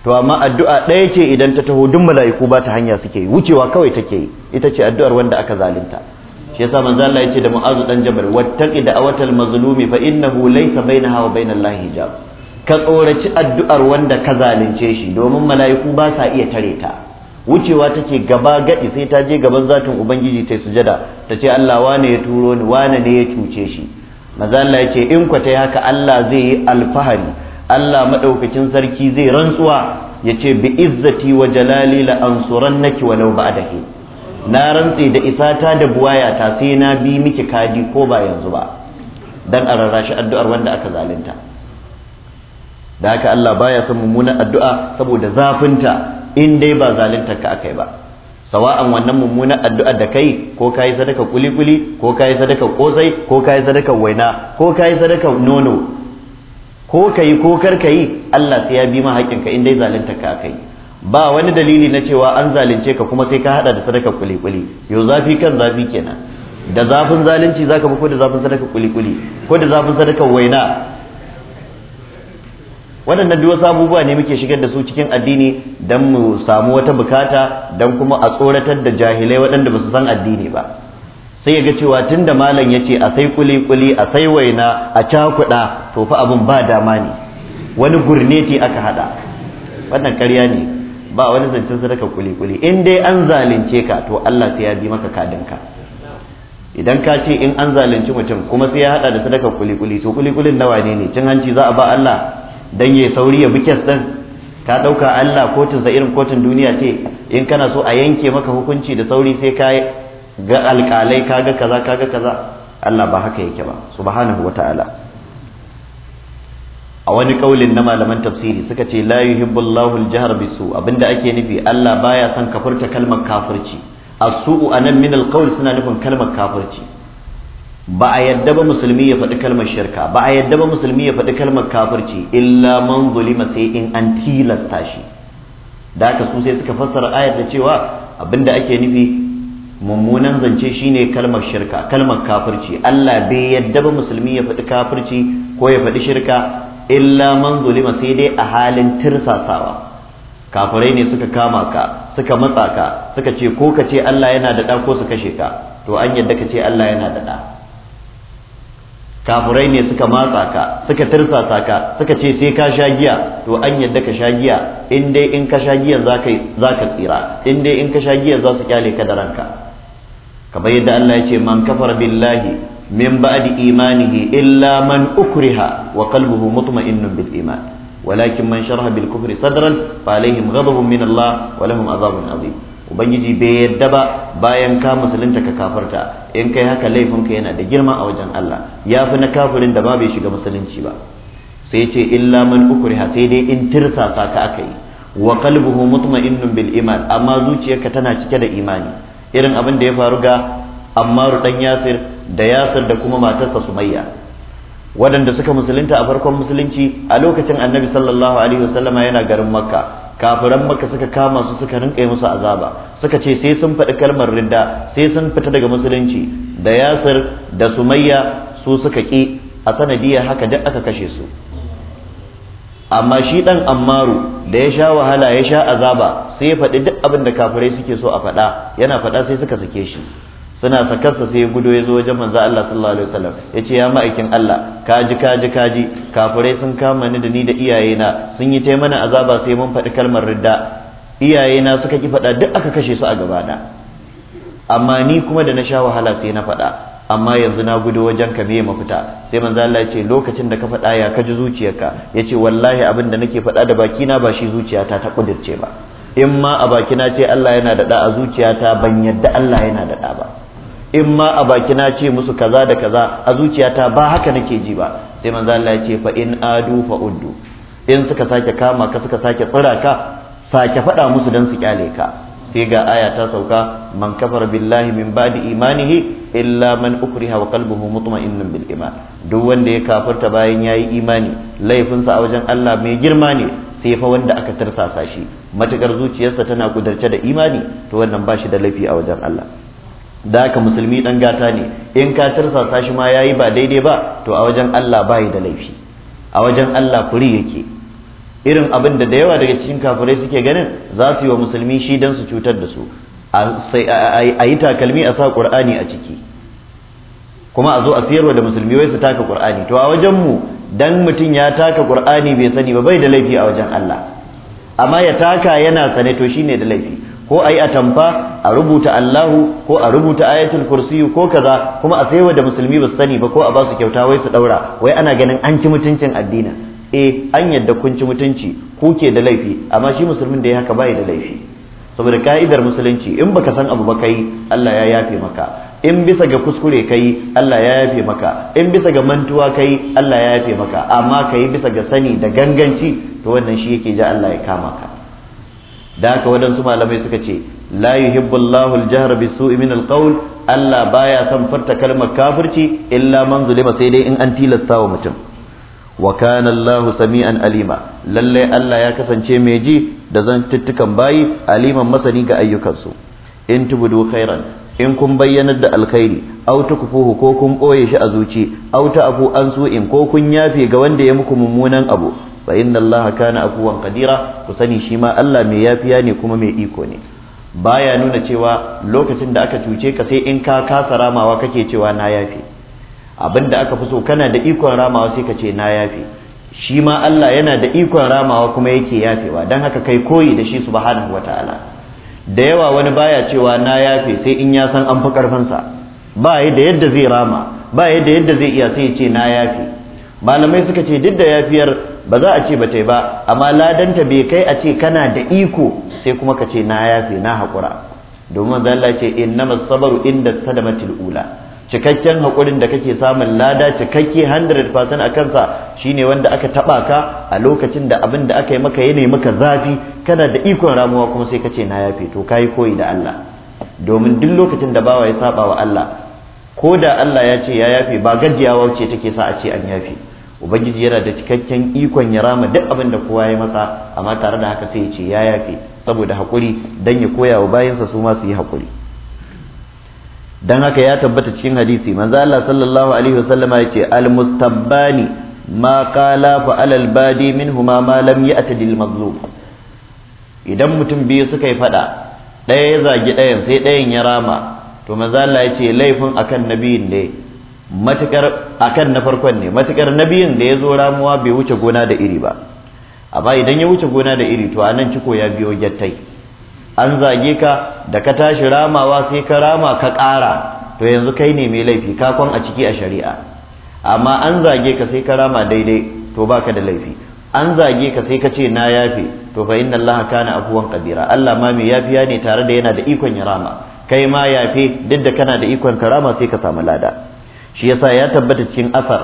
to amma addu'a ɗaya ce idan ta taho duk mala'iku ba ta hanya suke yi wucewa kawai take yi ita ce addu'ar wanda aka zalunta shi yasa manzo Allah yace da Mu'azu dan Jabal wattaqi da awatal mazlumi fa innahu laysa bainaha wa bainallahi hijab ka tsoraci addu'ar wanda ka zalunce shi domin mala'iku ba sa iya tare ta wucewa take gaba gaɗi sai ta je gaban zatin ubangiji ta sujada ta ce Allah wane ya turo ni wane ne ya cuce shi maza Allah ya ce in kwa ta haka Allah zai yi alfahari Allah maɗaukacin sarki zai rantsuwa ya ce bi izzati wa jalali la ansurannaki walau ba'daki na rantse da isata da buwayata sai na bi miki kadi ko ba yanzu ba dan a rarrashi addu'ar wanda aka zalunta da haka Allah baya son mummunan addu'a saboda zafinta in dai ba zalunta ka akai ba sawa'an wannan mummunan addu'a da kai ko yi sadaka kuli-kuli ko yi sadaka kosai ko yi sadaka waina ko yi sadaka nono ko yi ko kar yi Allah sai ya bi ma haƙinka in dai zalunta ka akai. ba wani dalili na cewa an zalunce ka kuma sai ka hada da sadaka kuli-kuli yau zafi kan zafi kenan da zafin zalunci zaka bi ko da zafin sadaka kuli-kuli ko da zafin sadaka waina waɗannan duk wasu abubuwa ne muke shigar da su cikin addini don mu samu wata bukata don kuma a tsoratar da jahilai waɗanda ba su san addini ba sai ya ga cewa tun da malam ya ce a sai kuli kuli a sai waina a cakuɗa to fa abin ba dama ne wani gurneti aka haɗa wannan ƙarya ne ba wani zancen sadaka kuli kuli in dai an zalunce ka to Allah sai ya bi maka kadinka idan ka ce in an zalunci mutum kuma sai ya haɗa da sadaka kuli kuli to kuli kulin nawa ne ne cin hanci za a ba Allah dan ya sauri ya bi kes din ka dauka Allah kotun sa irin kotun duniya ce in kana so a yanke maka hukunci da sauri sai ka ga alƙalai kaga kaza kaga kaza Allah ba haka yake ba subhanahu wataala a wani kaulin na malaman tafsiri suka ce la yuhibbullahu al-jahr bisu abinda ake nufi Allah baya son kafirta kalmar kafirci asu'u suu anan min al suna nufin kalmar kafirci ba a yadda ba musulmi ya faɗi kalmar shirka ba a yadda ba musulmi ya faɗi kalmar kafirci illa man zulima sai in an tilasta shi da haka su sai suka fassara ayar da cewa abinda ake nufi mummunan zance shine kalmar shirka kalmar kafirci Allah bai yadda ba musulmi ya faɗi kafirci ko ya faɗi shirka illa man zulima sai dai a halin tirsasawa kafirai ne suka kama ka suka matsa ka suka ce ko ka ce Allah yana da ko su kashe ka to an yadda ka ce Allah yana da ɗa kafurai ne suka matsa ka suka tirsasa ka suka ce sai ka sha giya to an yadda ka sha giya in dai in ka sha giya za ka tsira in dai in ka sha giya za su kyale ka da ranka kamar yadda Allah ya ce man kafara billahi min ba'di imanihi illa man ukriha wa qalbuhu mutma'innun bil iman walakin man sharaha bil kufri sadran fa alaihim ghadabun min Allah wa lahum adhabun azim ubangiji bai yarda ba bayan ka musulunta ka kafarta in kai haka laifinka yana da girma a wajen Allah ya fi na kafirin da ba bai shiga musulunci ba sai ce illa man ukriha sai dai in tirsasa ka aka yi wa qalbuhu mutma'innun bil iman amma zuciyarka tana cike da imani irin abin da ya faru ga Ammaru dan Yasir da Yasir da kuma matarsa Sumayya waɗanda suka musulunta a farkon musulunci a lokacin Annabi sallallahu alaihi wasallama yana garin Makka kafiran maka suka kama su suka rinka musu azaba suka ce sai sun faɗi kalmar rinda sai sun fita daga musulunci da yasir da sumayya su suka ƙi a sanadiyar haka duk aka kashe su amma shi ɗan ammaru da ya sha wahala ya sha azaba sai ya faɗi duk abin da kafirai suke so a faɗa yana faɗa sai suka sake shi suna sakarsa sai gudo ya zo wajen manzo Allah sallallahu alaihi wasallam ya ce ya ma'aikin Allah kaji kaji kaji kafirai sun kama ni da ni da iyayena sun yi ta mana azaba sai mun faɗi kalmar ridda iyayena suka ki faɗa duk aka kashe su a gaba gabana amma ni kuma da na sha wahala sai na faɗa amma yanzu na gudu wajen ka me mafita sai manzo Allah ya ce lokacin da ka faɗa ya ka zuciyarka. Ya ce wallahi abin da nake faɗa da bakina ba shi zuciyata ta kudirce ba in ma a bakina ce Allah yana da a zuciyata ban yadda Allah yana da da ba in ma a baki na ce musu kaza da kaza a zuciyata ba haka nake ji ba sai manzo Allah ya ce fa in adu fa uddu in suka sake kama ka suka sake tsira ka sake faɗa musu dan su kyale ka sai ga aya ta sauka man kafara billahi min ba'di imanihi illa man ukriha wa qalbuhu mutma'innun bil iman duk wanda ya kafarta bayan yayi imani laifinsa a wajen Allah mai girma ne sai fa wanda aka tarsasa shi matukar zuciyarsa tana kudarce da imani to wannan ba shi da laifi a wajen Allah da haka musulmi dan gata ne in ka tirsasa shi ma yayi ba daidai ba to a wajen Allah bai da laifi a wajen Allah kuri yake irin abin da da yawa daga cikin kafirai suke ganin za su yi wa musulmi shi dan su cutar da su a yi takalmi a sa qur'ani a ciki kuma a zo a siyarwa da musulmi wai su taka qur'ani to a wajen mu dan mutum ya taka qur'ani bai sani ba bai da laifi a wajen Allah amma ya taka yana sane to shine da laifi ko a yi atamfa a rubuta Allahu ko a rubuta ayatul kursi ko kaza kuma a saiwa da musulmi ba sani ba ko a ba su kyauta wai su daura wai ana ganin an ci mutuncin addinin eh an yadda kun ci mutunci ku ke da laifi amma shi musulmin da ya haka bai da laifi saboda ka'idar musulunci in baka san abu ba kai Allah ya yafe maka in bisa ga kuskure kai Allah ya yafe maka in bisa ga mantuwa kai Allah ya yafe maka amma kai bisa ga sani da ganganci to wannan shi yake ja Allah ya kama ka da haka waɗansu malamai suka ce la yuhibbullahu Allahu al-jahra bisu'i min al-qawl Allah baya son furta kalmar kafirci illa man zulima sai dai in an tilasta wa mutum wa kana Allah sami'an alima lalle Allah ya kasance mai ji da zantuttukan bayi aliman masani ga ayyukansu in tubudu khairan in kun bayyanar da alkhairi aw tukfuhu ko kun ɓoye shi a zuci aw abu an su'in ko kun yafe ga wanda ya muku mummunan abu fa inna Allah kana afuwan qadira ku sani shi ma Allah mai yafiya ne kuma mai iko ne baya nuna cewa lokacin da aka cuce ka sai in ka kasa ramawa kake cewa na yafi abinda aka fi so kana da ikon ramawa sai ka ce na yafi shi ma Allah yana da ikon ramawa kuma yake yafewa dan haka kai koyi da shi subhanahu wataala da yawa wani baya cewa na yafe sai in ya san an fi karfinsa ba da yadda zai rama ba yadda yadda zai iya sai ya ce na yafe malamai suka ce duk da yafiyar ba za a ce ba ta yi ba amma ladanta bai kai a ce kana da iko sai kuma ka ce na yafe na haƙura domin manzo Allah ce innama sabaru inda sadamatil ula cikakken haƙurin da kake samun lada cikakke 100% a kansa shine wanda aka taba ka a lokacin da abin da aka yi maka yanayi maka zafi kana da ikon ramuwa kuma sai ka ce na yafe to kayi koyi da Allah domin duk lokacin da bawa ya saba wa Allah ko da Allah ya ce ya yafe ba gajiyawa ce take sa a ce an yafe ubangiji yana da cikakken ikon ya rama duk abin da kowa ya masa amma tare da haka sai ya ce ya yafe saboda haƙuri dan ya koya wa bayansa su ma su yi haƙuri dan haka ya tabbata cikin hadisi manzo Allah sallallahu alaihi wasallama yace al mustabbani ma qala fa al badi minhuma ma lam ya'tadi al mazlum idan mutum biyu suka yi fada ɗaya ya zagi ɗayan sai ɗayan ya rama to manzo Allah yace laifin akan nabiyin ne matukar akan na farkon ne matukar na biyun da ya zo ramuwa bai wuce gona da iri ba amma idan ya wuce gona da iri to anan ciko ya biyo gyattai an zage ka da ka tashi ramawa sai ka rama ka ƙara to yanzu kai ne mai laifi ka a ciki a shari'a amma an zage ka sai ka rama daidai to baka da laifi an zage ka sai ka ce na yafe to fa inna allaha kana afuwan qadira Allah ma mai yafiya ne tare da yana da ikon ya rama kai ma yafe duk da kana da ikon ka rama sai ka samu lada shi yasa ya tabbata cikin asar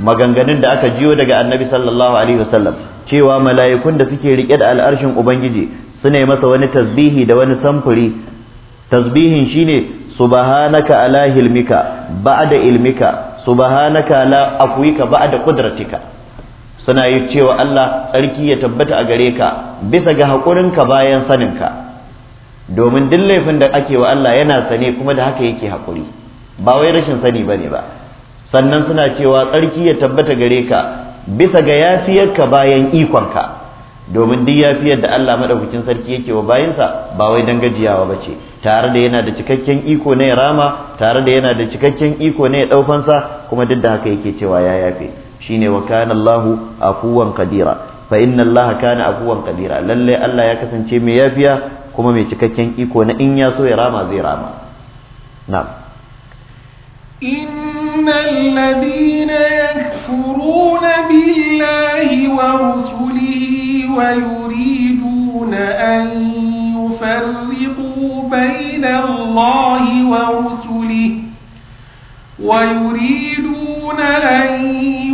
maganganun da aka jiyo daga annabi sallallahu alaihi wasallam cewa mala'ikun da suke rike da al'arshin ubangiji suna yi masa wani tasbihi da wani samfuri tasbihin shine subhanaka ala hilmika ba'da ilmika subhanaka la akwika ba'da qudratika suna yi cewa Allah tsarki ya tabbata a gare ka bisa ga hakurinka bayan sanin ka domin duk laifin da ake wa Allah yana sane kuma da haka yake hakuri ba wai rashin sani bane ba sannan suna cewa tsarki ya tabbata gare ka bisa ga yafiyarka bayan ikonka domin duk yafiyar da Allah madaukakin sarki yake wa bayansa ba wai dan gajiyawa bace tare da yana da cikakken iko ne ya rama tare da yana da cikakken iko ne ya daukansa kuma duk da haka yake cewa ya yafe shine wa kana Allahu afuwan kadira fa inna Allah kana afuwan kadira lalle Allah ya kasance mai yafiya kuma mai cikakken iko na in ya so ya rama zai rama na'am إن الذين يكفرون بالله ورسله ويريدون أن يفرقوا بين الله ورسله ويريدون أن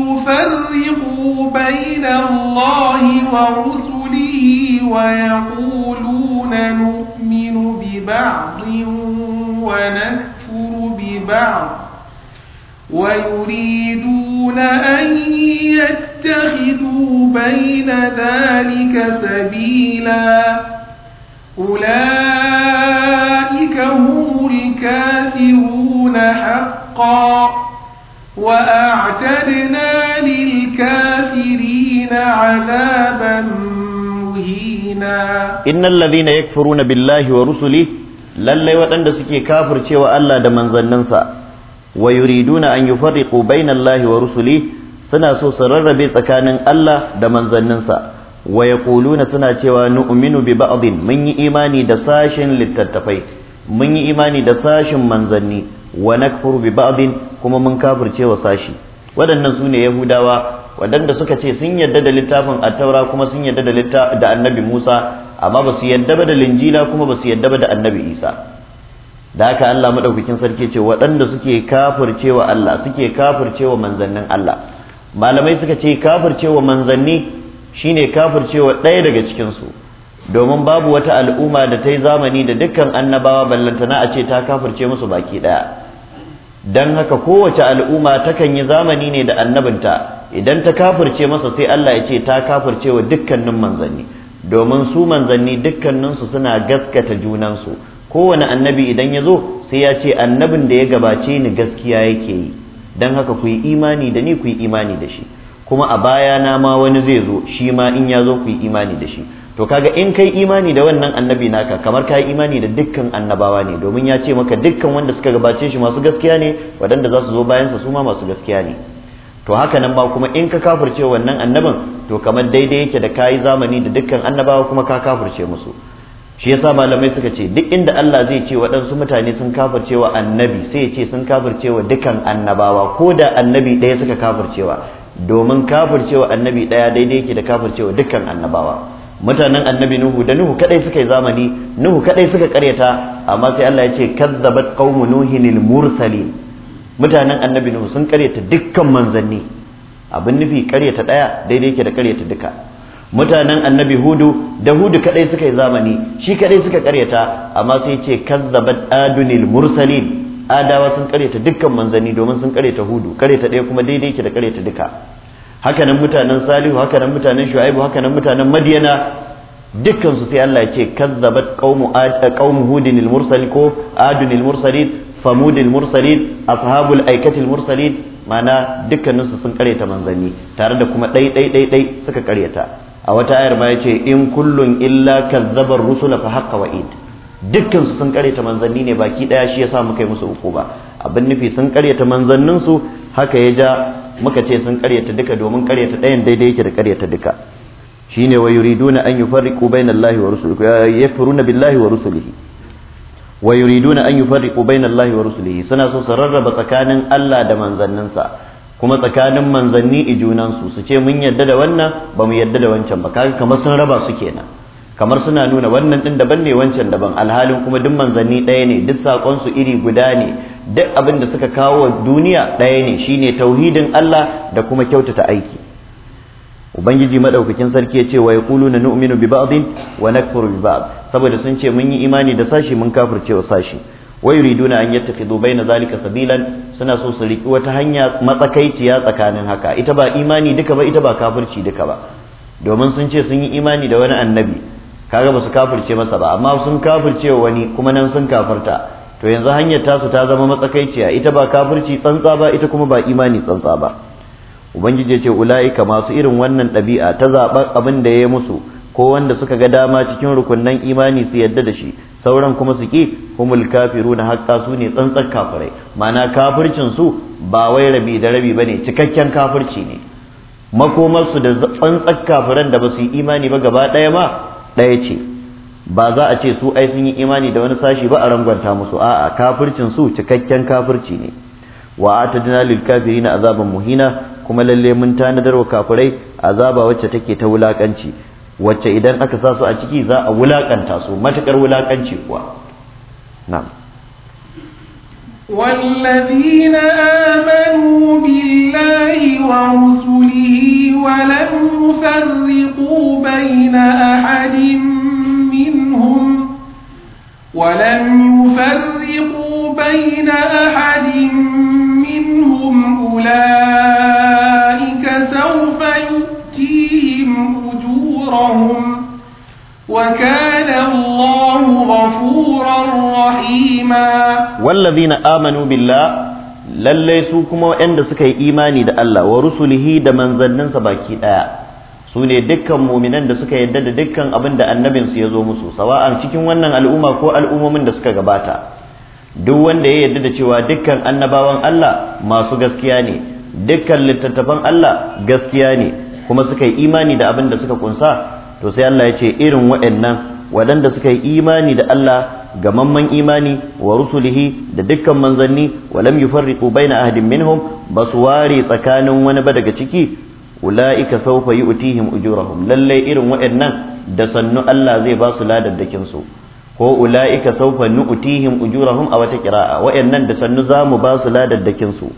يفرقوا بين الله ورسله ويقولون نؤمن ببعض ونكفر ببعض ويريدون أن يتخذوا بين ذلك سبيلا أولئك هم الكافرون حقا وأعتدنا للكافرين عذابا مهينا إن الذين يكفرون بالله ورسله lallai waɗanda suke kafircewa Allah da manzanninsa wa yuriduna an yufarriqu bayna Allahi wa rusuli suna so su rarrabe tsakanin Allah da manzanninsa wa yaquluna suna cewa nu'minu bi ba'din mun yi imani da sashin littattafai mun yi imani da sashin manzanni wa nakfuru bi ba'din kuma mun kafirce wa sashi waɗannan su ne yahudawa waɗanda suka ce sun yarda da littafin attaura kuma sun yarda da da annabi musa amma ba su yarda ba da linjila kuma ba su yarda ba da annabi isa da haka Allah madaukakin sarki ce waɗanda suke kafircewa Allah suke kafircewa manzannin Allah malamai suka ce kafircewa manzanni shine kafircewa ɗaya daga cikin su domin babu wata al'umma da ta yi zamani da dukkan annabawa ballantana a ce ta kafirce musu baki ɗaya don haka kowace al'umma takan yi zamani ne da annabinta idan ta kafirce masa sai Allah ya ce ta kafircewa dukkanin manzanni domin su manzanni dukkaninsu suna gaskata junansu kowane annabi idan ya zo sai ya ce annabin da ya gabace ni gaskiya yake yi don haka ku yi imani da ni ku yi imani da shi kuma a baya na ma wani zai zo shi ma in ya zo ku yi imani da shi to kaga in kai imani da wannan annabi naka kamar ka yi imani da dukkan annabawa ne domin ya ce maka dukkan wanda suka gabace shi masu gaskiya ne waɗanda za su zo bayansa su ma masu gaskiya ne to haka nan ba kuma in ka kafirce wannan annabin to kamar daidai yake da kayi zamani da dukkan annabawa kuma ka kafurce musu shi yasa malamai suka ce duk inda Allah zai ce waɗansu mutane sun kafircewa annabi sai ya ce sun kafircewa dukan annabawa ko da annabi ɗaya suka kafircewa domin kafircewa annabi ɗaya daidai ke da kafircewa dukkan annabawa mutanen annabi nuhu da nuhu kadai suka yi zamani nuhu kadai suka karyata amma sai Allah ya ce kazzabat qaumu nuhin lil mursalin mutanen annabi nuhu sun karyata dukkan manzanni abin nufi karyata daya daidai yake da karyata duka mutanen annabi hudu da hudu kadai suka yi zamani shi kadai suka karyata amma sai ce kazzabat adunil mursalin adawa sun karyata dukkan manzanni domin sun karyata hudu karyata ɗaya kuma daidai ke da karyata duka hakanan mutanen salihu hakanan mutanen shu'aibu hakanan mutanen madiyana dukkan su sai Allah ya ce kazzabat qaumu eh, qaumu hudinil mursalin ko adunil mursalin famudil mursalin ashabul aikatil mursalin ma'ana dukkaninsu sun karyata manzanni tare da kuma ɗai ɗai ɗai ɗai suka karyata a wata ayar ma yace in kullun illa kazzabar rusula fa haqqa wa'id dukkan su sun karyata manzanni ne baki daya shi yasa muka yi musu uku ba abin nufi sun karyata manzannin su haka ya ja muka ce sun karyata duka domin karyata dayan daidai yake da karyata duka shine wa yuriduna an yufarriqu bainallahi wa rusulihi yakfuruna billahi wa rusulihi wa yuriduna an yufarriqu bainallahi wa rusulihi suna so su rarraba tsakanin Allah da manzanninsa kuma tsakanin manzanni i junansu su ce mun yadda da wannan ba mu yadda da wancan ba kaga kamar sun raba su kenan kamar suna nuna wannan din daban ne wancan daban alhalin kuma duk manzanni ɗaya ne duk sakon su iri guda ne duk abin da suka kawo duniya ɗaya ne shine tauhidin Allah da kuma kyautata aiki ubangiji madaukakin sarki ya ce wa na nu'minu bi ba'din wa nakfuru bi ba'd saboda sun ce mun yi imani da sashi mun kafirce wa sashi wa yuriduna an yattakhidhu na zalika sabilan suna so su riki wata hanya matsakaiciya tsakanin haka ita ba imani duka ba ita ba kafirci duka ba domin sun ce sun yi imani da wani annabi kaga ba su kafirce masa ba amma sun kafirce wani kuma nan sun kafirta to yanzu hanyar tasu ta zama matsakaiciya ita ba kafirci tsantsa ba ita kuma ba imani tsantsa ba ubangiji ya ce ula'ika masu irin wannan ɗabi'a ta zaɓar abin da ya yi musu ko wanda suka ga dama cikin rukunnan imani su yadda da shi sauran kuma su ki humul na haƙƙa su ne tsantsar kafirai mana kafircin su ba wai rabi da rabi bane cikakken kafirci ne Makomarsu da tsantsar kafiran da ba su yi imani ba gaba ɗaya ma ɗaya ce ba za a ce su ai sun yi imani da wani sashi ba a rangwanta musu a'a kafircin su cikakken kafirci ne wa atadna lil kafirina azaban muhina kuma lalle mun tanadar wa kafirai azaba wacce take ta wulakanci wacce idan aka sa su a ciki za a wulakanta su matakar wulakanci kuwa na'am والذين آمنوا بالله ورسله ولم يفرقوا بين أحد منهم ولم يفرقوا بين أحد منهم أولئك سوف أجورهم وكان الله غفورا رحيما والذين آمنوا بالله lallai su kuma waɗanda suka yi imani da Allah wa rusulihi da manzanninsa baki ɗaya su ne dukkan muminan da suka yarda da dukkan abin da annabinsu ya zo musu sawa'an cikin wannan al'umma ko al'ummomin da suka gabata duk wanda ya yarda da cewa dukkan annabawan Allah masu gaskiya ne dukkan littattafan Allah gaskiya ne kuma suka yi imani da abin da suka kunsa to sai Allah ya ce irin waɗannan waɗanda suka yi imani da Allah gamamman imani wa rusulihi da dukkan manzanni wa lam yufarriqu baina ahadin minhum basu ware tsakanin wani ba daga ciki ulaika sawfa yu'tihim ujurahum lalle irin waɗannan da sannu Allah zai ba su ladaddakin su ko ulaika sawfa nu'tihim ujurahum a wata qira'a waɗannan da sannu zamu ba su ladaddakin su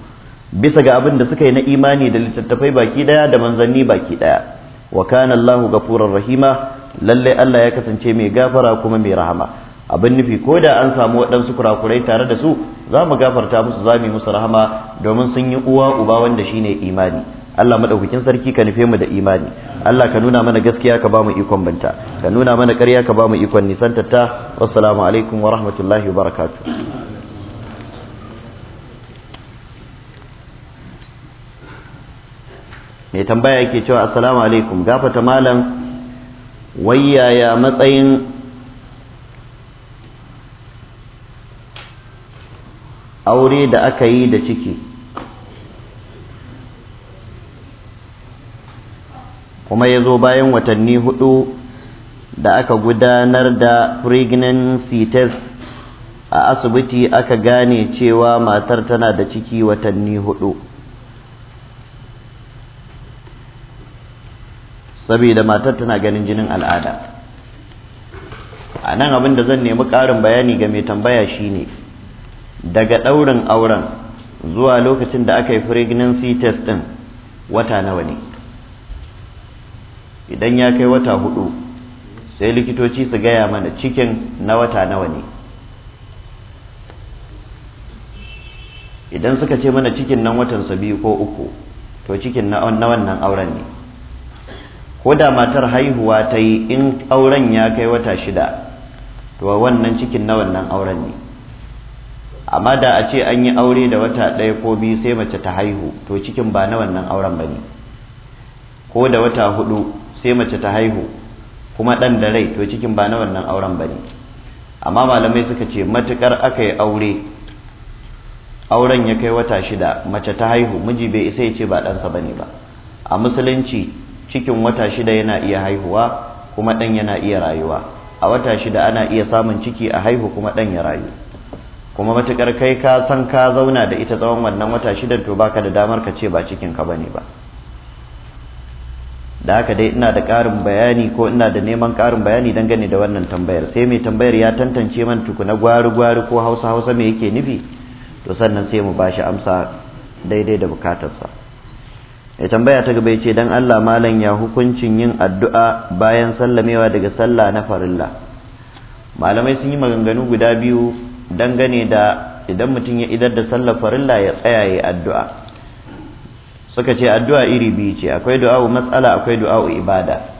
bisa ga abin da suka yi na imani da littattafai baki daya da manzanni baki daya wa kana Allahu ghafurur rahima lalle Allah ya kasance mai gafara kuma mai rahama abin nufi ko da an samu waɗansu kurakurai tare da su za mu gafarta musu za mu yi musu rahama domin sun yi uwa uba wanda shine imani Allah madaukakin sarki ka nufe mu da imani Allah ka nuna mana gaskiya ka ba mu ikon banta ka nuna mana ƙarya ka ba mu ikon nisantatta wassalamu alaikum wa rahmatullahi wa barakatuh mai tambaya yake cewa assalamu alaikum gafata malam wayaya matsayin aure da aka yi da ciki kuma ya zo bayan watanni hudu da aka gudanar da pregnancy test a asibiti aka gane cewa matar tana da ciki watanni hudu saboda matar tana ganin jinin al'ada a nan abin da zan nemi ƙarin bayani ga mai tambaya shine daga ɗaurin auren zuwa lokacin da aka yi pregnancy test ɗin wata nawa ne idan ya kai wata hudu sai likitoci su gaya mana cikin na wata nawa ne idan suka ce mana cikin nan watansa biyu ko uku to cikin na wannan auren ne ko da matar haihuwa ta yi in auren ya kai wata shida to wannan cikin na wannan auren ne amma da a ce an yi aure da wata ɗaya ko biyu sai mace ta haihu to cikin ba na wannan auren ba ne ko da wata hudu sai mace ta haihu kuma ɗan da rai to cikin ba na wannan auren ba ne amma malamai suka ce matukar aka yi aure auren ya kai wata shida mace ta haihu miji bai isa ya ce ba ɗansa ba ne ba a musulunci cikin wata shida yana iya haihuwa kuma ɗan yana iya rayuwa a wata shida ana iya samun ciki a haihu kuma ɗan ya rayu kuma matuƙar kai ka san ka zauna da ita tsawon wannan wata shidan to baka da damar ka ce ba cikin ka bane ba da haka dai ina da ƙarin bayani ko ina da neman ƙarin bayani dangane da wannan tambayar sai mai tambayar ya tantance man tukuna gwari gwari ko hausa hausa me yake nufi to sannan sai mu bashi amsa daidai da bukatarsa ya tambaya ta gaba ya ce dan Allah malam ya hukuncin yin addu'a bayan sallamewa daga sallah na farilla malamai sun yi maganganu guda biyu dangane da idan mutum ya idar da sallar farilla ya tsaya ya addu'a suka ce addu'a iri biyu ce akwai du'a'u mas'ala akwai du'a'u ibada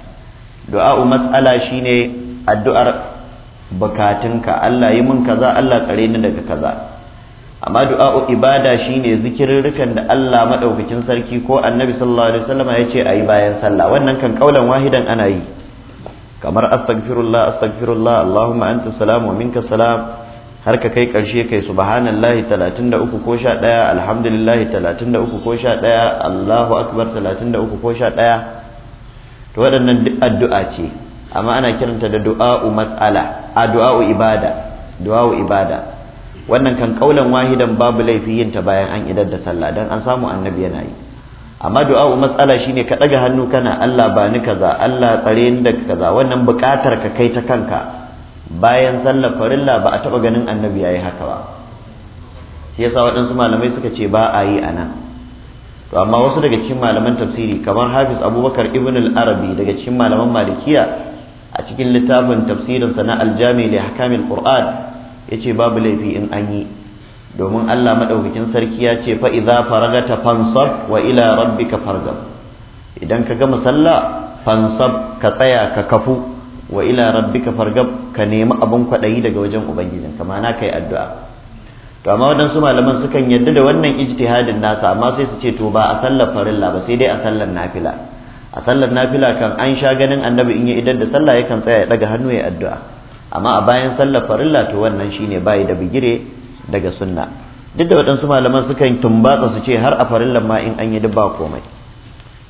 du'a'u mas'ala shine addu'ar bukatunka Allah yi min kaza Allah tsare ni daga kaza amma du'a'u ibada shine zikirrukan da Allah madaukakin sarki ko annabi sallallahu alaihi wasallam ya ce ayi bayan sallah wannan kan kaulan wahidan ana yi kamar astaghfirullah astaghfirullah allahumma anta salam wa minka salam har ka kai karshe kai subhanallahi 33 ko 11 alhamdulillahi 33 ko 11 allahu akbar 33 ko 11 to waɗannan duk addu'a ce amma ana kiranta da du'a'u mas'ala a ibada du'a'u ibada wannan kan kaulan wahidan babu laifi yin ta bayan an idar da sallah dan an samu annabi yana yi amma du'a du'a'u matsala shine ka daga hannu kana Allah ba ni kaza Allah tsare ni da kaza wannan bukatar ka kai ta kanka bayan sallar farilla ba a taba ganin annabi yayi haka ba shi yasa waɗansu malamai suka ce ba a yi anan to amma wasu daga cikin malaman tafsiri kamar Hafiz Abubakar Ibn al-Arabi daga cikin malaman Malikiya a cikin littafin tafsirinsa na Al-Jami li Ahkamil Qur'an Ya ce babu laifi in an yi domin Allah madaukakin sarki ya ce fa idza faragata fansab wa ila rabbika fargab idan ka gama sallah fansab ka tsaya ka kafu wa ila rabbika fargab ka nemi abun kwaɗayi daga wajen ubangijin kama na kai addu'a to amma wadansu malaman sukan yadda da wannan ijtihadin nasa amma sai su ce to ba a sallar farilla ba sai dai a sallar nafila a sallar nafila kan an sha ganin annabi in ya idar da sallah yakan tsaya ya daga hannu ya addu'a amma a bayan sallar farilla to wannan shine bai da bigire daga sunna duk da waɗansu malaman suka sukan tumbatsa su ce har a farillan ma in an yi duk ba komai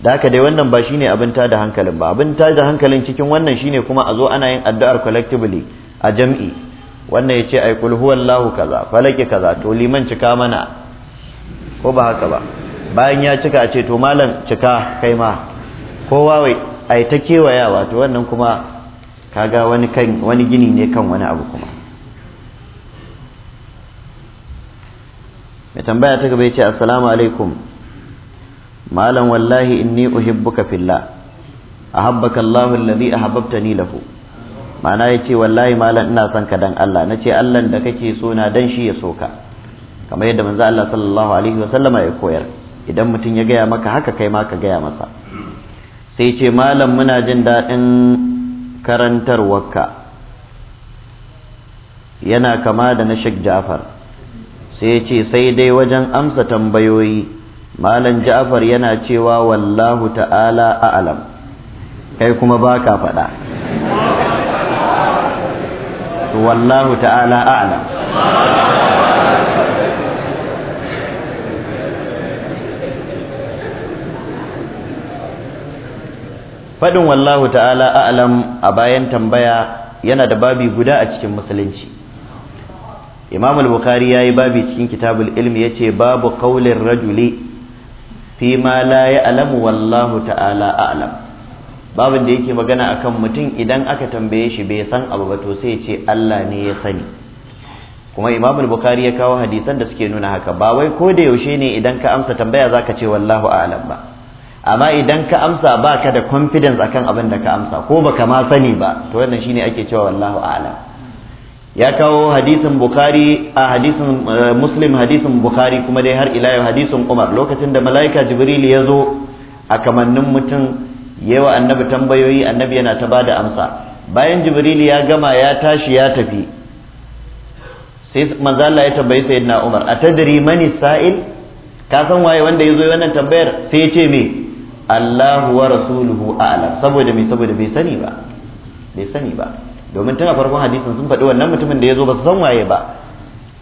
da haka dai wannan ba shine abin tada hankalin ba abin tada hankalin cikin wannan shine kuma a zo ana yin addu'ar collectively a jam'i wannan ya ce ai kul huwallahu kaza falaki kaza to liman cika mana ko ba haka ba bayan ya cika a ce to malam cika kai ma kowa ai ta kewayawa to wannan kuma kaga wani wani gini ne kan wani abu kuma mai tambaya ta gaba yace assalamu alaikum malam wallahi inni uhibbuka fillah ahabbaka Allahu alladhi ahabbtani lahu ma'ana yace wallahi malam ina son ka dan Allah nace Allah da kake so na dan shi ya soka kamar yadda manzo Allah sallallahu alaihi wasallama ya koyar idan mutum ya gaya maka haka kai ma ka gaya masa sai ce malam muna jin daɗin Karantar karantarwarka yana kama da na Sheikh Ja'far sai ce sai dai wajen amsa tambayoyi malam Ja'far yana cewa wallahu ta'ala a'lam kai kuma baka faɗa wallahu ta'ala a'lam faɗin wallahu ta'ala a'lam a bayan tambaya yana da babi guda a cikin musulunci imam al-bukhari ya yi babi cikin kitabul ilmi ya ce babu kaulin rajuli fi ma la ya'lamu wallahu ta'ala a'lam babin da yake magana akan mutum idan aka tambaye shi bai san abu ba to sai ya ce Allah ne ya sani kuma imam al-bukhari ya kawo hadisan da suke nuna haka ba wai ko da yaushe ne idan ka amsa tambaya zaka ce wallahu a'lam ba amma idan ka amsa ba ka da confidence akan abin da ka amsa ko baka ma sani ba to wannan shine ake cewa wallahu a'lam ya kawo hadisin bukhari a hadisin eh, muslim hadisin bukhari kuma dai har ila yau hadisin umar lokacin da malaika jibril ya zo a kamannin mutum wa annabi tambayoyi annabi yana ta bada amsa bayan jibril ya gama ya tashi ya tafi sai manzo Allah ya tambayi sayyidina umar atadri mani sa'il ka san waye wanda ya zo wannan tambayar sai ya ce me Allahu wa rasuluhu a'lam saboda me saboda bai sani ba bai sani ba domin tana farkon hadisin sun faɗi wannan mutumin da ya zo ba su san waye ba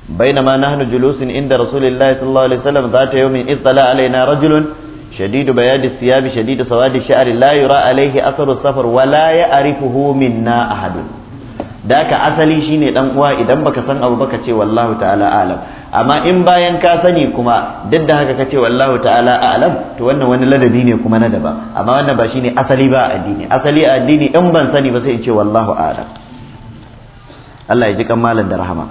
بينما نحن جلوس عند رسول الله صلى الله عليه وسلم ذات يوم إذ طلع علينا رجل شديد بياد الثياب شديد سواد الشعر لا يرى عليه أثر السفر ولا يعرفه منا أحد daka asali shine dan uwa idan baka san abu baka ce wallahu ta'ala alam amma in bayan ka sani kuma duk da haka kace wallahu ta'ala alam to wannan wani ladabi ne kuma na daba. amma wannan ba shine asali ba a addini asali a addini in ban sani ba sai in ce wallahu alam Allah ya ji kan malam da rahama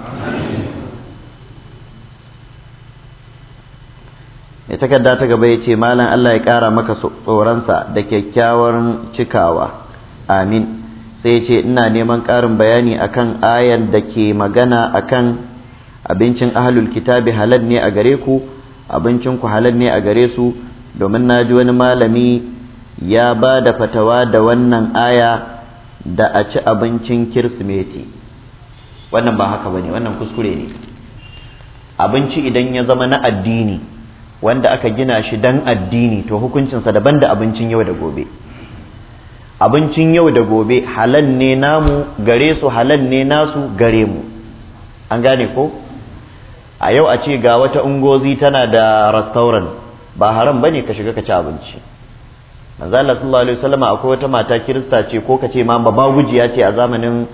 ya takarda ta gaba ya ce malam Allah ya kara maka tsoronsa da kyakkyawar cikawa amin sai ce ina neman ƙarin bayani akan ayan da ke magana akan abincin ahalul kitabi halal ne a gare ku abincin ku halal ne a gare su domin na ji wani malami ya ba da fatawa da wannan aya da a ci abincin kirsimeti wannan ba haka ba ne wannan kuskure ne abinci idan ya zama na addini wanda aka gina shi dan addini to hukuncinsa daban da abincin yau da gobe abincin yau da gobe halal ne namu gare su halal ne nasu gare mu an gane ko a yau a ce ga wata ungozi tana da restaurant ba haram bane ka shiga ka ci abinci manzo Allah sallallahu alaihi wasallam akwai wata mata kirista ce ko kace ma ba ya ce a zamanin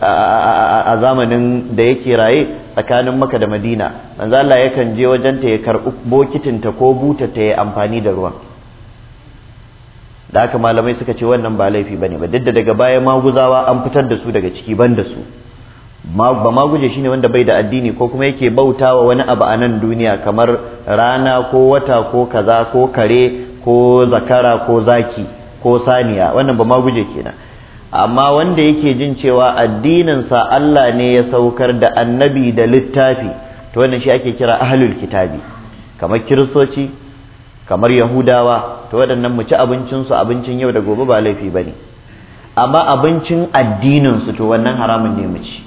a zamanin da yake raye tsakanin maka da madina manzo Allah yakan je wajenta ya karɓi bokitinta ko buta ya amfani da ruwan da haka malamai suka ce wannan ba laifi ba ne ba duk da daga baya maguzawa an fitar da su daga ciki ban da su ba maguje shine wanda bai da addini ko kuma yake bautawa wani abu a nan duniya kamar rana ko wata ko kaza ko kare ko zakara ko zaki ko saniya wannan ba maguje kenan amma wanda yake jin cewa addininsa Allah ne ya saukar da annabi da littafi to wannan shi ake kira ahlul kitabi kamar kiristoci kamar yahudawa to waɗannan mu ci abincinsu abincin yau da gobe ba laifi ba ne amma abincin addininsu to wannan haramun ne mu ci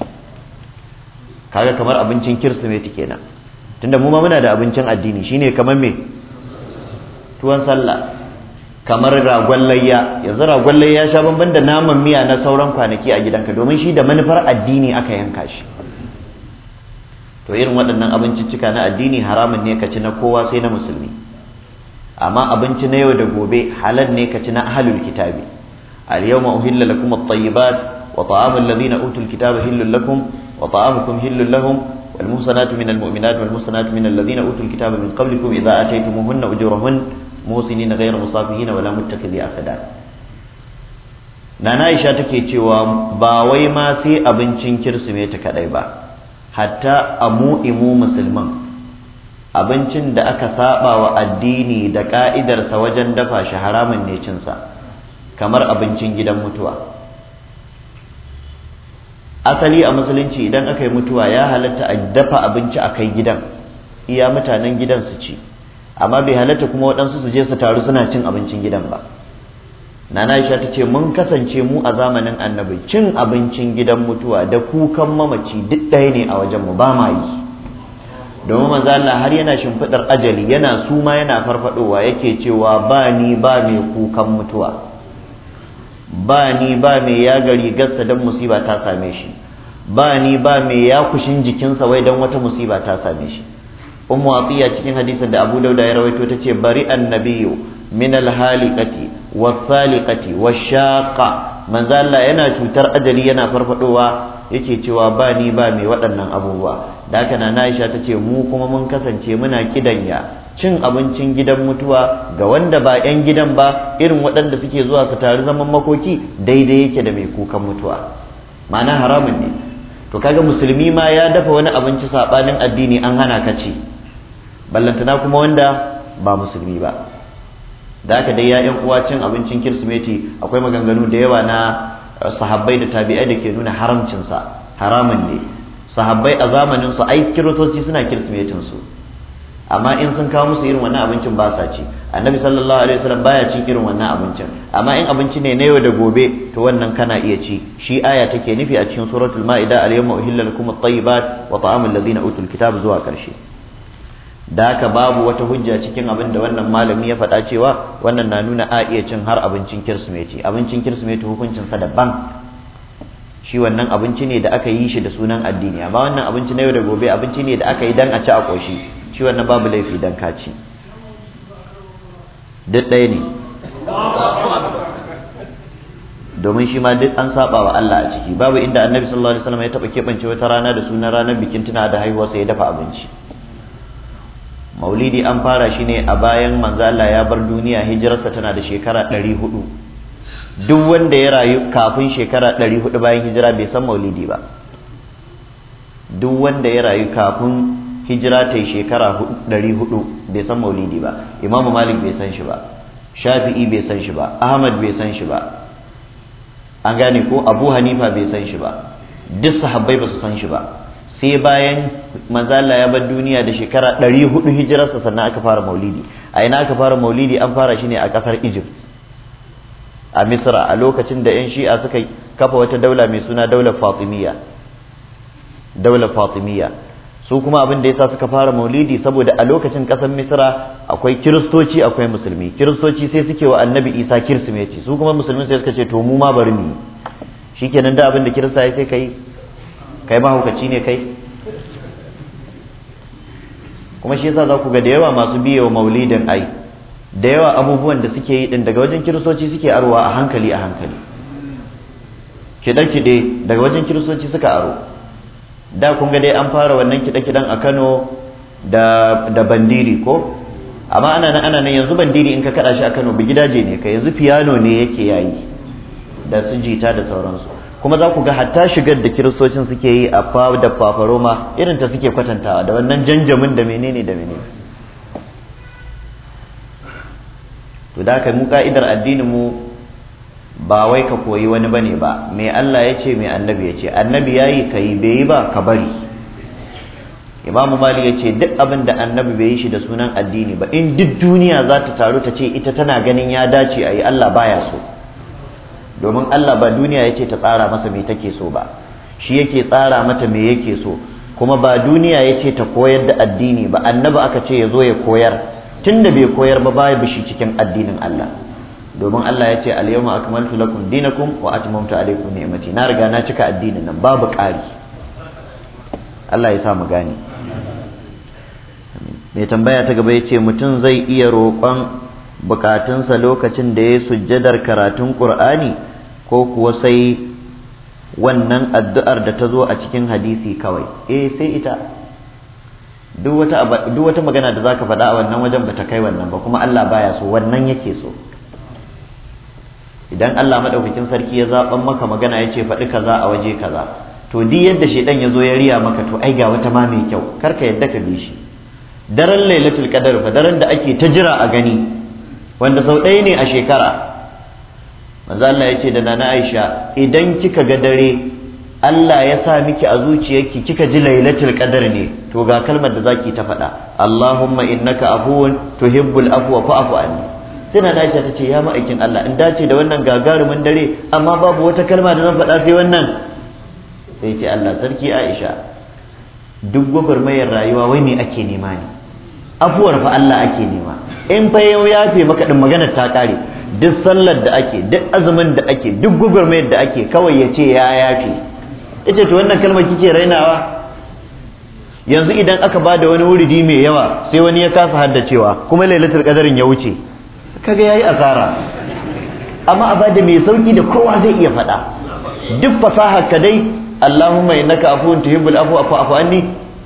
kaga kamar abincin kirsimeti kenan tunda mu ma muna da abincin addini shine kamar me tuwon sallah kamar ragon layya yanzu ragon layya sha bamban da naman miya na sauran kwanaki a gidanka domin shi da manufar addini aka yanka shi to irin waɗannan abincin cika na addini haramun ne ka ci na kowa sai na musulmi amma abinci na yau da gobe halal ne ka ci na ahlul kitabi al yawma uhilla lakum at-tayyibat wa ta'amul ladina utul kitaba hillul lakum والمحصنات من المؤمنات والمحصنات من الذين أوتوا الكتاب من قبلكم إذا آتيتموهن أجورهن موصنين غير مصافين ولا متخذي أخدان Nana Aisha take cewa ba wai ma sai abincin Kirsimeti kadai ba, hatta a musulman abincin da aka saba wa addini da ka'idarsa wajen dafa shi haramun ne cinsa kamar abincin gidan mutuwa asali a musulunci idan aka yi mutuwa ya halatta a dafa abinci a kai gidan iya mutanen gidan su ci amma bai halatta kuma waɗansu su je su taru suna cin abincin gidan ba nana aisha ta ce mun kasance mu a zamanin annabi cin abincin gidan mutuwa da kukan mamaci duk ɗaya ne a wajen mu ba ma yi domin manzo Allah har yana shimfidar ajali yana suma yana farfadowa yake cewa ba ni ba mai kukan mutuwa ba ni ba mai ya gari gasta dan musiba ta same shi ba ni ba mai ya kushin jikinsa wai dan wata musiba ta same shi ummu cikin hadisin da abu dauda ya rawaito ta ce bari annabiyu min alhaliqati wasaliqati washaqa manzo Allah yana cutar ajali yana farfadowa yake cewa ba ni ba mai waɗannan abubuwa da haka na Aisha ta ce mu kuma mun kasance muna kidanya cin abincin gidan mutuwa ga wanda ba 'yan gidan ba irin waɗanda suke zuwa su taru zaman makoki daidai yake da mai kukan mutuwa ma'ana haramun ne to kaga musulmi ma ya dafa wani abinci saɓanin addini an hana ka ci ballantana kuma wanda ba musulmi ba da haka dai ya yan uwa cin abincin kirsimeti akwai maganganu da yawa na sahabbai da tabi'ai da ke nuna haramcinsa haramun ne sahabbai a zamanin su ai kiristoci suna kirsimetin su amma in sun kawo musu irin wannan abincin ba sa ci annabi sallallahu alaihi wasallam baya cin irin wannan abincin amma in abinci ne na yau da gobe to wannan kana iya ci shi aya take nufi a cikin suratul maida al yawma uhilla lakum at-tayyibat wa ta'amul ladina utul kitab zuwa karshe da haka babu wata hujja cikin abin da wannan malami ya faɗa cewa wannan na nuna a iya cin har abincin kirsimeti abincin kirsimeti hukuncin sa daban shi wannan abinci ne da aka yi shi da sunan addini amma wannan abinci na yau da gobe abinci ne da aka yi dan a ci a koshi shi wannan babu laifi dan ka ci duk ɗaya ne domin shi ma duk an saba wa Allah a ciki babu inda annabi sallallahu alaihi wasallam ya taba kebance wata rana da sunan ranar bikin tuna da haihuwa sai ya dafa abinci maulidi an fara shi ne a bayan manzo Allah ya bar duniya hijirarsa tana da shekara 400 duk wanda ya rayu kafin shekara 400 bayan hijira bai san maulidi ba duk wanda ya rayu kafin hijira ta shekara 400 bai san maulidi ba imamu malik bai san shi ba shafi'i bai san shi ba ahmad bai san shi ba an gane ko abu hanifa bai san shi ba duk sahabbai ba su san shi ba sai bayan mazala ya bar duniya da shekara 400 hijirarsa sannan aka fara maulidi a ina aka fara maulidi an fara shi ne a kasar egypt a misra a lokacin da 'yan shi'a suka kafa wata daula mai suna daular fatimiyya daular fatimiyya su kuma abin da ya sa suka fara maulidi saboda a lokacin kasar misra akwai kiristoci akwai musulmi kiristoci sai suke wa annabi isa kirsimeti su kuma musulmi sai suka ce to mu ma bari mu shikenan da abin da kirista ya sai kai kai mahaukaci ne kai kuma shi yasa za ku ga da yawa masu biye wa maulidin ai da yawa abubuwan da suke yi din daga wajen kiristoci suke arwa a hankali a hankali kide kide daga wajen kiristoci suka aro da kun ga dai an fara wannan kide kidan a kano da, da bandiri ko amma ana nan ana nan yanzu bandiri in ka kada shi a kano bi gidaje ne ka yanzu fiyano ne yake yayi da su jita da sauransu kuma za ku ga hatta shigar da kiristocin suke yi a da fafaroma irin ta suke kwatantawa da wannan janjamin da menene da menene to da haka mu ka'idar addinin mu ba wai ka koyi wani bane ba me Allah ya ce me annabi ya ce annabi ya yi ka yi bai yi ba ka bari imamu mali ya ce duk abin da annabi bai yi shi da sunan addini ba in duk duniya za ta taru ta ce ita tana ganin ya dace a yi Allah baya so domin Allah ba duniya ya ce ta tsara masa me take so ba shi yake tsara mata me yake so kuma ba duniya ya ce ta koyar da addini ba annabi aka ce ya zo ya koyar da bai koyar ba baya bishi cikin addinin Allah domin Allah ya ce al-yawma akmaltu lakum dinakum wa atmamtu alaykum ni'mati na riga na cika addinin nan babu ƙari Allah ya sa mu gane mai tambaya ta gaba yace ce mutum zai iya roƙon bukatunsa lokacin da ya sujjadar karatun ƙur'ani ko kuwa sai wannan addu'ar da ta zo a cikin hadisi kawai eh sai ita duk wata magana da zaka faɗa a wannan wajen bata kai wannan ba kuma Allah baya so wannan yake so idan Allah madaukakin sarki ya zaban maka magana ya ce faɗi kaza a waje kaza to duk yadda shedan ya zo ya riya maka to ai ga wata ma mai kyau kar ka yadda ka bi shi daren lailatul qadar fa daren da ake ta jira a gani wanda sau ɗaya ne a shekara manzo Allah ya ce da nana Aisha idan kika ga dare Allah ya sa miki a zuciyarki kika ji lailatul qadar ne to ga kalmar da zaki ta faɗa Allahumma innaka afuwun tuhibbul afwa fa'fu anni tana da ta tace ya ma'aikin Allah in dace da wannan gagarumin dare amma babu wata kalma da zan faɗa sai wannan sai ce Allah sarki Aisha duk gwagwarmayar rayuwa wai me ake nema ne afuwar fa Allah ake nema in fa yau ya fi maka din maganar ta kare duk sallar da ake duk azumin da ake duk gwagwarmayar da ake kawai ya ce ya yafe yace to wannan kalmar kike rainawa yanzu idan aka bada wani wuridi mai yawa sai wani ya kasa haddacewa kuma lailatul qadarin ya wuce kaga yayi asara amma a bada mai sauki da kowa zai iya faɗa duk fasahar ka dai Allahumma innaka afuwun tuhibbul afwa fa afu anni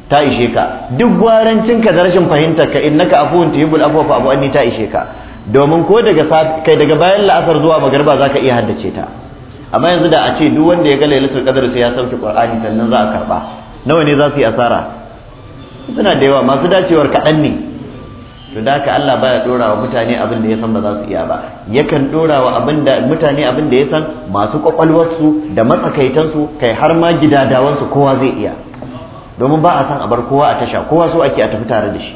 ta ishe ka duk gwarancin ka da rashin fahimtar ka innaka afuwun tuhibbul afwa fa afu anni ta ishe ka domin ko daga kai daga bayan la'asar zuwa magariba zaka iya haddace ta amma yanzu da a ce duk wanda ya ga lailatul qadr sai ya sauke qur'ani sannan za a karba nawa ne za su yi asara suna da yawa masu dacewar kaɗan ne to da haka Allah baya dora wa mutane abin da ya san ba za su iya ba yakan dora wa abin da mutane abin da ya san masu kwakwalwarsu da matsakaitan su kai har ma gidadawansu kowa zai iya domin ba a san a bar kowa a tasha kowa so ake a tafi tare da shi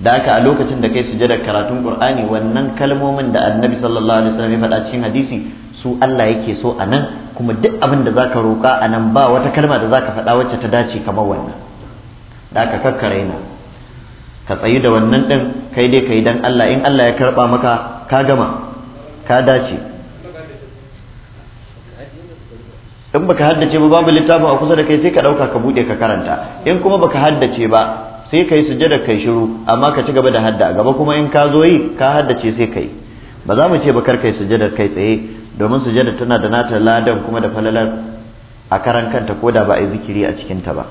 da haka a lokacin da kai sujada karatun qur'ani wannan kalmomin da annabi sallallahu alaihi wasallam ya faɗa cikin hadisi su Allah yake so a nan kuma duk abin da zaka roƙa a nan ba wata kalma da zaka faɗa wacce ta dace kamar wannan da aka kakkare na ka tsayi da wannan ɗin kai dai ka yi don Allah in Allah ya karɓa maka ka gama ka dace in baka haddace ba babu littafin a kusa da kai sai ka ɗauka ka buɗe ka karanta in kuma baka haddace ba sai ka yi sujjada kai shiru amma ka ci gaba da hadda gaba kuma in ka zo yi ka haddace sai kai ba za mu ce ba karkai sujadar kai tsaye domin sujada tana da nata ladan kuma da falalar a karan kanta ko da ba a yi zikiri a cikin ta ba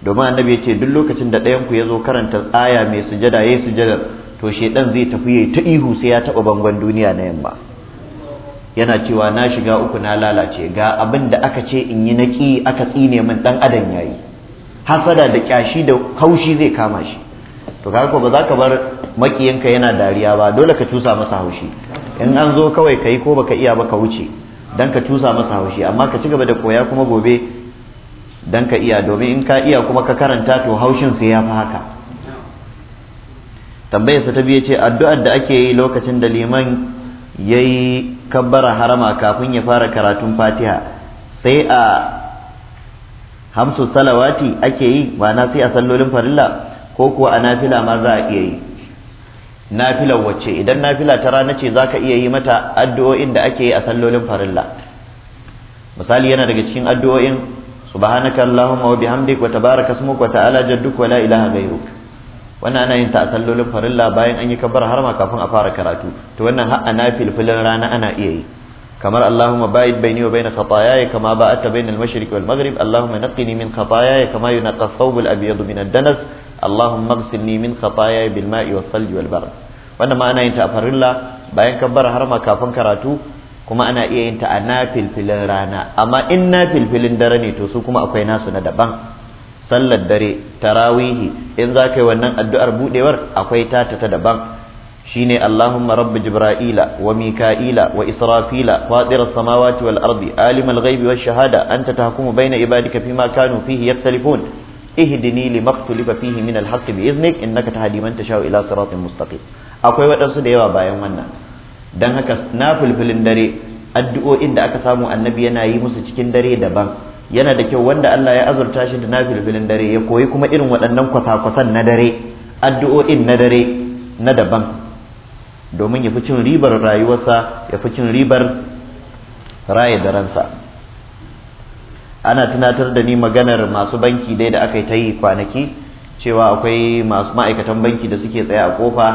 domin annabi ya ce duk lokacin da ɗayan ku ya zo karanta aya mai sujada yayi sujada to shedan zai tafi yayi ta ihu sai ya taba bangon duniya na yamma yana cewa na shiga uku na lalace ga abin da aka ce in yi naki aka tsine min dan adam yayi hasada da kyashi da haushi zai kama shi to ka ko ba za ka bar makiyanka yana dariya ba dole ka tusa masa haushi in an zo kawai kai ko baka iya ba ka wuce dan ka tusa masa haushi amma ka ci gaba da koya kuma gobe dan ka iya domin in ka iya kuma ka karanta to haushin sai ya fi haka tambayar sa ta biye ce addu'ar da ake yi lokacin da liman yayi kabbara harama kafin ya fara karatun fatiha sai a hamsu salawati ake yi ba na sai a sallolin farilla ko kuwa a nafila ma za a iya yi nafilar wacce idan nafila ta rana ce za ka iya yi mata addu'o'in da ake yi a sallolin farilla misali yana daga cikin addu'o'in subhanaka allahumma wa bihamdik wa bara ismuk wa ta'ala jadduk wa la ilaha gairu wannan ana yin ta a sallolin farilla bayan an yi har ma kafin a fara karatu to wannan har a filin rana ana iya yi kamar Allahumma ba'id baini wa baina khataayaya kama ba'adta bainal mashriqi wal maghrib Allahumma naqqini min khataayaya kama yunqqa ath-thawb al-abyad min ad-danas Allahumma ighsilni min khataaya bil ma'i was wannan ma ana yin ta a farilla bayan ka har harma kafin karatu kuma ana iya yin ta a nafilfilin rana amma in nafilfilin dare ne to su kuma akwai nasu na daban sallar dare tarawihi in za ka yi wannan addu'ar budewar akwai tata ta daban shine Allahumma rabbi jibra'ila wa mika'ila wa israfila fatir samawati wal ardi alimul ghaibi wash shahada anta tahkumu baina ibadika fima kanu fihi yakhtalifun ihdini limaktulifa fihi min alhaq bi iznik innaka tahdi man tasha ila siratin mustaqim akwai waɗansu da yawa bayan wannan dan haka na fulfulin dare addu'o'in da aka samu annabi yana yi musu cikin dare daban yana da kyau wanda Allah ya azurta shi da na fulfulin dare ya koyi kuma irin waɗannan kwasa-kwasan na dare addu'o'in na dare na daban domin ya fi cin ribar rayuwarsa ya fi cin ribar raye da ana tunatar da ni maganar masu banki dai da aka yi ta yi kwanaki cewa akwai masu ma'aikatan banki da suke tsaye a kofa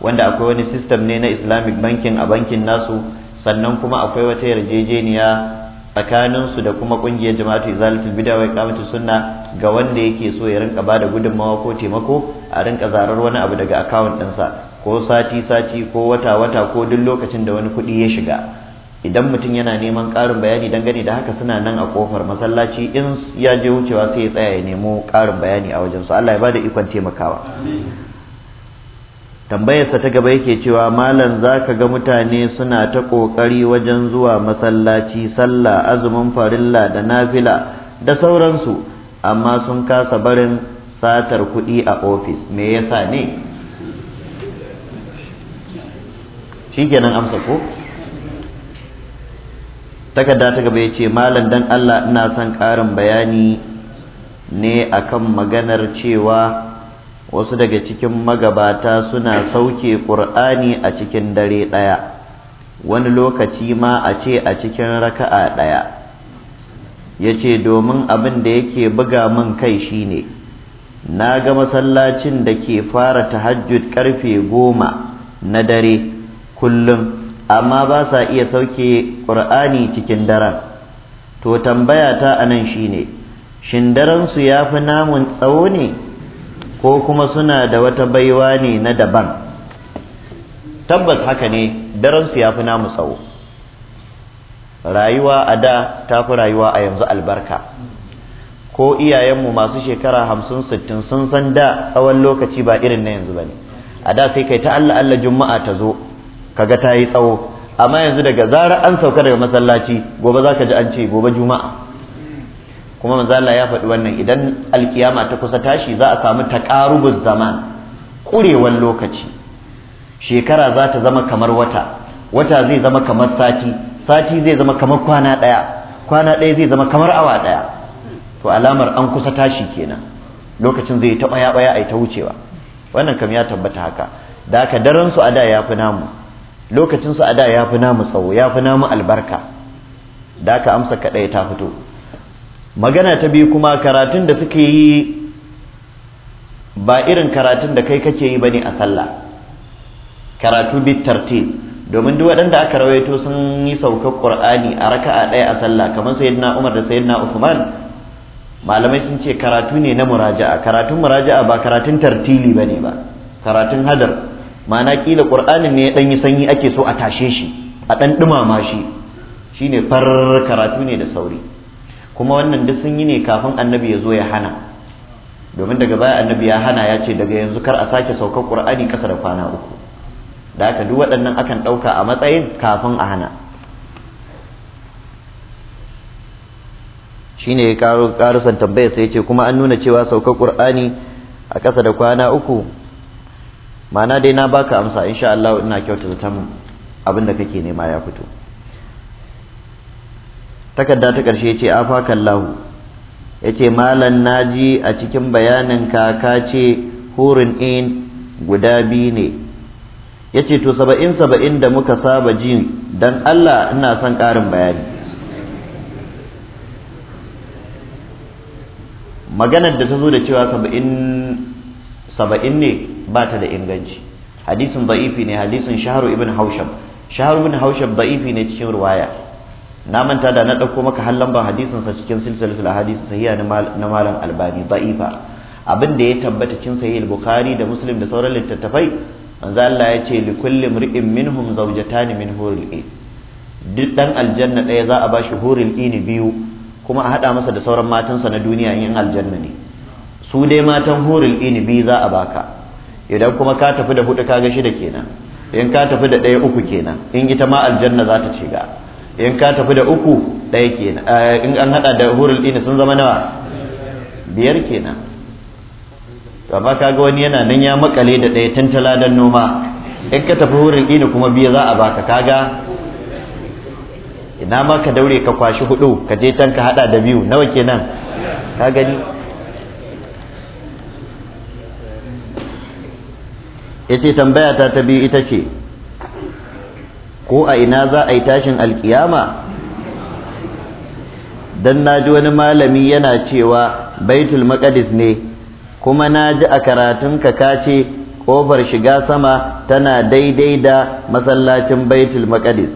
wanda akwai wani system ne na islamic banking a bankin nasu sannan kuma akwai wata yarjejeniya tsakaninsu da kuma kungiyar jama'atu izalatul bid'a wa iqamatu sunna ga wanda yake so ya rinka bada gudunmawa ko taimako a rinka zarar wani abu daga account ɗinsa ko sati sati ko wata wata ko duk lokacin da wani kuɗi ya shiga idan mutum yana neman ƙarin bayani dangane da haka suna nan a kofar masallaci in ya je wucewa sai ya tsaya ya nemo ƙarin bayani a wajen su Allah ya bada ikon taimakawa tambayarsa ta gaba yake cewa malam za ka ga mutane suna ta ƙoƙari wajen zuwa masallaci sallah azumin farilla da nafila da sauransu amma sun kasa barin satar kuɗi a ofis me yasa ne shikenan amsa ko takarda ta gaba ya ce malam dan Allah ina son ƙarin bayani ne akan maganar cewa wasu daga cikin magabata suna sauke ƙur'ani a cikin dare ɗaya wani lokaci ma a ce a cikin raka'a ɗaya ya ce domin abin da yake buga min kai shine na ga masallacin da ke fara tahajjud karfe goma na dare kullum amma ba sa iya sauke ƙur'ani cikin daren to tambaya ta a nan shine shin daren ya fi namun tsawo ne ko kuma suna da wata baiwa ne na daban tabbas haka ne daren ya fi namu tsawo rayuwa a da ta fi rayuwa a yanzu albarka ko iyayenmu masu shekara hamsin sittin sun san da tsawon lokaci ba irin na yanzu ba ne a da sai kai ta allah allah juma'a ta zo kaga ta yi tsawo amma yanzu daga zarar an sauka daga masallaci gobe za ka ji an ce gobe juma'a kuma manzo ya faɗi wannan idan alkiyama ta kusa tashi za a samu taqarubuz zaman kurewan lokaci shekara za ta zama kamar wata wata zai zama kamar sati sati zai zama kamar kwana ɗaya kwana ɗaya zai zama kamar awa ɗaya to alamar an kusa tashi kenan lokacin zai ta baya baya ai ta wucewa wannan kam ya tabbata haka da haka daren su a da ya fi namu lokacin su a da ya fi namu tsawo ya fi namu albarka da ka amsa kaɗai ta fito magana ta biyu kuma karatun da suke yi ba irin karatun da kai kake yi bane a sallah karatu bit tartib domin duk waɗanda aka rawaito sun yi saukar qur'ani a raka'a ɗaya a sallah kamar sayyidina Umar da sayyidina Uthman malamai sun ce karatu ne na muraja'a karatun muraja'a ba karatun tartili bane ba karatun hadar ma'ana kila qur'anin ne dan yi sanyi ake so a tashe shi a dan dumama shi shine far karatu ne da sauri kuma wannan duk sun yi ne kafin annabi ya zo ya hana domin daga baya annabi ya hana ya ce daga yanzu kar a sake saukar qur'ani kasa da kwana uku da aka duk waɗannan akan ɗauka a matsayin kafin a hana Shi ne ya karusan tambayar sai ce kuma an nuna cewa saukar qur'ani a kasa da kwana uku mana dai na baka amsa insha Allah ina kyauta zaton abin da kake nema ya fito takarda ta karshe ce afakallahu lahu ya ce malan naji a cikin bayanin ka ka ce hurin in guda biyu ne ya to saba'in saba'in da muka saba ji dan Allah ina son karin bayani maganar da ta zo da cewa saba'in ne ba ta da inganci hadisin da'ifi ne hadisin shaharu ibn haushab shaharu ibn haushab da'ifi ne cikin ruwaya na manta da na ɗauko maka hallan ba hadisin sa cikin silsilatul ahadith sahiha na malam albani da'ifa abin da ya tabbata cikin sahih bukhari da muslim da sauran littattafai manzo Allah ya ce likulli mri'in minhum zawjatan min hurul ain duk dan aljanna ɗaya za a bashi hurul ain biyu kuma a hada masa da sauran matansa na duniya in aljanna ne su dai matan hurul ain biyu za a baka idan kuma ka tafi da hudu kaga shida kenan in ka tafi da ɗaya uku kenan in ita ma aljanna za ta shiga in ka tafi da uku ɗaya kenan eh, in an hada da hurul ɗina sun zama nawa biyar kenan to amma kaga wani yana nan ya makale da ɗaya tantala dan noma in ka tafi hurul ɗina kuma biya za a baka kaga ina ma ka daure ka kwashi hudu ka je can ka hada da biyu nawa kenan ka gani ya ce tambaya ta ta biyu ita ce ko a ina za a yi tashin alkiyama don na ji wani malami yana cewa baitul maqdis ne kuma na ji a karatun ka ce ƙofar shiga sama tana daidai da masallacin baitul maqdis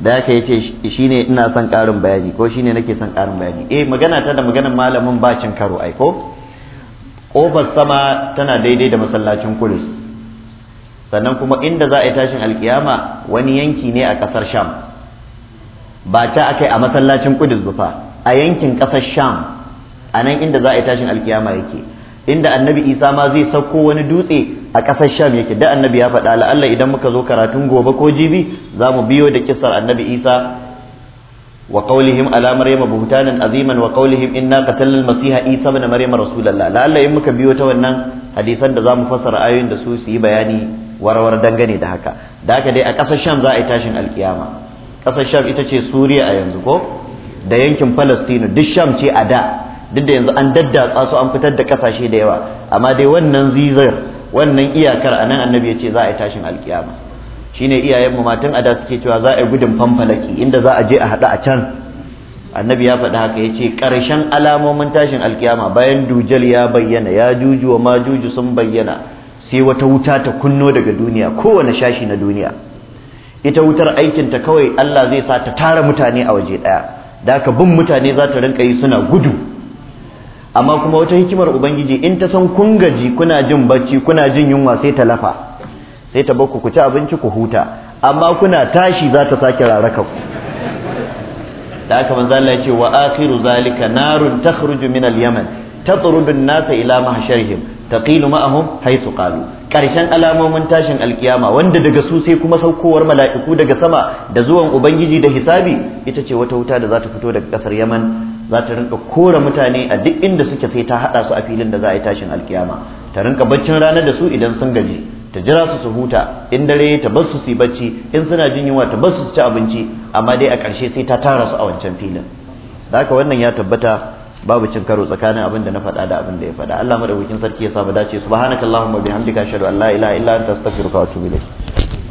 da aka yi ce shi ne ina son ƙarin bayani ko shi ne nake son ƙarin bayani eh magana ta da maganin malamin bacin karo aiko? ko ƙofar sama tana daidai da masallacin kudus sannan kuma inda za a yi tashin alkiyama wani yanki ne a ƙasar sham ba ta yi a masallacin kudus ba fa a yankin ƙasar sham a nan inda za a yi tashin alkiyama yake inda annabi isa ma zai sauko wani dutse a ƙasar sham yake da annabi ya faɗa la'alla idan muka zo karatun gobe ko jibi za mu biyo da kisar annabi isa وقولهم على مريم بهتانا عظيما وقولهم إنا قتلنا المسيح عيسى بن مريم رسول الله لعل يمك بيوتا wannan hadisan da zamu fassara ayoyin da su su yi bayani warware dangane da haka da haka dai a ƙasar Sham za a yi tashin alkiyama ƙasar Sham ita ce Suriya a yanzu ko da yankin Palestine duk Sham ce a da duk da yanzu an daddatsa su an fitar da ƙasashe da yawa amma dai wannan zizar wannan iyakar anan annabi ya ce za a yi tashin alkiyama shine iyayenmu matan ada suke cewa za a yi gudun fanfalaki inda za a je a haɗu a can annabi ya faɗi haka ya ce ƙarshen alamomin tashin alkiyama bayan dujal ya bayyana ya juju wa majuju sun bayyana sai wata wuta ta kunno daga duniya kowane shashi na duniya ita wutar aikinta kawai Allah zai sa ta tara mutane a waje ɗaya da ka bin mutane za ta rinka yi suna gudu amma kuma wata hikimar ubangiji in ta san kun gaji kuna jin bacci kuna jin yunwa sai ta lafa sai ta baku ku ci abinci ku huta amma kuna tashi za ta sake raraka ku da aka manzo Allah ya ce wa akhiru zalika narun takhruju min al-yaman tatrudu an-nasa ila mahsharihim taqilu ma'ahum haythu qalu karshen alamomin tashin alkiyama wanda daga su sai kuma saukowar mala'iku daga sama da zuwan ubangiji da hisabi ita ce wata wuta da za ta fito daga kasar yaman za ta rinka kora mutane a duk inda suke sai ta hada su a filin da za a yi tashin alkiyama ta rinka baccin ranar da su idan sun gaji ta jira su su huta in dare ta bar su su bacci in suna jin yunwa ta bar su su ci abinci amma dai a ƙarshe sai ta tara su a wancan filin da haka wannan ya tabbata babu cin karo tsakanin abin da na faɗa da abin da ya faɗa Allah madaukakin sarki ya saba dace subhanakallahumma bihamdika ashhadu an la ilaha illa anta astaghfiruka wa atubu ilayk